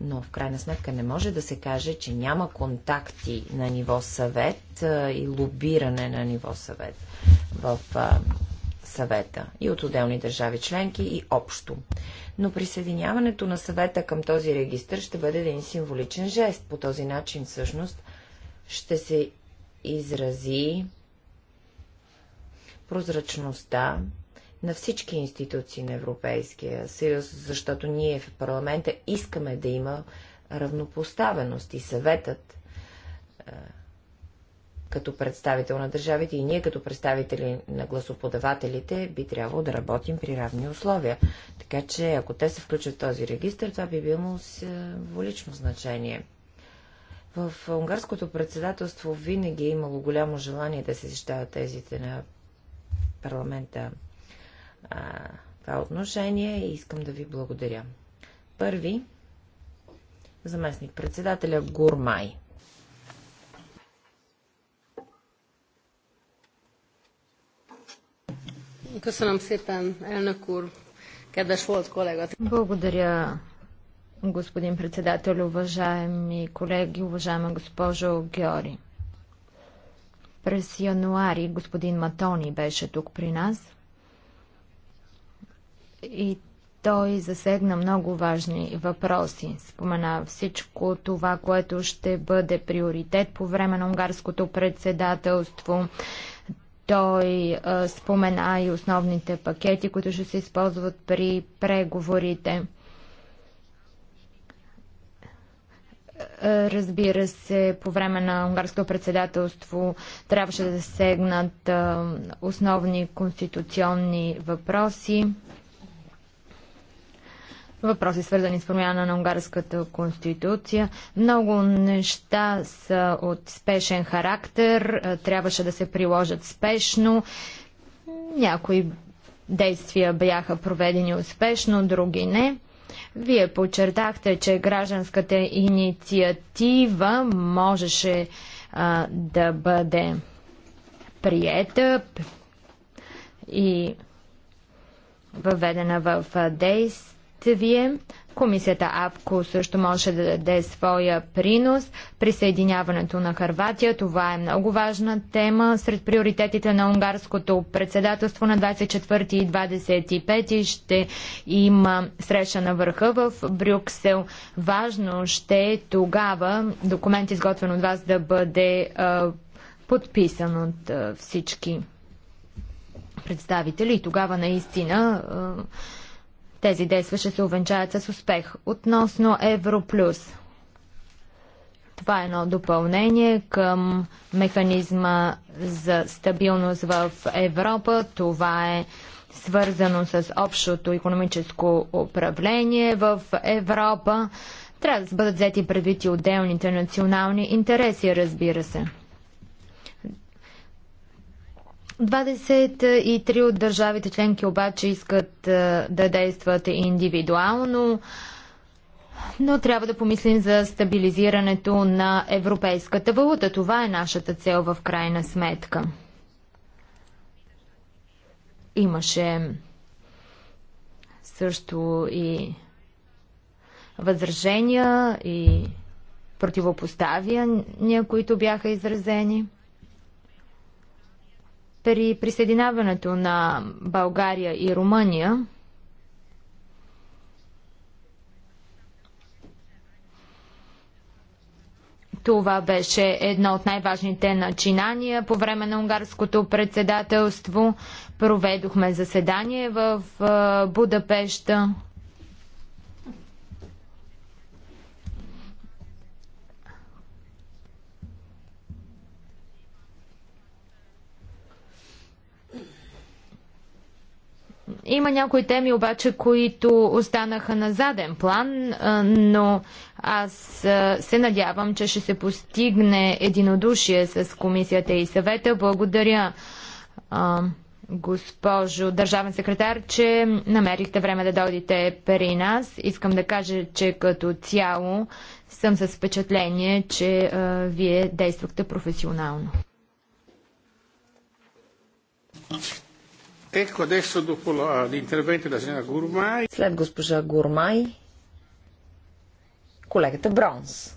Но в крайна сметка не може да се каже, че няма контакти на ниво съвет е, и лобиране на ниво съвет в съвета и от отделни държави членки и общо. Но присъединяването на съвета към този регистр ще бъде един символичен жест. По този начин всъщност ще се изрази прозрачността на всички институции на Европейския съюз, защото ние в парламента искаме да има равнопоставеност и съветът е, като представител на държавите и ние като представители на гласоподавателите би трябвало да работим при равни условия. Така че ако те се включат в този регистр, това би било с е, волично значение. В унгарското председателство винаги е имало голямо желание да се защитават тезите на парламента а, това отношение и искам да ви благодаря. Първи, заместник председателя Гурмай. Благодаря, господин председател, уважаеми колеги, уважаема госпожо Геори. През януари господин Матони беше тук при нас и той засегна много важни въпроси. Спомена всичко това, което ще бъде приоритет по време на унгарското председателство. Той спомена и основните пакети, които ще се използват при преговорите. Е, разбира се, по време на унгарското председателство трябваше да сегнат е, основни конституционни въпроси. Въпроси свързани с промяна на унгарската конституция. Много неща са от спешен характер, е, трябваше да се приложат спешно. Някои действия бяха проведени успешно, други не. Вие подчертахте, че гражданската инициатива можеше а, да бъде приета и въведена в действие. Комисията АВКО също може да даде своя принос. Присъединяването на Харватия, това е много важна тема. Сред приоритетите на унгарското председателство на 24 и 25 ще има среща на върха в Брюксел. Важно ще е тогава документ изготвен от вас да бъде а, подписан от а, всички представители и тогава наистина а, тези действа ще се увенчаят с успех. Относно Европлюс. Това е едно допълнение към механизма за стабилност в Европа. Това е свързано с общото економическо управление в Европа. Трябва да бъдат взети предвид и отделните национални интереси, разбира се. 23 от държавите членки обаче искат е, да действат индивидуално, но трябва да помислим за стабилизирането на европейската валута. Това е нашата цел в крайна сметка. Имаше също и възражения и противопоставяния, които бяха изразени. При присъединяването на България и Румъния Това беше едно от най-важните начинания по време на унгарското председателство. Проведохме заседание в Будапешта. Има някои теми обаче, които останаха на заден план, но аз се надявам, че ще се постигне единодушие с комисията и съвета. Благодаря, госпожо държавен секретар, че намерихте време да дойдете при нас. Искам да кажа, че като цяло съм с впечатление, че вие действахте професионално. Thank you. Ecco adesso dopo l'intervento della signora След госпожа Гурмай, колегата Бронс.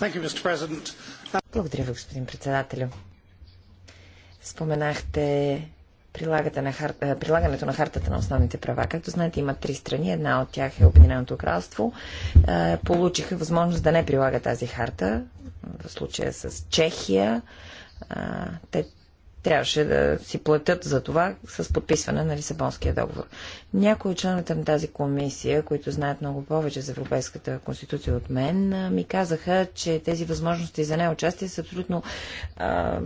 You, Благодаря ви, господин председателю. Споменахте прилагането на хартата на основните права. Както знаете, има три страни. Една от тях е Обединеното кралство. Получиха възможност да не прилага тази харта, в случая с Чехия а, те трябваше да си платят за това с подписване на Лисабонския договор. Някои от членовете на тази комисия, които знаят много повече за Европейската конституция от мен, ми казаха, че тези възможности за неучастие са абсолютно а,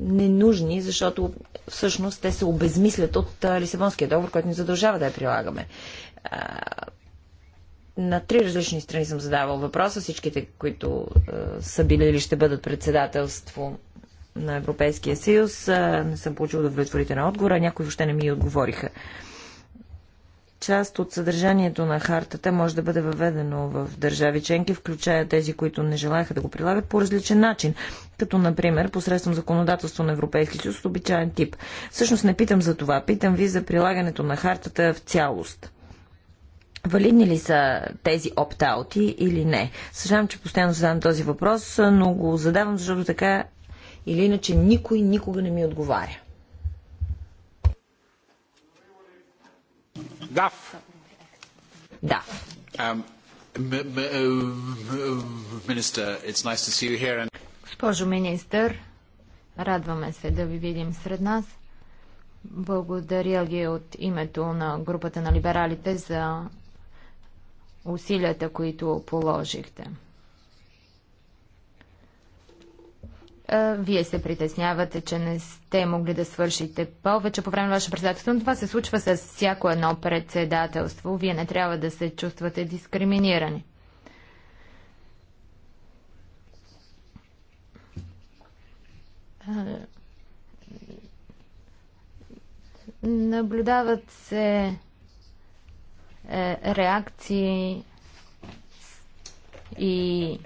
ненужни, защото всъщност те се обезмислят от Лисабонския договор, който ни задължава да я прилагаме. А, на три различни страни съм задавал въпроса, всичките, които а, са били или ще бъдат председателство на Европейския съюз. Не съм получил удовлетворителен отговор, а някои въобще не ми отговориха. Част от съдържанието на хартата може да бъде въведено в държави членки, включая тези, които не желаяха да го прилагат по различен начин, като например посредством законодателство на Европейския съюз от обичайен тип. Всъщност не питам за това, питам ви за прилагането на хартата в цялост. Валидни ли са тези опт-аути или не? Съжалявам, че постоянно задавам този въпрос, но го задавам, защото така или иначе никой никога не ми отговаря. Даф. Да. Um, Госпожо министър, радваме се да ви видим сред нас. Благодаря ви от името на групата на либералите за усилията, които положихте. вие се притеснявате, че не сте могли да свършите повече по време на ваше председателство, но това се случва с всяко едно председателство. Вие не трябва да се чувствате дискриминирани. Наблюдават се е, реакции и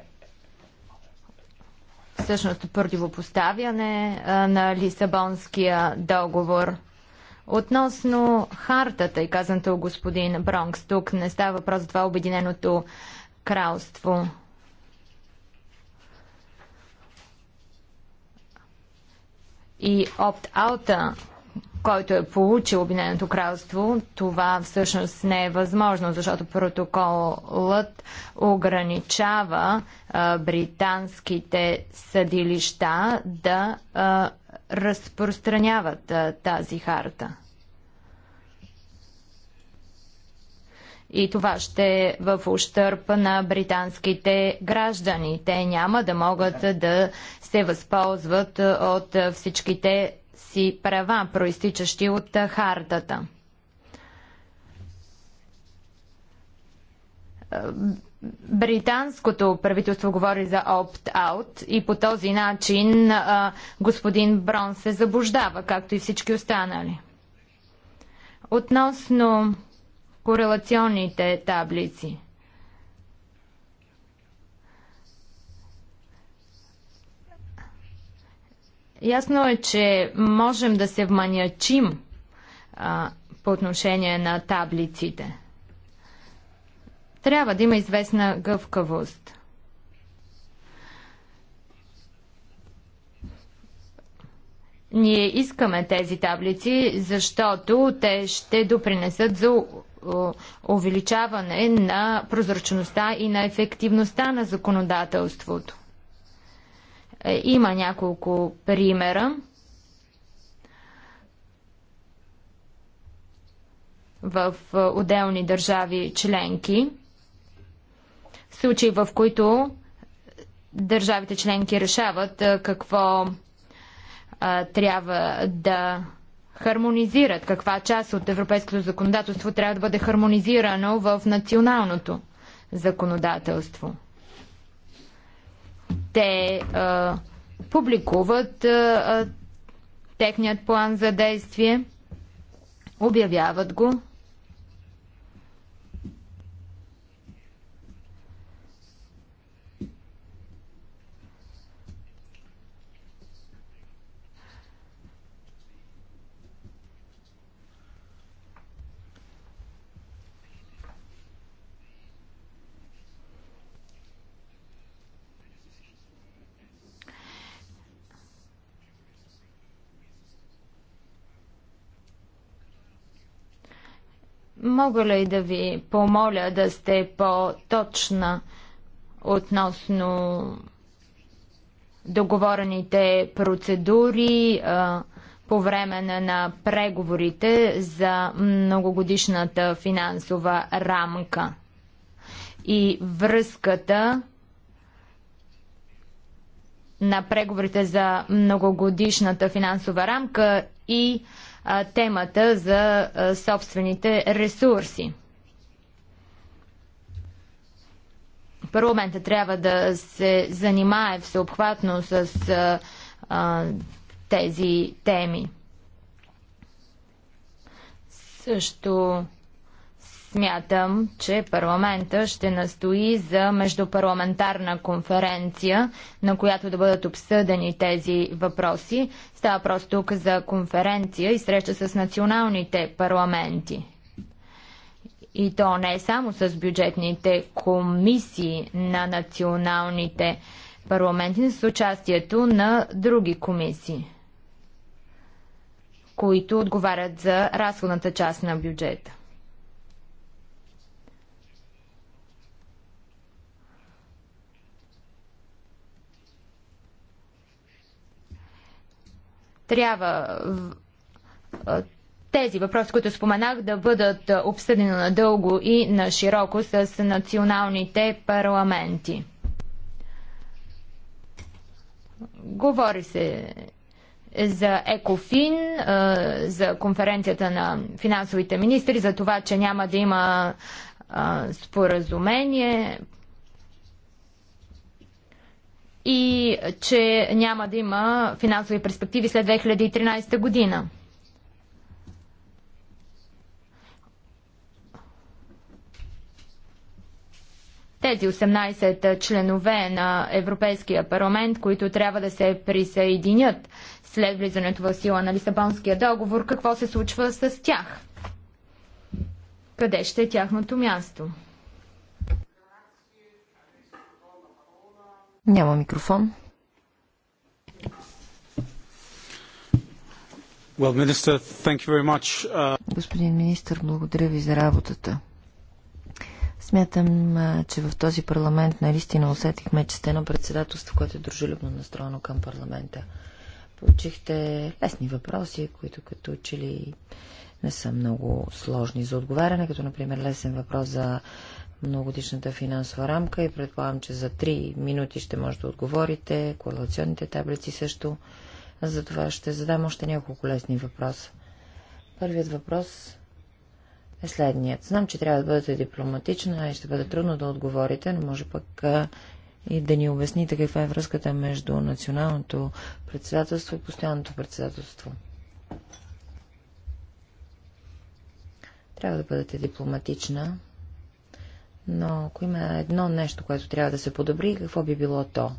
всъщност противопоставяне на Лисабонския договор. Относно хартата и казаното господин Бронкс, тук не става въпрос за това Обединеното кралство. И опт-аута който е получил Обединеното кралство, това всъщност не е възможно, защото протоколът ограничава а, британските съдилища да а, разпространяват а, тази харта. И това ще е в ущърп на британските граждани. Те няма да могат да се възползват от всичките си права, проистичащи от хартата. Е, британското правителство говори за опт-аут и по този начин а, господин Брон се заблуждава, както и всички останали. Относно корелационните таблици – Ясно е, че можем да се вманячим а, по отношение на таблиците. Трябва да има известна гъвкавост. Ние искаме тези таблици, защото те ще допринесат за увеличаване на прозрачността и на ефективността на законодателството. Е, има няколко примера. в е, отделни държави членки. Случаи, в които държавите членки решават е, какво а, трябва да хармонизират, каква част от европейското законодателство трябва да бъде хармонизирано в националното законодателство. Те а, публикуват а, а, техният план за действие, обявяват го Мога ли да ви помоля да сте по-точна относно договорените процедури а, по време на, на преговорите за многогодишната финансова рамка и връзката на преговорите за многогодишната финансова рамка и а, темата за собствените ресурси. Парламентът трябва да се занимае всеобхватно с а, а, тези теми. Също Смятам, че парламента ще настои за междупарламентарна конференция, на която да бъдат обсъдени тези въпроси. Става просто тук за конференция и среща с националните парламенти. И то не само с бюджетните комисии на националните парламенти, но с участието на други комисии, които отговарят за разходната част на бюджета. Трябва тези въпроси, които споменах, да бъдат обсъдени надълго и на широко с националните парламенти. Говори се за ЕКОФИН, за конференцията на финансовите министри, за това, че няма да има споразумение и че няма да има финансови перспективи след 2013 година. Тези 18 членове на Европейския парламент, които трябва да се присъединят след влизането в сила на Лисабонския договор, какво се случва с тях? Къде ще е тяхното място? Няма микрофон. Well, minister, thank you very much. Uh... Господин министр, благодаря ви за работата. Смятам, че в този парламент наистина усетихме, че сте едно председателство, което е дружелюбно настроено към парламента. Получихте лесни въпроси, които като учили не са много сложни за отговаряне, като например лесен въпрос за многодишната финансова рамка и предполагам, че за 3 минути ще може да отговорите, коалиционните таблици също. Затова ще задам още няколко лесни въпроса. Първият въпрос е следният. Знам, че трябва да бъдете дипломатична и ще бъде трудно да отговорите, но може пък и да ни обясните каква е връзката между националното председателство и постоянното председателство. Трябва да бъдете дипломатична, но ако има едно нещо, което трябва да се подобри, какво би било то?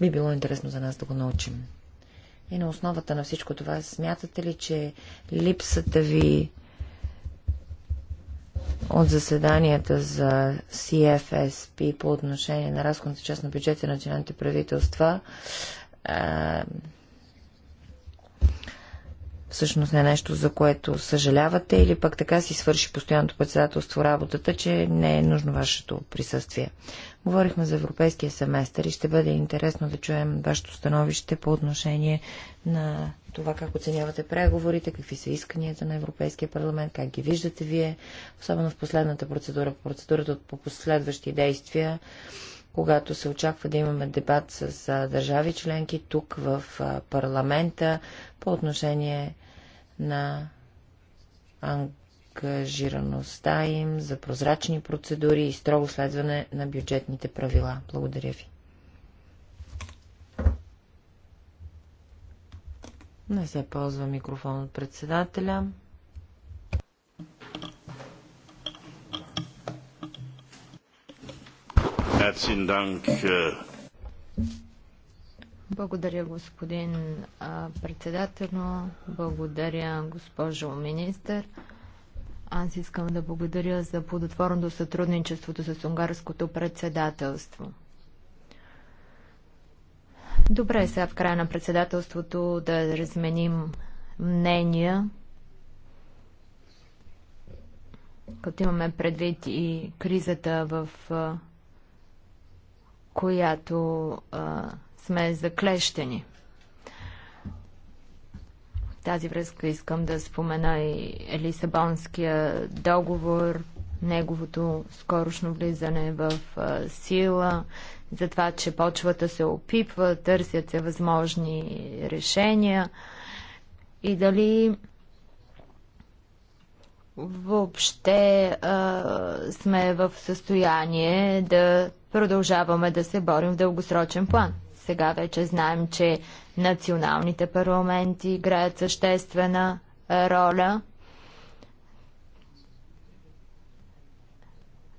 Би било интересно за нас да го научим. И на основата на всичко това, смятате ли, че липсата ви от заседанията за CFSP по отношение на разходната част на бюджета на националните правителства всъщност не е нещо, за което съжалявате или пък така си свърши постоянното председателство работата, че не е нужно вашето присъствие. Говорихме за европейския семестър и ще бъде интересно да чуем вашето становище по отношение на това как оценявате преговорите, какви са исканията на Европейския парламент, как ги виждате вие, особено в последната процедура, процедурата по последващи действия когато се очаква да имаме дебат с държави членки тук в парламента по отношение на ангажираността им за прозрачни процедури и строго следване на бюджетните правила. Благодаря ви. Не се ползва микрофон от председателя. Äh, благодаря, господин председател. Благодаря, госпожо министър. Аз искам да благодаря за плодотворното сътрудничеството с унгарското председателство. Добре е сега в края на председателството да разменим мнения, като имаме предвид и кризата в която а, сме заклещени. В тази връзка искам да спомена и Лисабонския договор, неговото скорошно влизане в а, сила, за това, че почвата се опипва, търсят се възможни решения и дали въобще а, сме в състояние да продължаваме да се борим в дългосрочен план. Сега вече знаем, че националните парламенти играят съществена роля.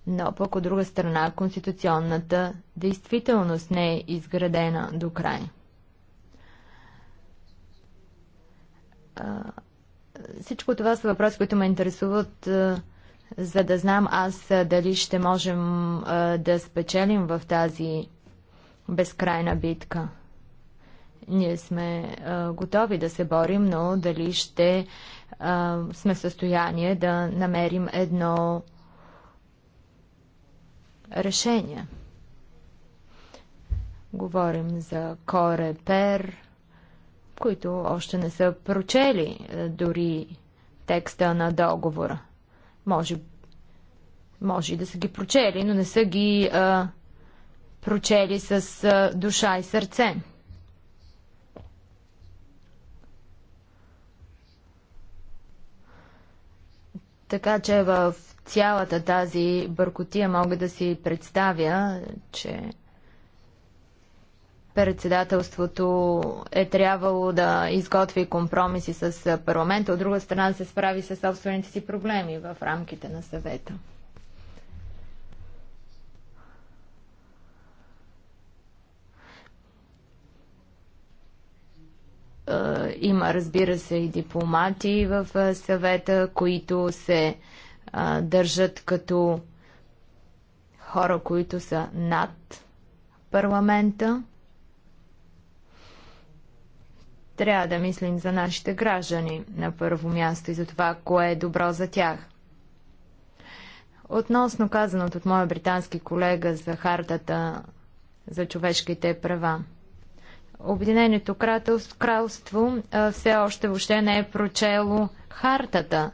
Но пък от друга страна конституционната действителност не е изградена до край. Всичко това са въпроси, които ме интересуват за да знам аз дали ще можем да спечелим в тази безкрайна битка. Ние сме готови да се борим, но дали ще сме в състояние да намерим едно решение. Говорим за Коре Пер, които още не са прочели дори текста на договора. Може, може да са ги прочели, но не са ги а, прочели с а, душа и сърце. Така че в цялата тази бъркотия мога да си представя, че председателството е трябвало да изготви компромиси с парламента, от друга страна да се справи с собствените си проблеми в рамките на съвета. Е, има, разбира се, и дипломати в е, съвета, които се е, държат като хора, които са над парламента. Трябва да мислим за нашите граждани на първо място и за това, кое е добро за тях. Относно казаното от моя британски колега за хартата за човешките права. Обединението кралство все още въобще не е прочело хартата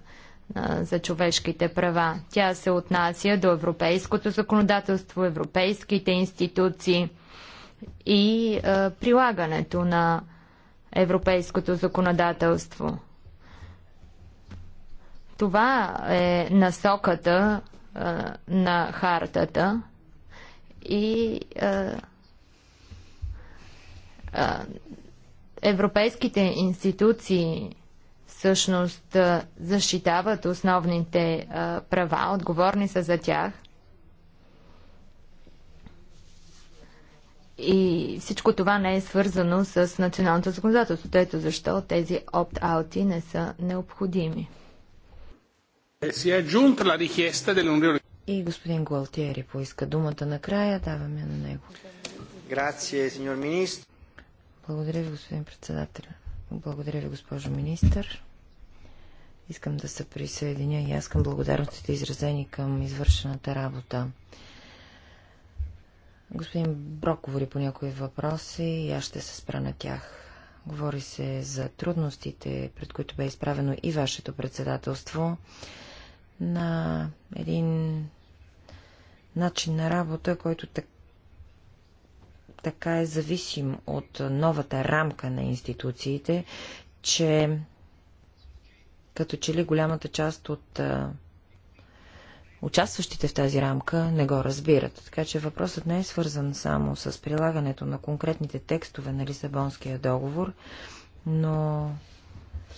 за човешките права. Тя се отнася до европейското законодателство, европейските институции и прилагането на европейското законодателство. Това е насоката а, на хартата и а, а, европейските институции всъщност защитават основните а, права, отговорни са за тях – И всичко това не е свързано с националното законодателство. Ето защо тези опт-аути не са необходими. Е и господин Гуалтиери поиска думата накрая. Даваме на него. министр. Благодаря ви, господин председател. Благодаря ви, госпожо министър. Искам да се присъединя и аз към благодарностите изразени към извършената работа. Господин Брок говори по някои въпроси и аз ще се спра на тях. Говори се за трудностите, пред които бе изправено и вашето председателство, на един начин на работа, който така така е зависим от новата рамка на институциите, че като че ли голямата част от участващите в тази рамка не го разбират. Така че въпросът не е свързан само с прилагането на конкретните текстове на Лисабонския договор, но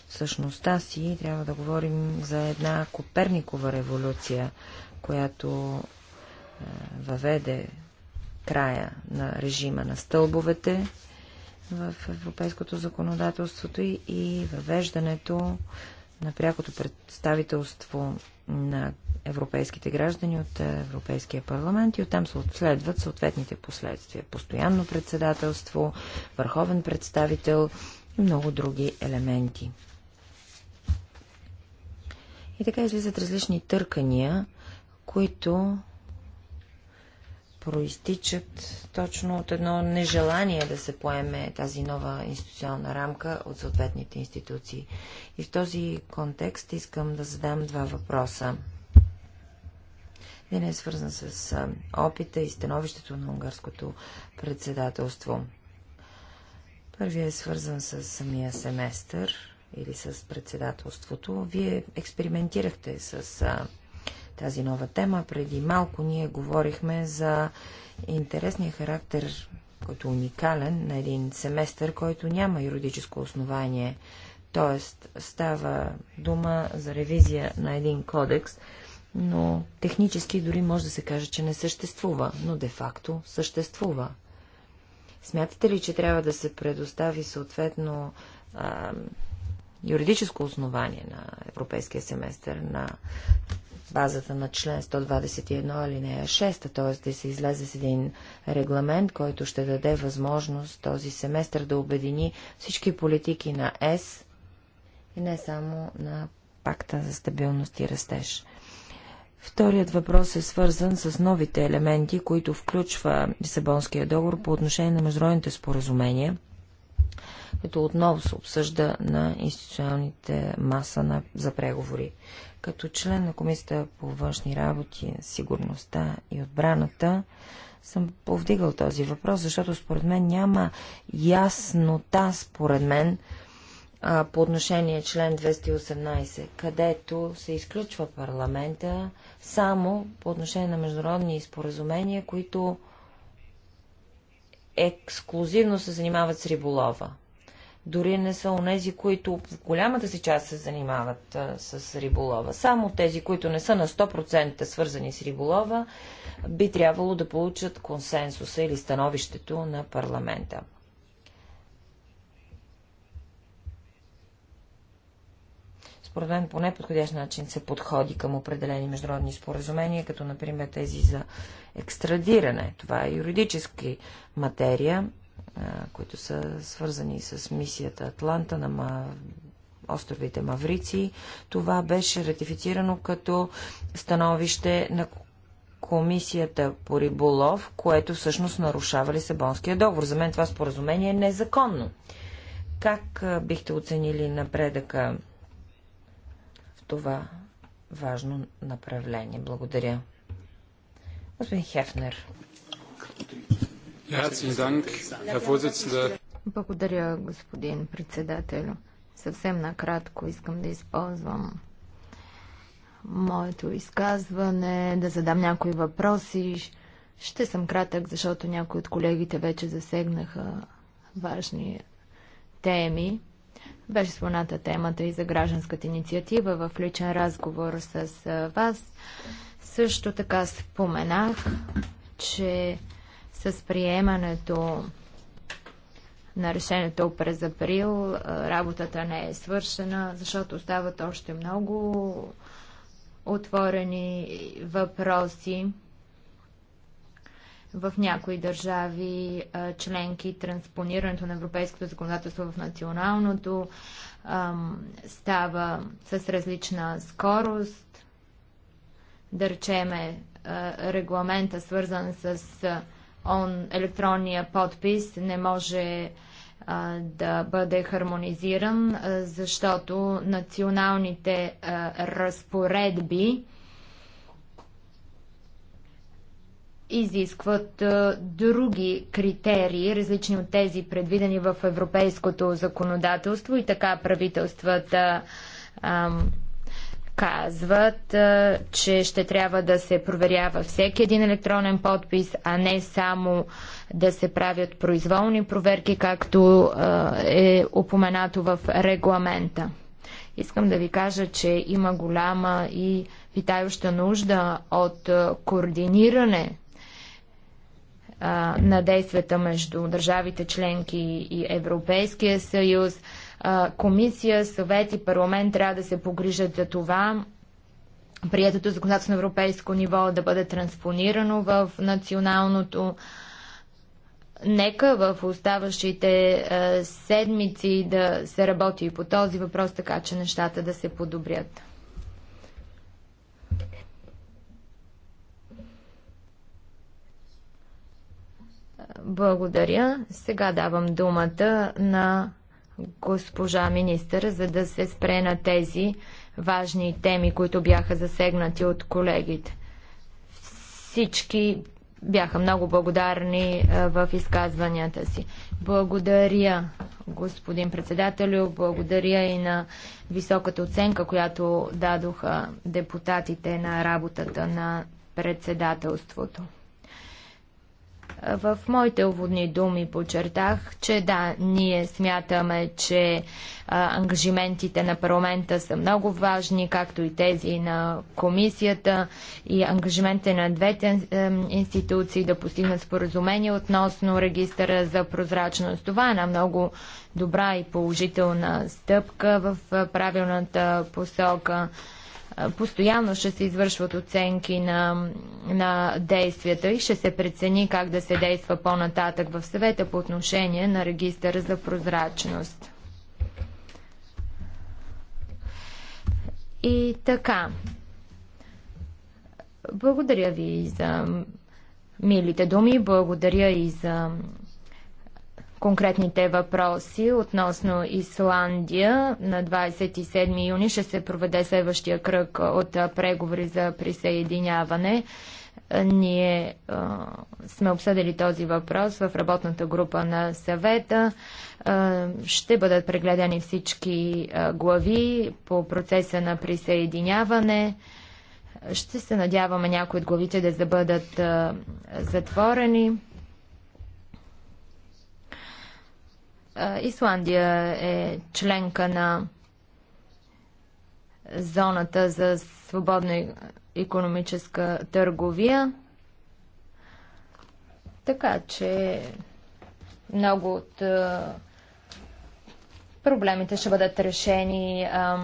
същността си трябва да говорим за една Коперникова революция, която е, въведе края на режима на стълбовете в европейското законодателството и въвеждането на прякото представителство на европейските граждани от е, Европейския парламент и оттам се отследват съответните последствия. Постоянно председателство, върховен представител и много други елементи. И така излизат различни търкания, които проистичат точно от едно нежелание да се поеме тази нова институционална рамка от съответните институции. И в този контекст искам да задам два въпроса. Един е свързан с опита и становището на унгарското председателство. Първият е свързан с самия семестър или с председателството. Вие експериментирахте с тази нова тема. Преди малко ние говорихме за интересния характер, който е уникален, на един семестър, който няма юридическо основание. Тоест, става дума за ревизия на един кодекс, но технически дори може да се каже, че не съществува, но де-факто съществува. Смятате ли, че трябва да се предостави съответно а, юридическо основание на европейския семестър, на базата на член 121 алинея 6, т.е. да се излезе с един регламент, който ще даде възможност този семестър да обедини всички политики на ЕС и не само на пакта за стабилност и растеж. Вторият въпрос е свързан с новите елементи, които включва Лисабонския договор по отношение на международните споразумения, като отново се обсъжда на институционалните маса на, за преговори. Като член на Комисията по външни работи, сигурността и отбраната, съм повдигал този въпрос, защото според мен няма яснота, според мен, по отношение член 218, където се изключва парламента само по отношение на международни споразумения, които ексклюзивно се занимават с риболова дори не са онези, които в голямата си част се занимават а, с риболова. Само тези, които не са на 100% свързани с риболова, би трябвало да получат консенсуса или становището на парламента. според мен по неподходящ начин се подходи към определени международни споразумения, като например тези за екстрадиране. Това е юридически материя които са свързани с мисията Атланта на Ма... островите Маврици. Това беше ратифицирано като становище на Комисията по риболов, което всъщност нарушава Лисабонския договор. За мен това споразумение е незаконно. Как бихте оценили напредъка в това важно направление? Благодаря. Господин Хефнер. Благодаря, господин председател. Съвсем накратко искам да използвам моето изказване, да задам някои въпроси. Ще съм кратък, защото някои от колегите вече засегнаха важни теми. Беше споната темата и за гражданската инициатива в личен разговор с вас. Също така споменах, че с приемането на решението през април работата не е свършена, защото остават още много отворени въпроси. В някои държави членки транспонирането на европейското законодателство в националното става с различна скорост. Да речеме регламента, свързан с он, електронния подпис не може а, да бъде хармонизиран, а, защото националните а, разпоредби изискват а, други критерии, различни от тези предвидени в европейското законодателство и така правителствата а, казват, че ще трябва да се проверява всеки един електронен подпис, а не само да се правят произволни проверки, както е упоменато в регламента. Искам да ви кажа, че има голяма и питающа нужда от координиране на действията между държавите членки и Европейския съюз Комисия, съвет и парламент трябва да се погрижат за това приетото законодателство на европейско ниво да бъде транспонирано в националното. Нека в оставащите седмици да се работи и по този въпрос, така че нещата да се подобрят. Благодаря. Сега давам думата на госпожа министър, за да се спре на тези важни теми, които бяха засегнати от колегите. Всички бяха много благодарни е, в изказванията си. Благодаря, господин председателю, благодаря и на високата оценка, която дадоха депутатите на работата на председателството. В моите уводни думи подчертах, че да, ние смятаме, че ангажиментите на парламента са много важни, както и тези на комисията и ангажиментите на двете институции да постигнат споразумение относно регистъра за прозрачност. Това е на много добра и положителна стъпка в правилната посока постоянно ще се извършват оценки на, на действията и ще се прецени как да се действа по-нататък в съвета по отношение на Регистър за прозрачност. И така. Благодаря ви за милите думи, благодаря и за конкретните въпроси относно Исландия. На 27 юни ще се проведе следващия кръг от преговори за присъединяване. Ние а, сме обсъдили този въпрос в работната група на съвета. А, ще бъдат прегледани всички а, глави по процеса на присъединяване. Ще се надяваме някои от главите да бъдат а, затворени. Исландия е членка на зоната за свободна економическа търговия. Така че много от проблемите ще бъдат решени а,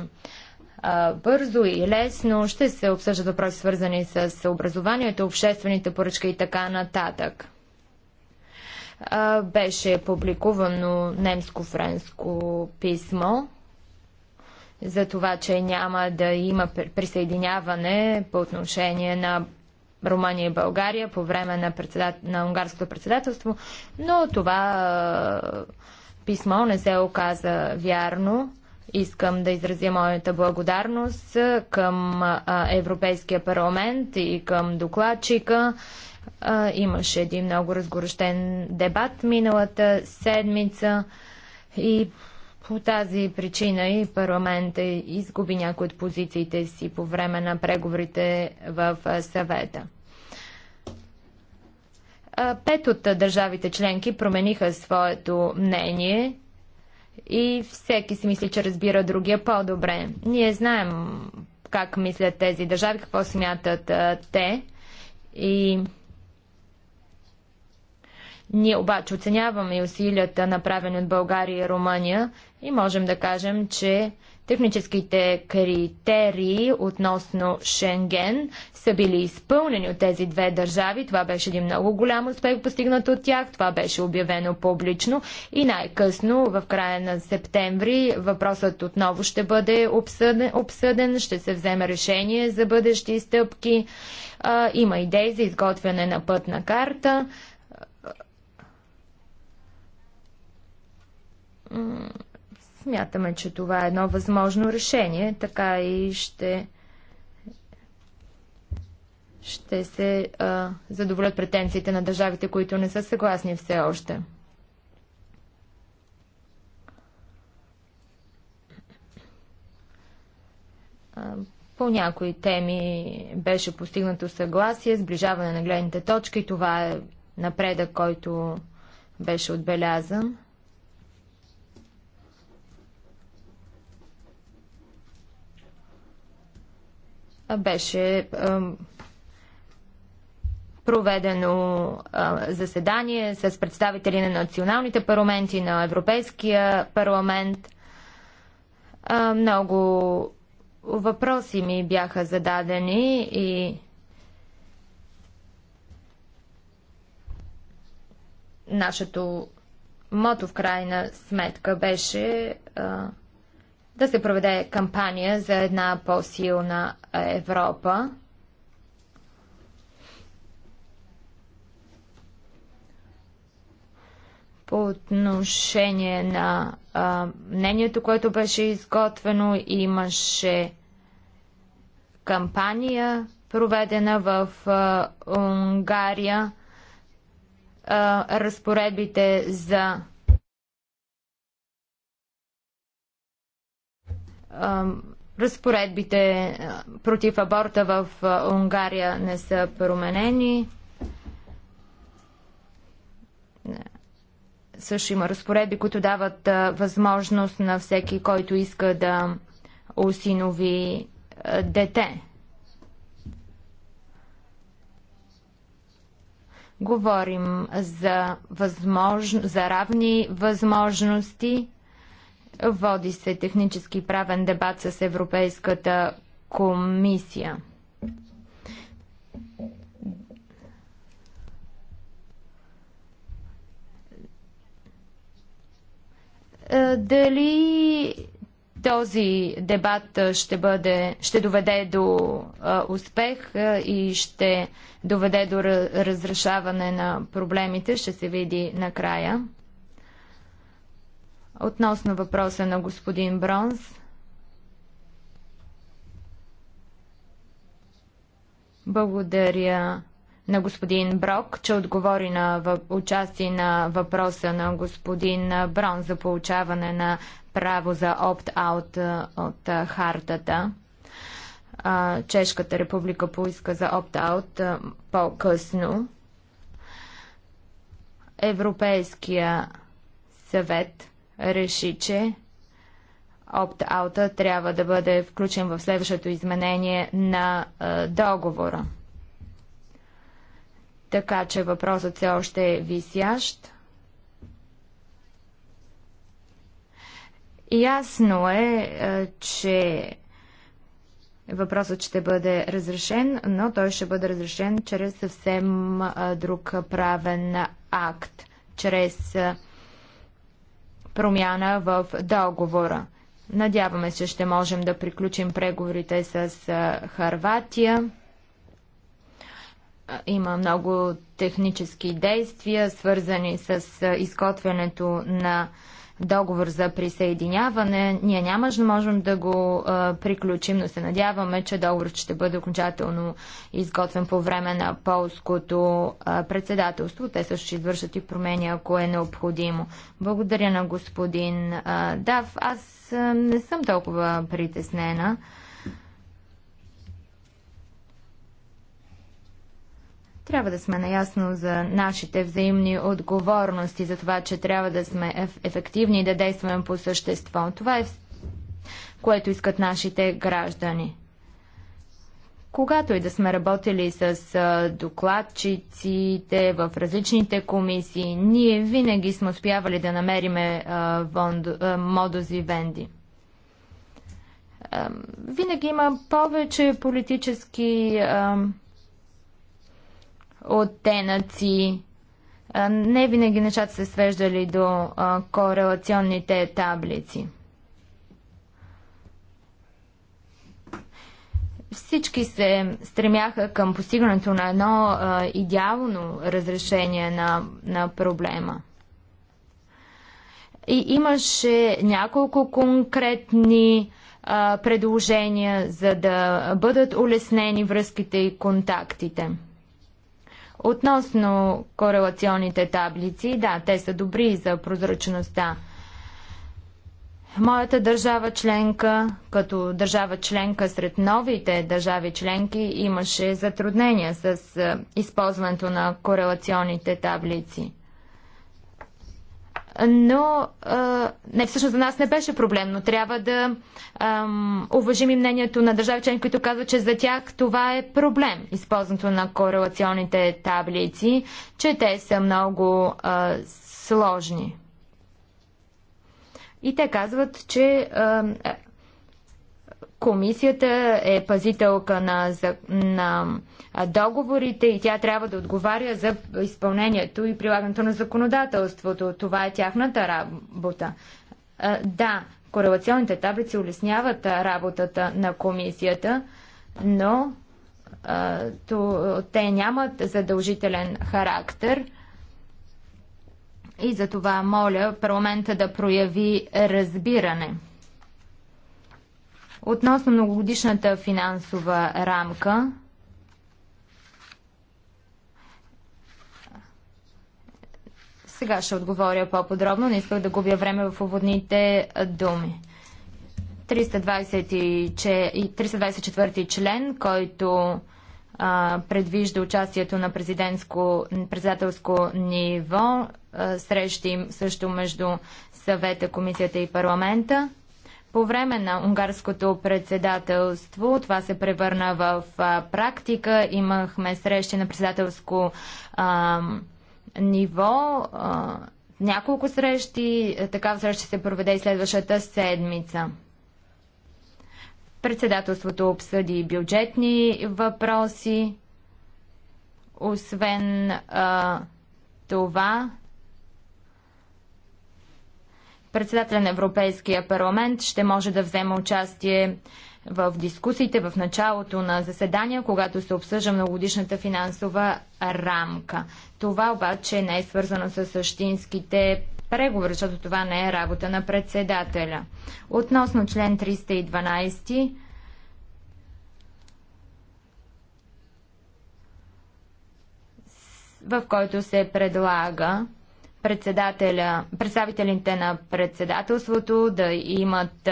а, бързо и лесно. Ще се обсъждат въпроси свързани с образованието, обществените поръчки и така нататък беше публикувано немско-френско писмо за това, че няма да има присъединяване по отношение на Румъния и България по време на, председат... на унгарското председателство, но това писмо не се оказа вярно. Искам да изразя моята благодарност към Европейския парламент и към докладчика имаше един много разгорещен дебат миналата седмица и по тази причина и парламента изгуби някои от позициите си по време на преговорите в съвета. Пет от държавите членки промениха своето мнение и всеки си мисли, че разбира другия по-добре. Ние знаем как мислят тези държави, какво смятат те и ние обаче оценяваме усилията, направени от България и Румъния и можем да кажем, че техническите критерии относно Шенген са били изпълнени от тези две държави. Това беше един много голям успех постигнат от тях. Това беше обявено публично и най-късно в края на септември въпросът отново ще бъде обсъден, обсъден ще се вземе решение за бъдещи стъпки. А, има идеи за изготвяне на пътна карта. Смятаме, че това е едно възможно решение, така и ще ще се а, задоволят претенциите на държавите, които не са съгласни все още. А, по някои теми беше постигнато съгласие, сближаване на гледните точки. Това е напредък, който беше отбелязан. беше проведено заседание с представители на националните парламенти, на Европейския парламент. Много въпроси ми бяха зададени и нашето мото в крайна сметка беше да се проведе кампания за една по-силна Европа. По отношение на а, мнението, което беше изготвено, имаше кампания, проведена в а, Унгария. А, разпоредбите за разпоредбите против аборта в Унгария не са променени. Също има разпоредби, които дават възможност на всеки, който иска да осинови дете. Говорим за, възмож... за равни възможности Води се технически правен дебат с Европейската комисия. Е, дали този дебат е, ще, бъде, ще доведе до е, успех и ще доведе до разрешаване на проблемите, ще се види накрая. Относно въпроса на господин Бронс, благодаря на господин Брок, че отговори на участие на въпроса на господин Брон за получаване на право за опт-аут от хартата. Чешката република поиска за опт-аут по-късно. Европейския съвет реши, че опт-аута трябва да бъде включен в следващото изменение на договора. Така че въпросът все още е висящ. Ясно е, че въпросът ще бъде разрешен, но той ще бъде разрешен чрез съвсем друг правен акт, чрез промяна в договора. Надяваме се, ще можем да приключим преговорите с Харватия. Има много технически действия, свързани с изготвянето на договор за присъединяване. Ние няма да можем да го а, приключим, но се надяваме, че договорът ще бъде окончателно изготвен по време на полското а, председателство. Те също ще извършат и промени, ако е необходимо. Благодаря на господин а, Дав. Аз а, не съм толкова притеснена. Трябва да сме наясно за нашите взаимни отговорности, за това, че трябва да сме ефективни и да действаме по същество. Това е което искат нашите граждани. Когато и да сме работили с докладчиците в различните комисии, ние винаги сме успявали да намериме модози венди. Винаги има повече политически оттенъци. Не винаги нещата се свеждали до корелационните таблици. Всички се стремяха към постигането на едно идеално разрешение на, на проблема. И имаше няколко конкретни а, предложения, за да бъдат улеснени връзките и контактите. Относно корелационните таблици, да, те са добри за прозрачността. Моята държава членка, като държава членка сред новите държави членки, имаше затруднения с е, използването на корелационните таблици но а, не всъщност за нас не беше проблем, но трябва да ам, уважим и мнението на държави член, които казват, че за тях това е проблем, използването на корелационните таблици, че те са много а, сложни. И те казват, че Комисията е пазителка на, за, на договорите и тя трябва да отговаря за изпълнението и прилагането на законодателството. Това е тяхната работа. Да, корелационните таблици улесняват работата на комисията, но то, те нямат задължителен характер. И за това моля парламента да прояви разбиране. Относно многогодишната финансова рамка, сега ще отговоря по-подробно, не исках да губя време в уводните думи. 324 член, който а, предвижда участието на президентско, председателско ниво, а, срещи също между съвета, комисията и парламента. По време на унгарското председателство това се превърна в практика. Имахме срещи на председателско а, ниво, а, няколко срещи. Такава среща се проведе и следващата седмица. Председателството обсъди бюджетни въпроси. Освен а, това, Председателя на Европейския парламент ще може да взема участие в дискусиите в началото на заседания, когато се обсъжда многогодишната финансова рамка. Това обаче не е свързано с същинските преговори, защото това не е работа на председателя. Относно член 312, в който се предлага председателя, представителите на председателството да имат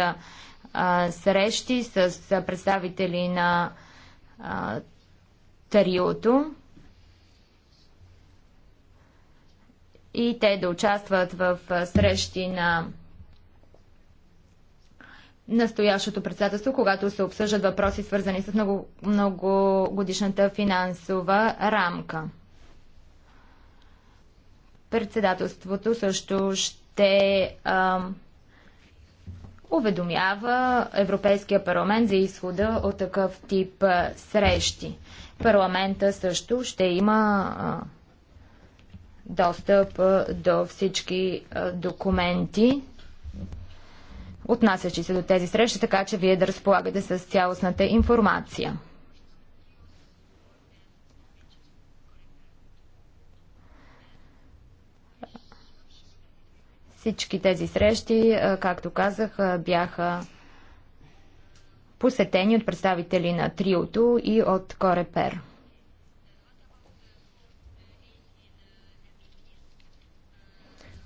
а, срещи с представители на а, тариото и те да участват в срещи на настоящото председателство, когато се обсъждат въпроси свързани с много, многогодишната финансова рамка. Председателството също ще а, уведомява Европейския парламент за изхода от такъв тип а, срещи. Парламента също ще има а, достъп а, до всички а, документи, отнасящи се до тези срещи, така че вие да разполагате с цялостната информация. Всички тези срещи, както казах, бяха посетени от представители на триото и от Корепер.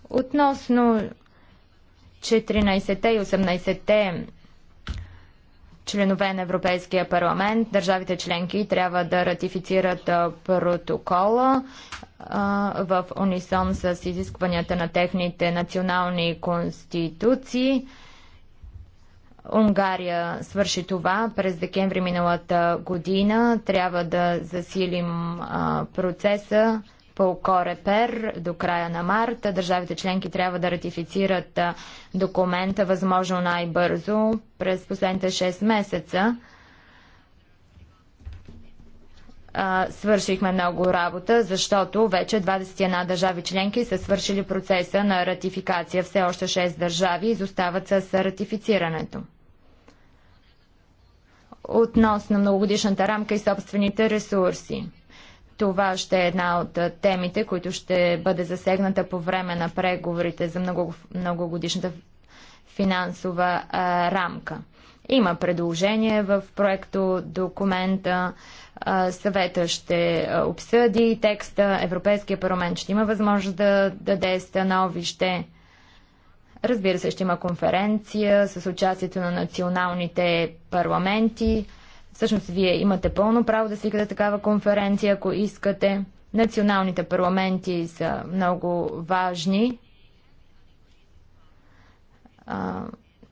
Относно 14-те и 18-те членове на Европейския парламент, държавите членки трябва да ратифицират протокола в унисон с изискванията на техните национални конституции. Унгария свърши това през декември миналата година. Трябва да засилим процеса по Корепер до края на март. Държавите членки трябва да ратифицират документа възможно най-бързо през последните 6 месеца. Свършихме много работа, защото вече 21 държави членки са свършили процеса на ратификация. Все още 6 държави изостават с ратифицирането относно многогодишната рамка и собствените ресурси. Това ще е една от темите, които ще бъде засегната по време на преговорите за много, многогодишната финансова а, рамка. Има предложение в проекто документа. А, съвета ще обсъди текста. Европейския парламент ще има възможност да даде становище. Разбира се, ще има конференция с участието на националните парламенти. Всъщност, вие имате пълно право да свикате такава конференция, ако искате. Националните парламенти са много важни. А,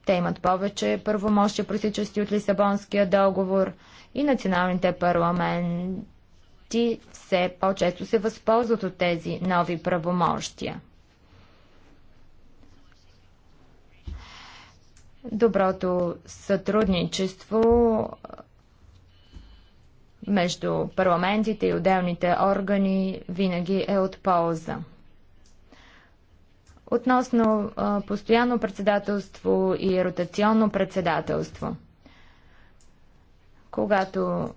те имат повече първомощия, просичащи от Лисабонския договор и националните парламенти все по-често се възползват от тези нови правомощия. Доброто сътрудничество между парламентите и отделните органи винаги е от полза. Относно постоянно председателство и ротационно председателство, когато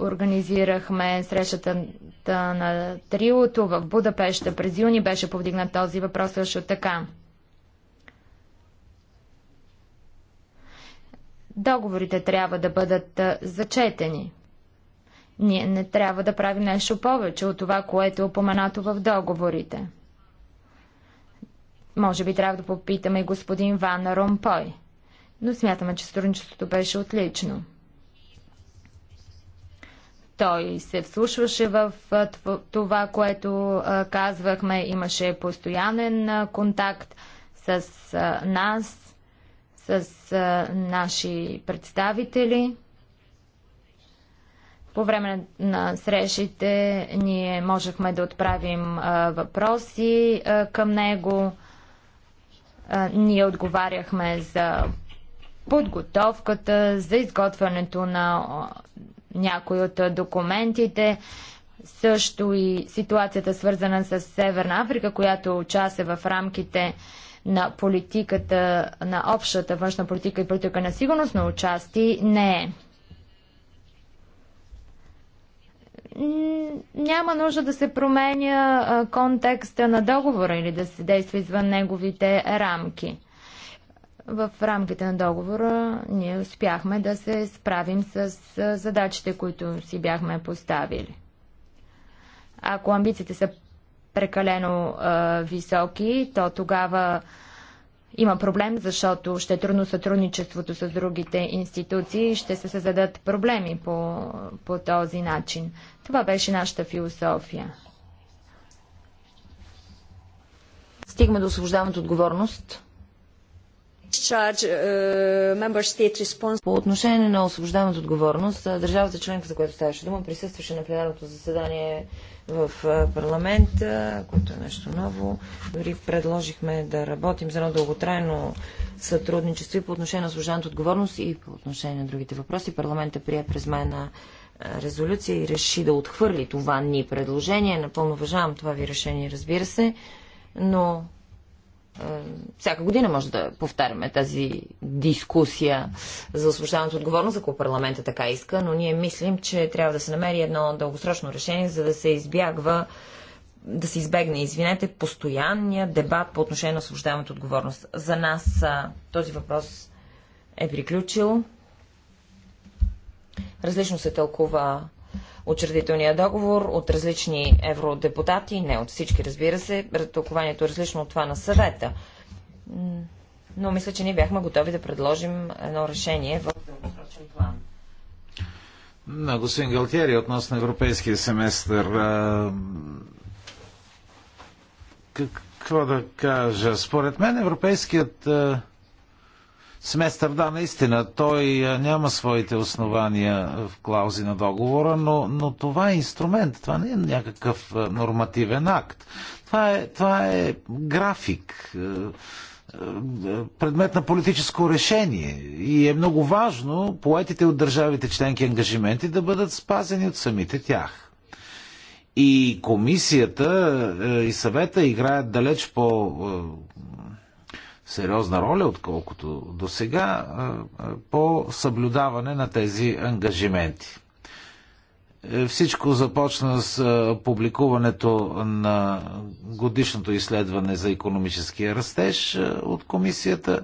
организирахме срещата на Триото в Будапеща през юни, беше повдигнат този въпрос също така. Договорите трябва да бъдат зачетени. Ние не трябва да правим нещо повече от това, което е упоменато в договорите. Може би трябва да попитаме и господин Ван Ромпой. Но смятаме, че сътрудничеството беше отлично. Той се вслушваше в това, което казвахме. Имаше постоянен контакт с нас, с наши представители. По време на срещите ние можехме да отправим въпроси към него. ние отговаряхме за подготовката, за изготвянето на някои от документите, също и ситуацията свързана с Северна Африка, която участва в рамките на политиката, на общата външна политика и политика на сигурност, но участие не е. няма нужда да се променя контекста на договора или да се действа извън неговите рамки. В рамките на договора ние успяхме да се справим с задачите, които си бяхме поставили. Ако амбициите са прекалено а, високи, то тогава а, има проблем, защото ще е трудно сътрудничеството с другите институции и ще се създадат проблеми по, по този начин. Това беше нашата философия. Стигаме до освобождаването отговорност. Е, по отношение на освобождаването отговорност, държавата членка, за която ставаше дума, присъстваше на пленарното заседание в парламента, което е нещо ново. Дори предложихме да работим за едно дълготрайно сътрудничество и по отношение на служаната отговорност и по отношение на другите въпроси. Парламента прие през май на резолюция и реши да отхвърли това ни предложение. Напълно уважавам това ви решение, разбира се, но всяка година може да повтаряме тази дискусия за освобождаването отговорност, ако парламента така иска, но ние мислим, че трябва да се намери едно дългосрочно решение, за да се избягва да се избегне, извинете, постоянния дебат по отношение на освобождаването отговорност. За нас този въпрос е приключил. Различно се тълкува учредителния договор от различни евродепутати, не от всички, разбира се. Тълкованието е различно от това на съвета. Но мисля, че ние бяхме готови да предложим едно решение в дългосрочен план. На господин Галтери относно европейския семестър. Какво да кажа? Според мен европейският Семестър, да, наистина, той няма своите основания в клаузи на договора, но, но това е инструмент, това не е някакъв нормативен акт. Това е, това е график, предмет на политическо решение и е много важно поетите от държавите членки ангажименти да бъдат спазени от самите тях. И комисията и съвета играят далеч по сериозна роля, отколкото до сега, по съблюдаване на тези ангажименти. Е, всичко започна с публикуването на годишното изследване за економическия растеж от комисията,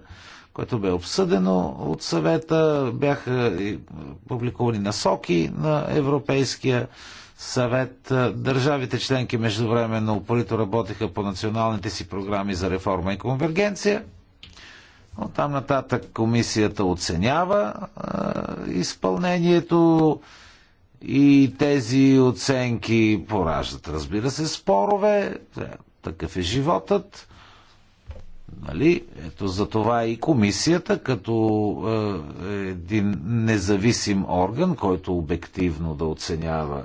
което бе обсъдено от съвета. Бяха публикувани насоки на Европейския съвет. Държавите членки междувременно упорито работиха по националните си програми за реформа и конвергенция. От там нататък комисията оценява изпълнението и тези оценки пораждат, разбира се, спорове. Е, такъв е животът. Нали? Ето за това и комисията, като е, един независим орган, който обективно да оценява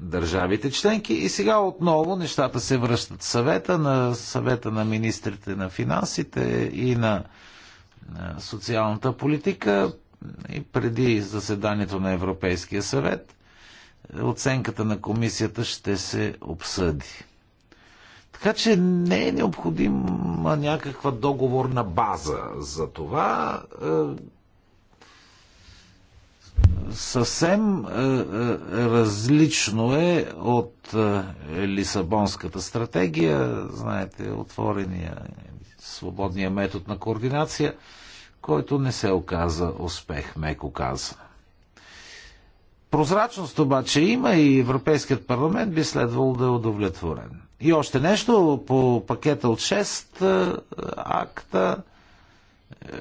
държавите членки. И сега отново нещата се връщат в съвета на съвета на министрите на финансите и на, на социалната политика и преди заседанието на Европейския съвет оценката на комисията ще се обсъди. Така че не е необходима някаква договорна база за това. Е, съвсем е, е, различно е от е, Лисабонската стратегия, знаете, отворения, свободния метод на координация, който не се оказа успех, меко казано. Прозрачност обаче има и Европейският парламент би следвал да е удовлетворен. И още нещо по пакета от 6 акта – е,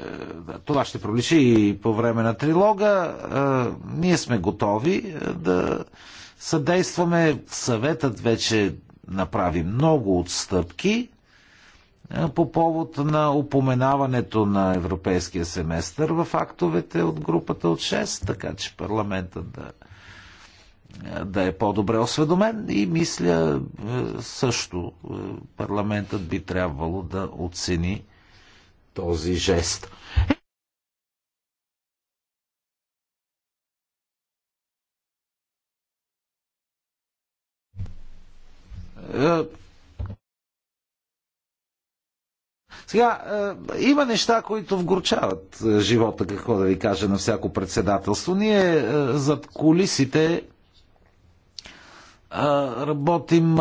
това ще проличи и по време на трилога. Е, ние сме готови е, да съдействаме. Съветът вече направи много отстъпки по повод на упоменаването на европейския семестър в актовете от групата от 6, така че парламентът да, да е по-добре осведомен и мисля също парламентът би трябвало да оцени този жест. Е, Сега, е, има неща, които вгорчават е, живота, какво да ви кажа, на всяко председателство. Ние зад колисите работим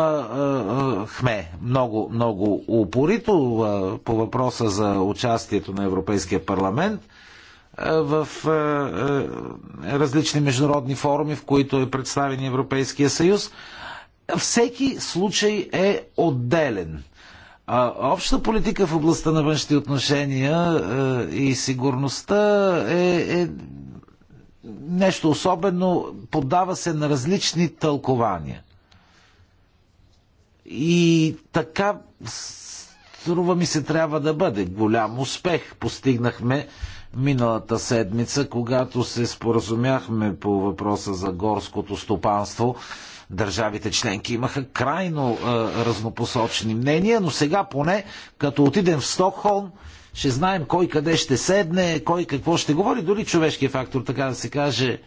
хме много, много упорито по въпроса за участието на Европейския парламент в различни международни форуми, в които е представен Европейския съюз. Всеки случай е отделен. Обща политика в областта на външните отношения и сигурността е, е нещо особено, поддава се на различни тълкования. И така, струва ми се, трябва да бъде. Голям успех постигнахме миналата седмица, когато се споразумяхме по въпроса за горското стопанство. Държавите членки имаха крайно е, разнопосочни мнения, но сега поне, като отидем в Стокхолм, ще знаем кой къде ще седне, кой какво ще говори, дори човешкият фактор, така да се каже,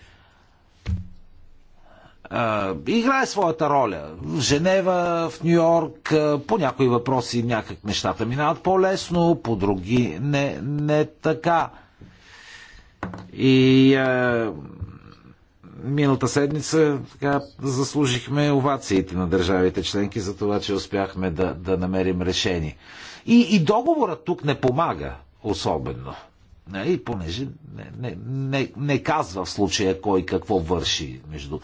играе своята роля. В Женева, в Нью Йорк, по някои въпроси някак нещата минават по-лесно, по други не, не така. И е, миналата седмица така, заслужихме овациите на държавите членки за това, че успяхме да, да намерим решение. И, и договорът тук не помага особено. И понеже не, не, не, не казва в случая кой какво върши между,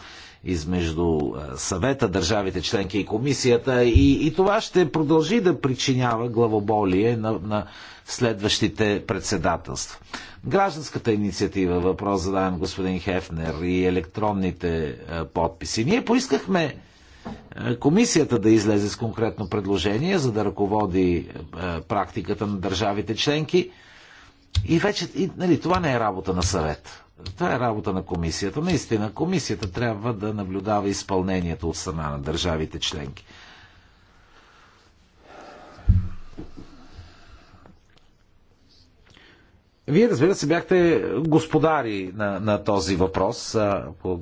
измежду е, съвета, държавите членки и комисията. И, и това ще продължи да причинява главоболие на, на следващите председателства. Гражданската инициатива, въпрос задаван господин Хефнер и електронните е, подписи. Ние поискахме е, комисията да излезе с конкретно предложение, за да ръководи е, практиката на държавите членки. И вече, и, нали, това не е работа на съвет. Това е работа на комисията. Наистина, комисията трябва да наблюдава изпълнението от страна на държавите членки. Вие, разбира се, бяхте господари на, на този въпрос а, по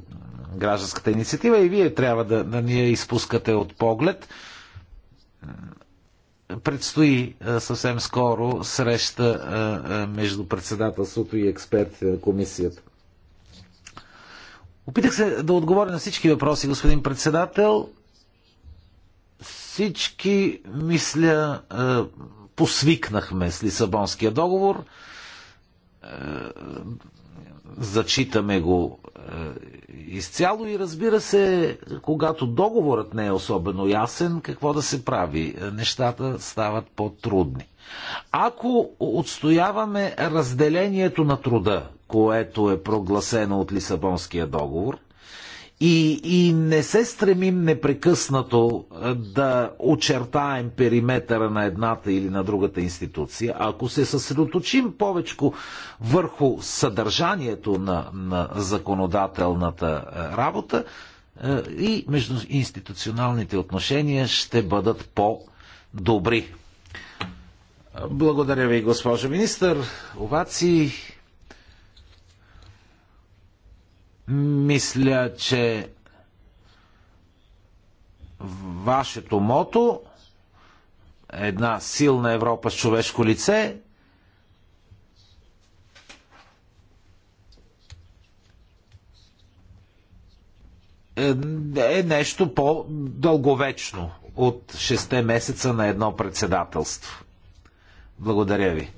гражданската инициатива и вие трябва да, да ни я изпускате от поглед. Предстои а, съвсем скоро среща а, а, между председателството и експерт комисията. Опитах се да отговоря на всички въпроси, господин председател. Всички, мисля, посвикнахме с Лисабонския договор зачитаме го е, изцяло и разбира се, когато договорът не е особено ясен, какво да се прави? Нещата стават по-трудни. Ако отстояваме разделението на труда, което е прогласено от Лисабонския договор, и, и не се стремим непрекъснато да очертаем периметъра на едната или на другата институция. Ако се съсредоточим повече върху съдържанието на, на законодателната работа, и между институционалните отношения ще бъдат по-добри. Благодаря ви, госпожо министър. Овации. Мисля, че вашето мото една силна Европа с човешко лице е, е нещо по-дълговечно от 6 месеца на едно председателство. Благодаря ви.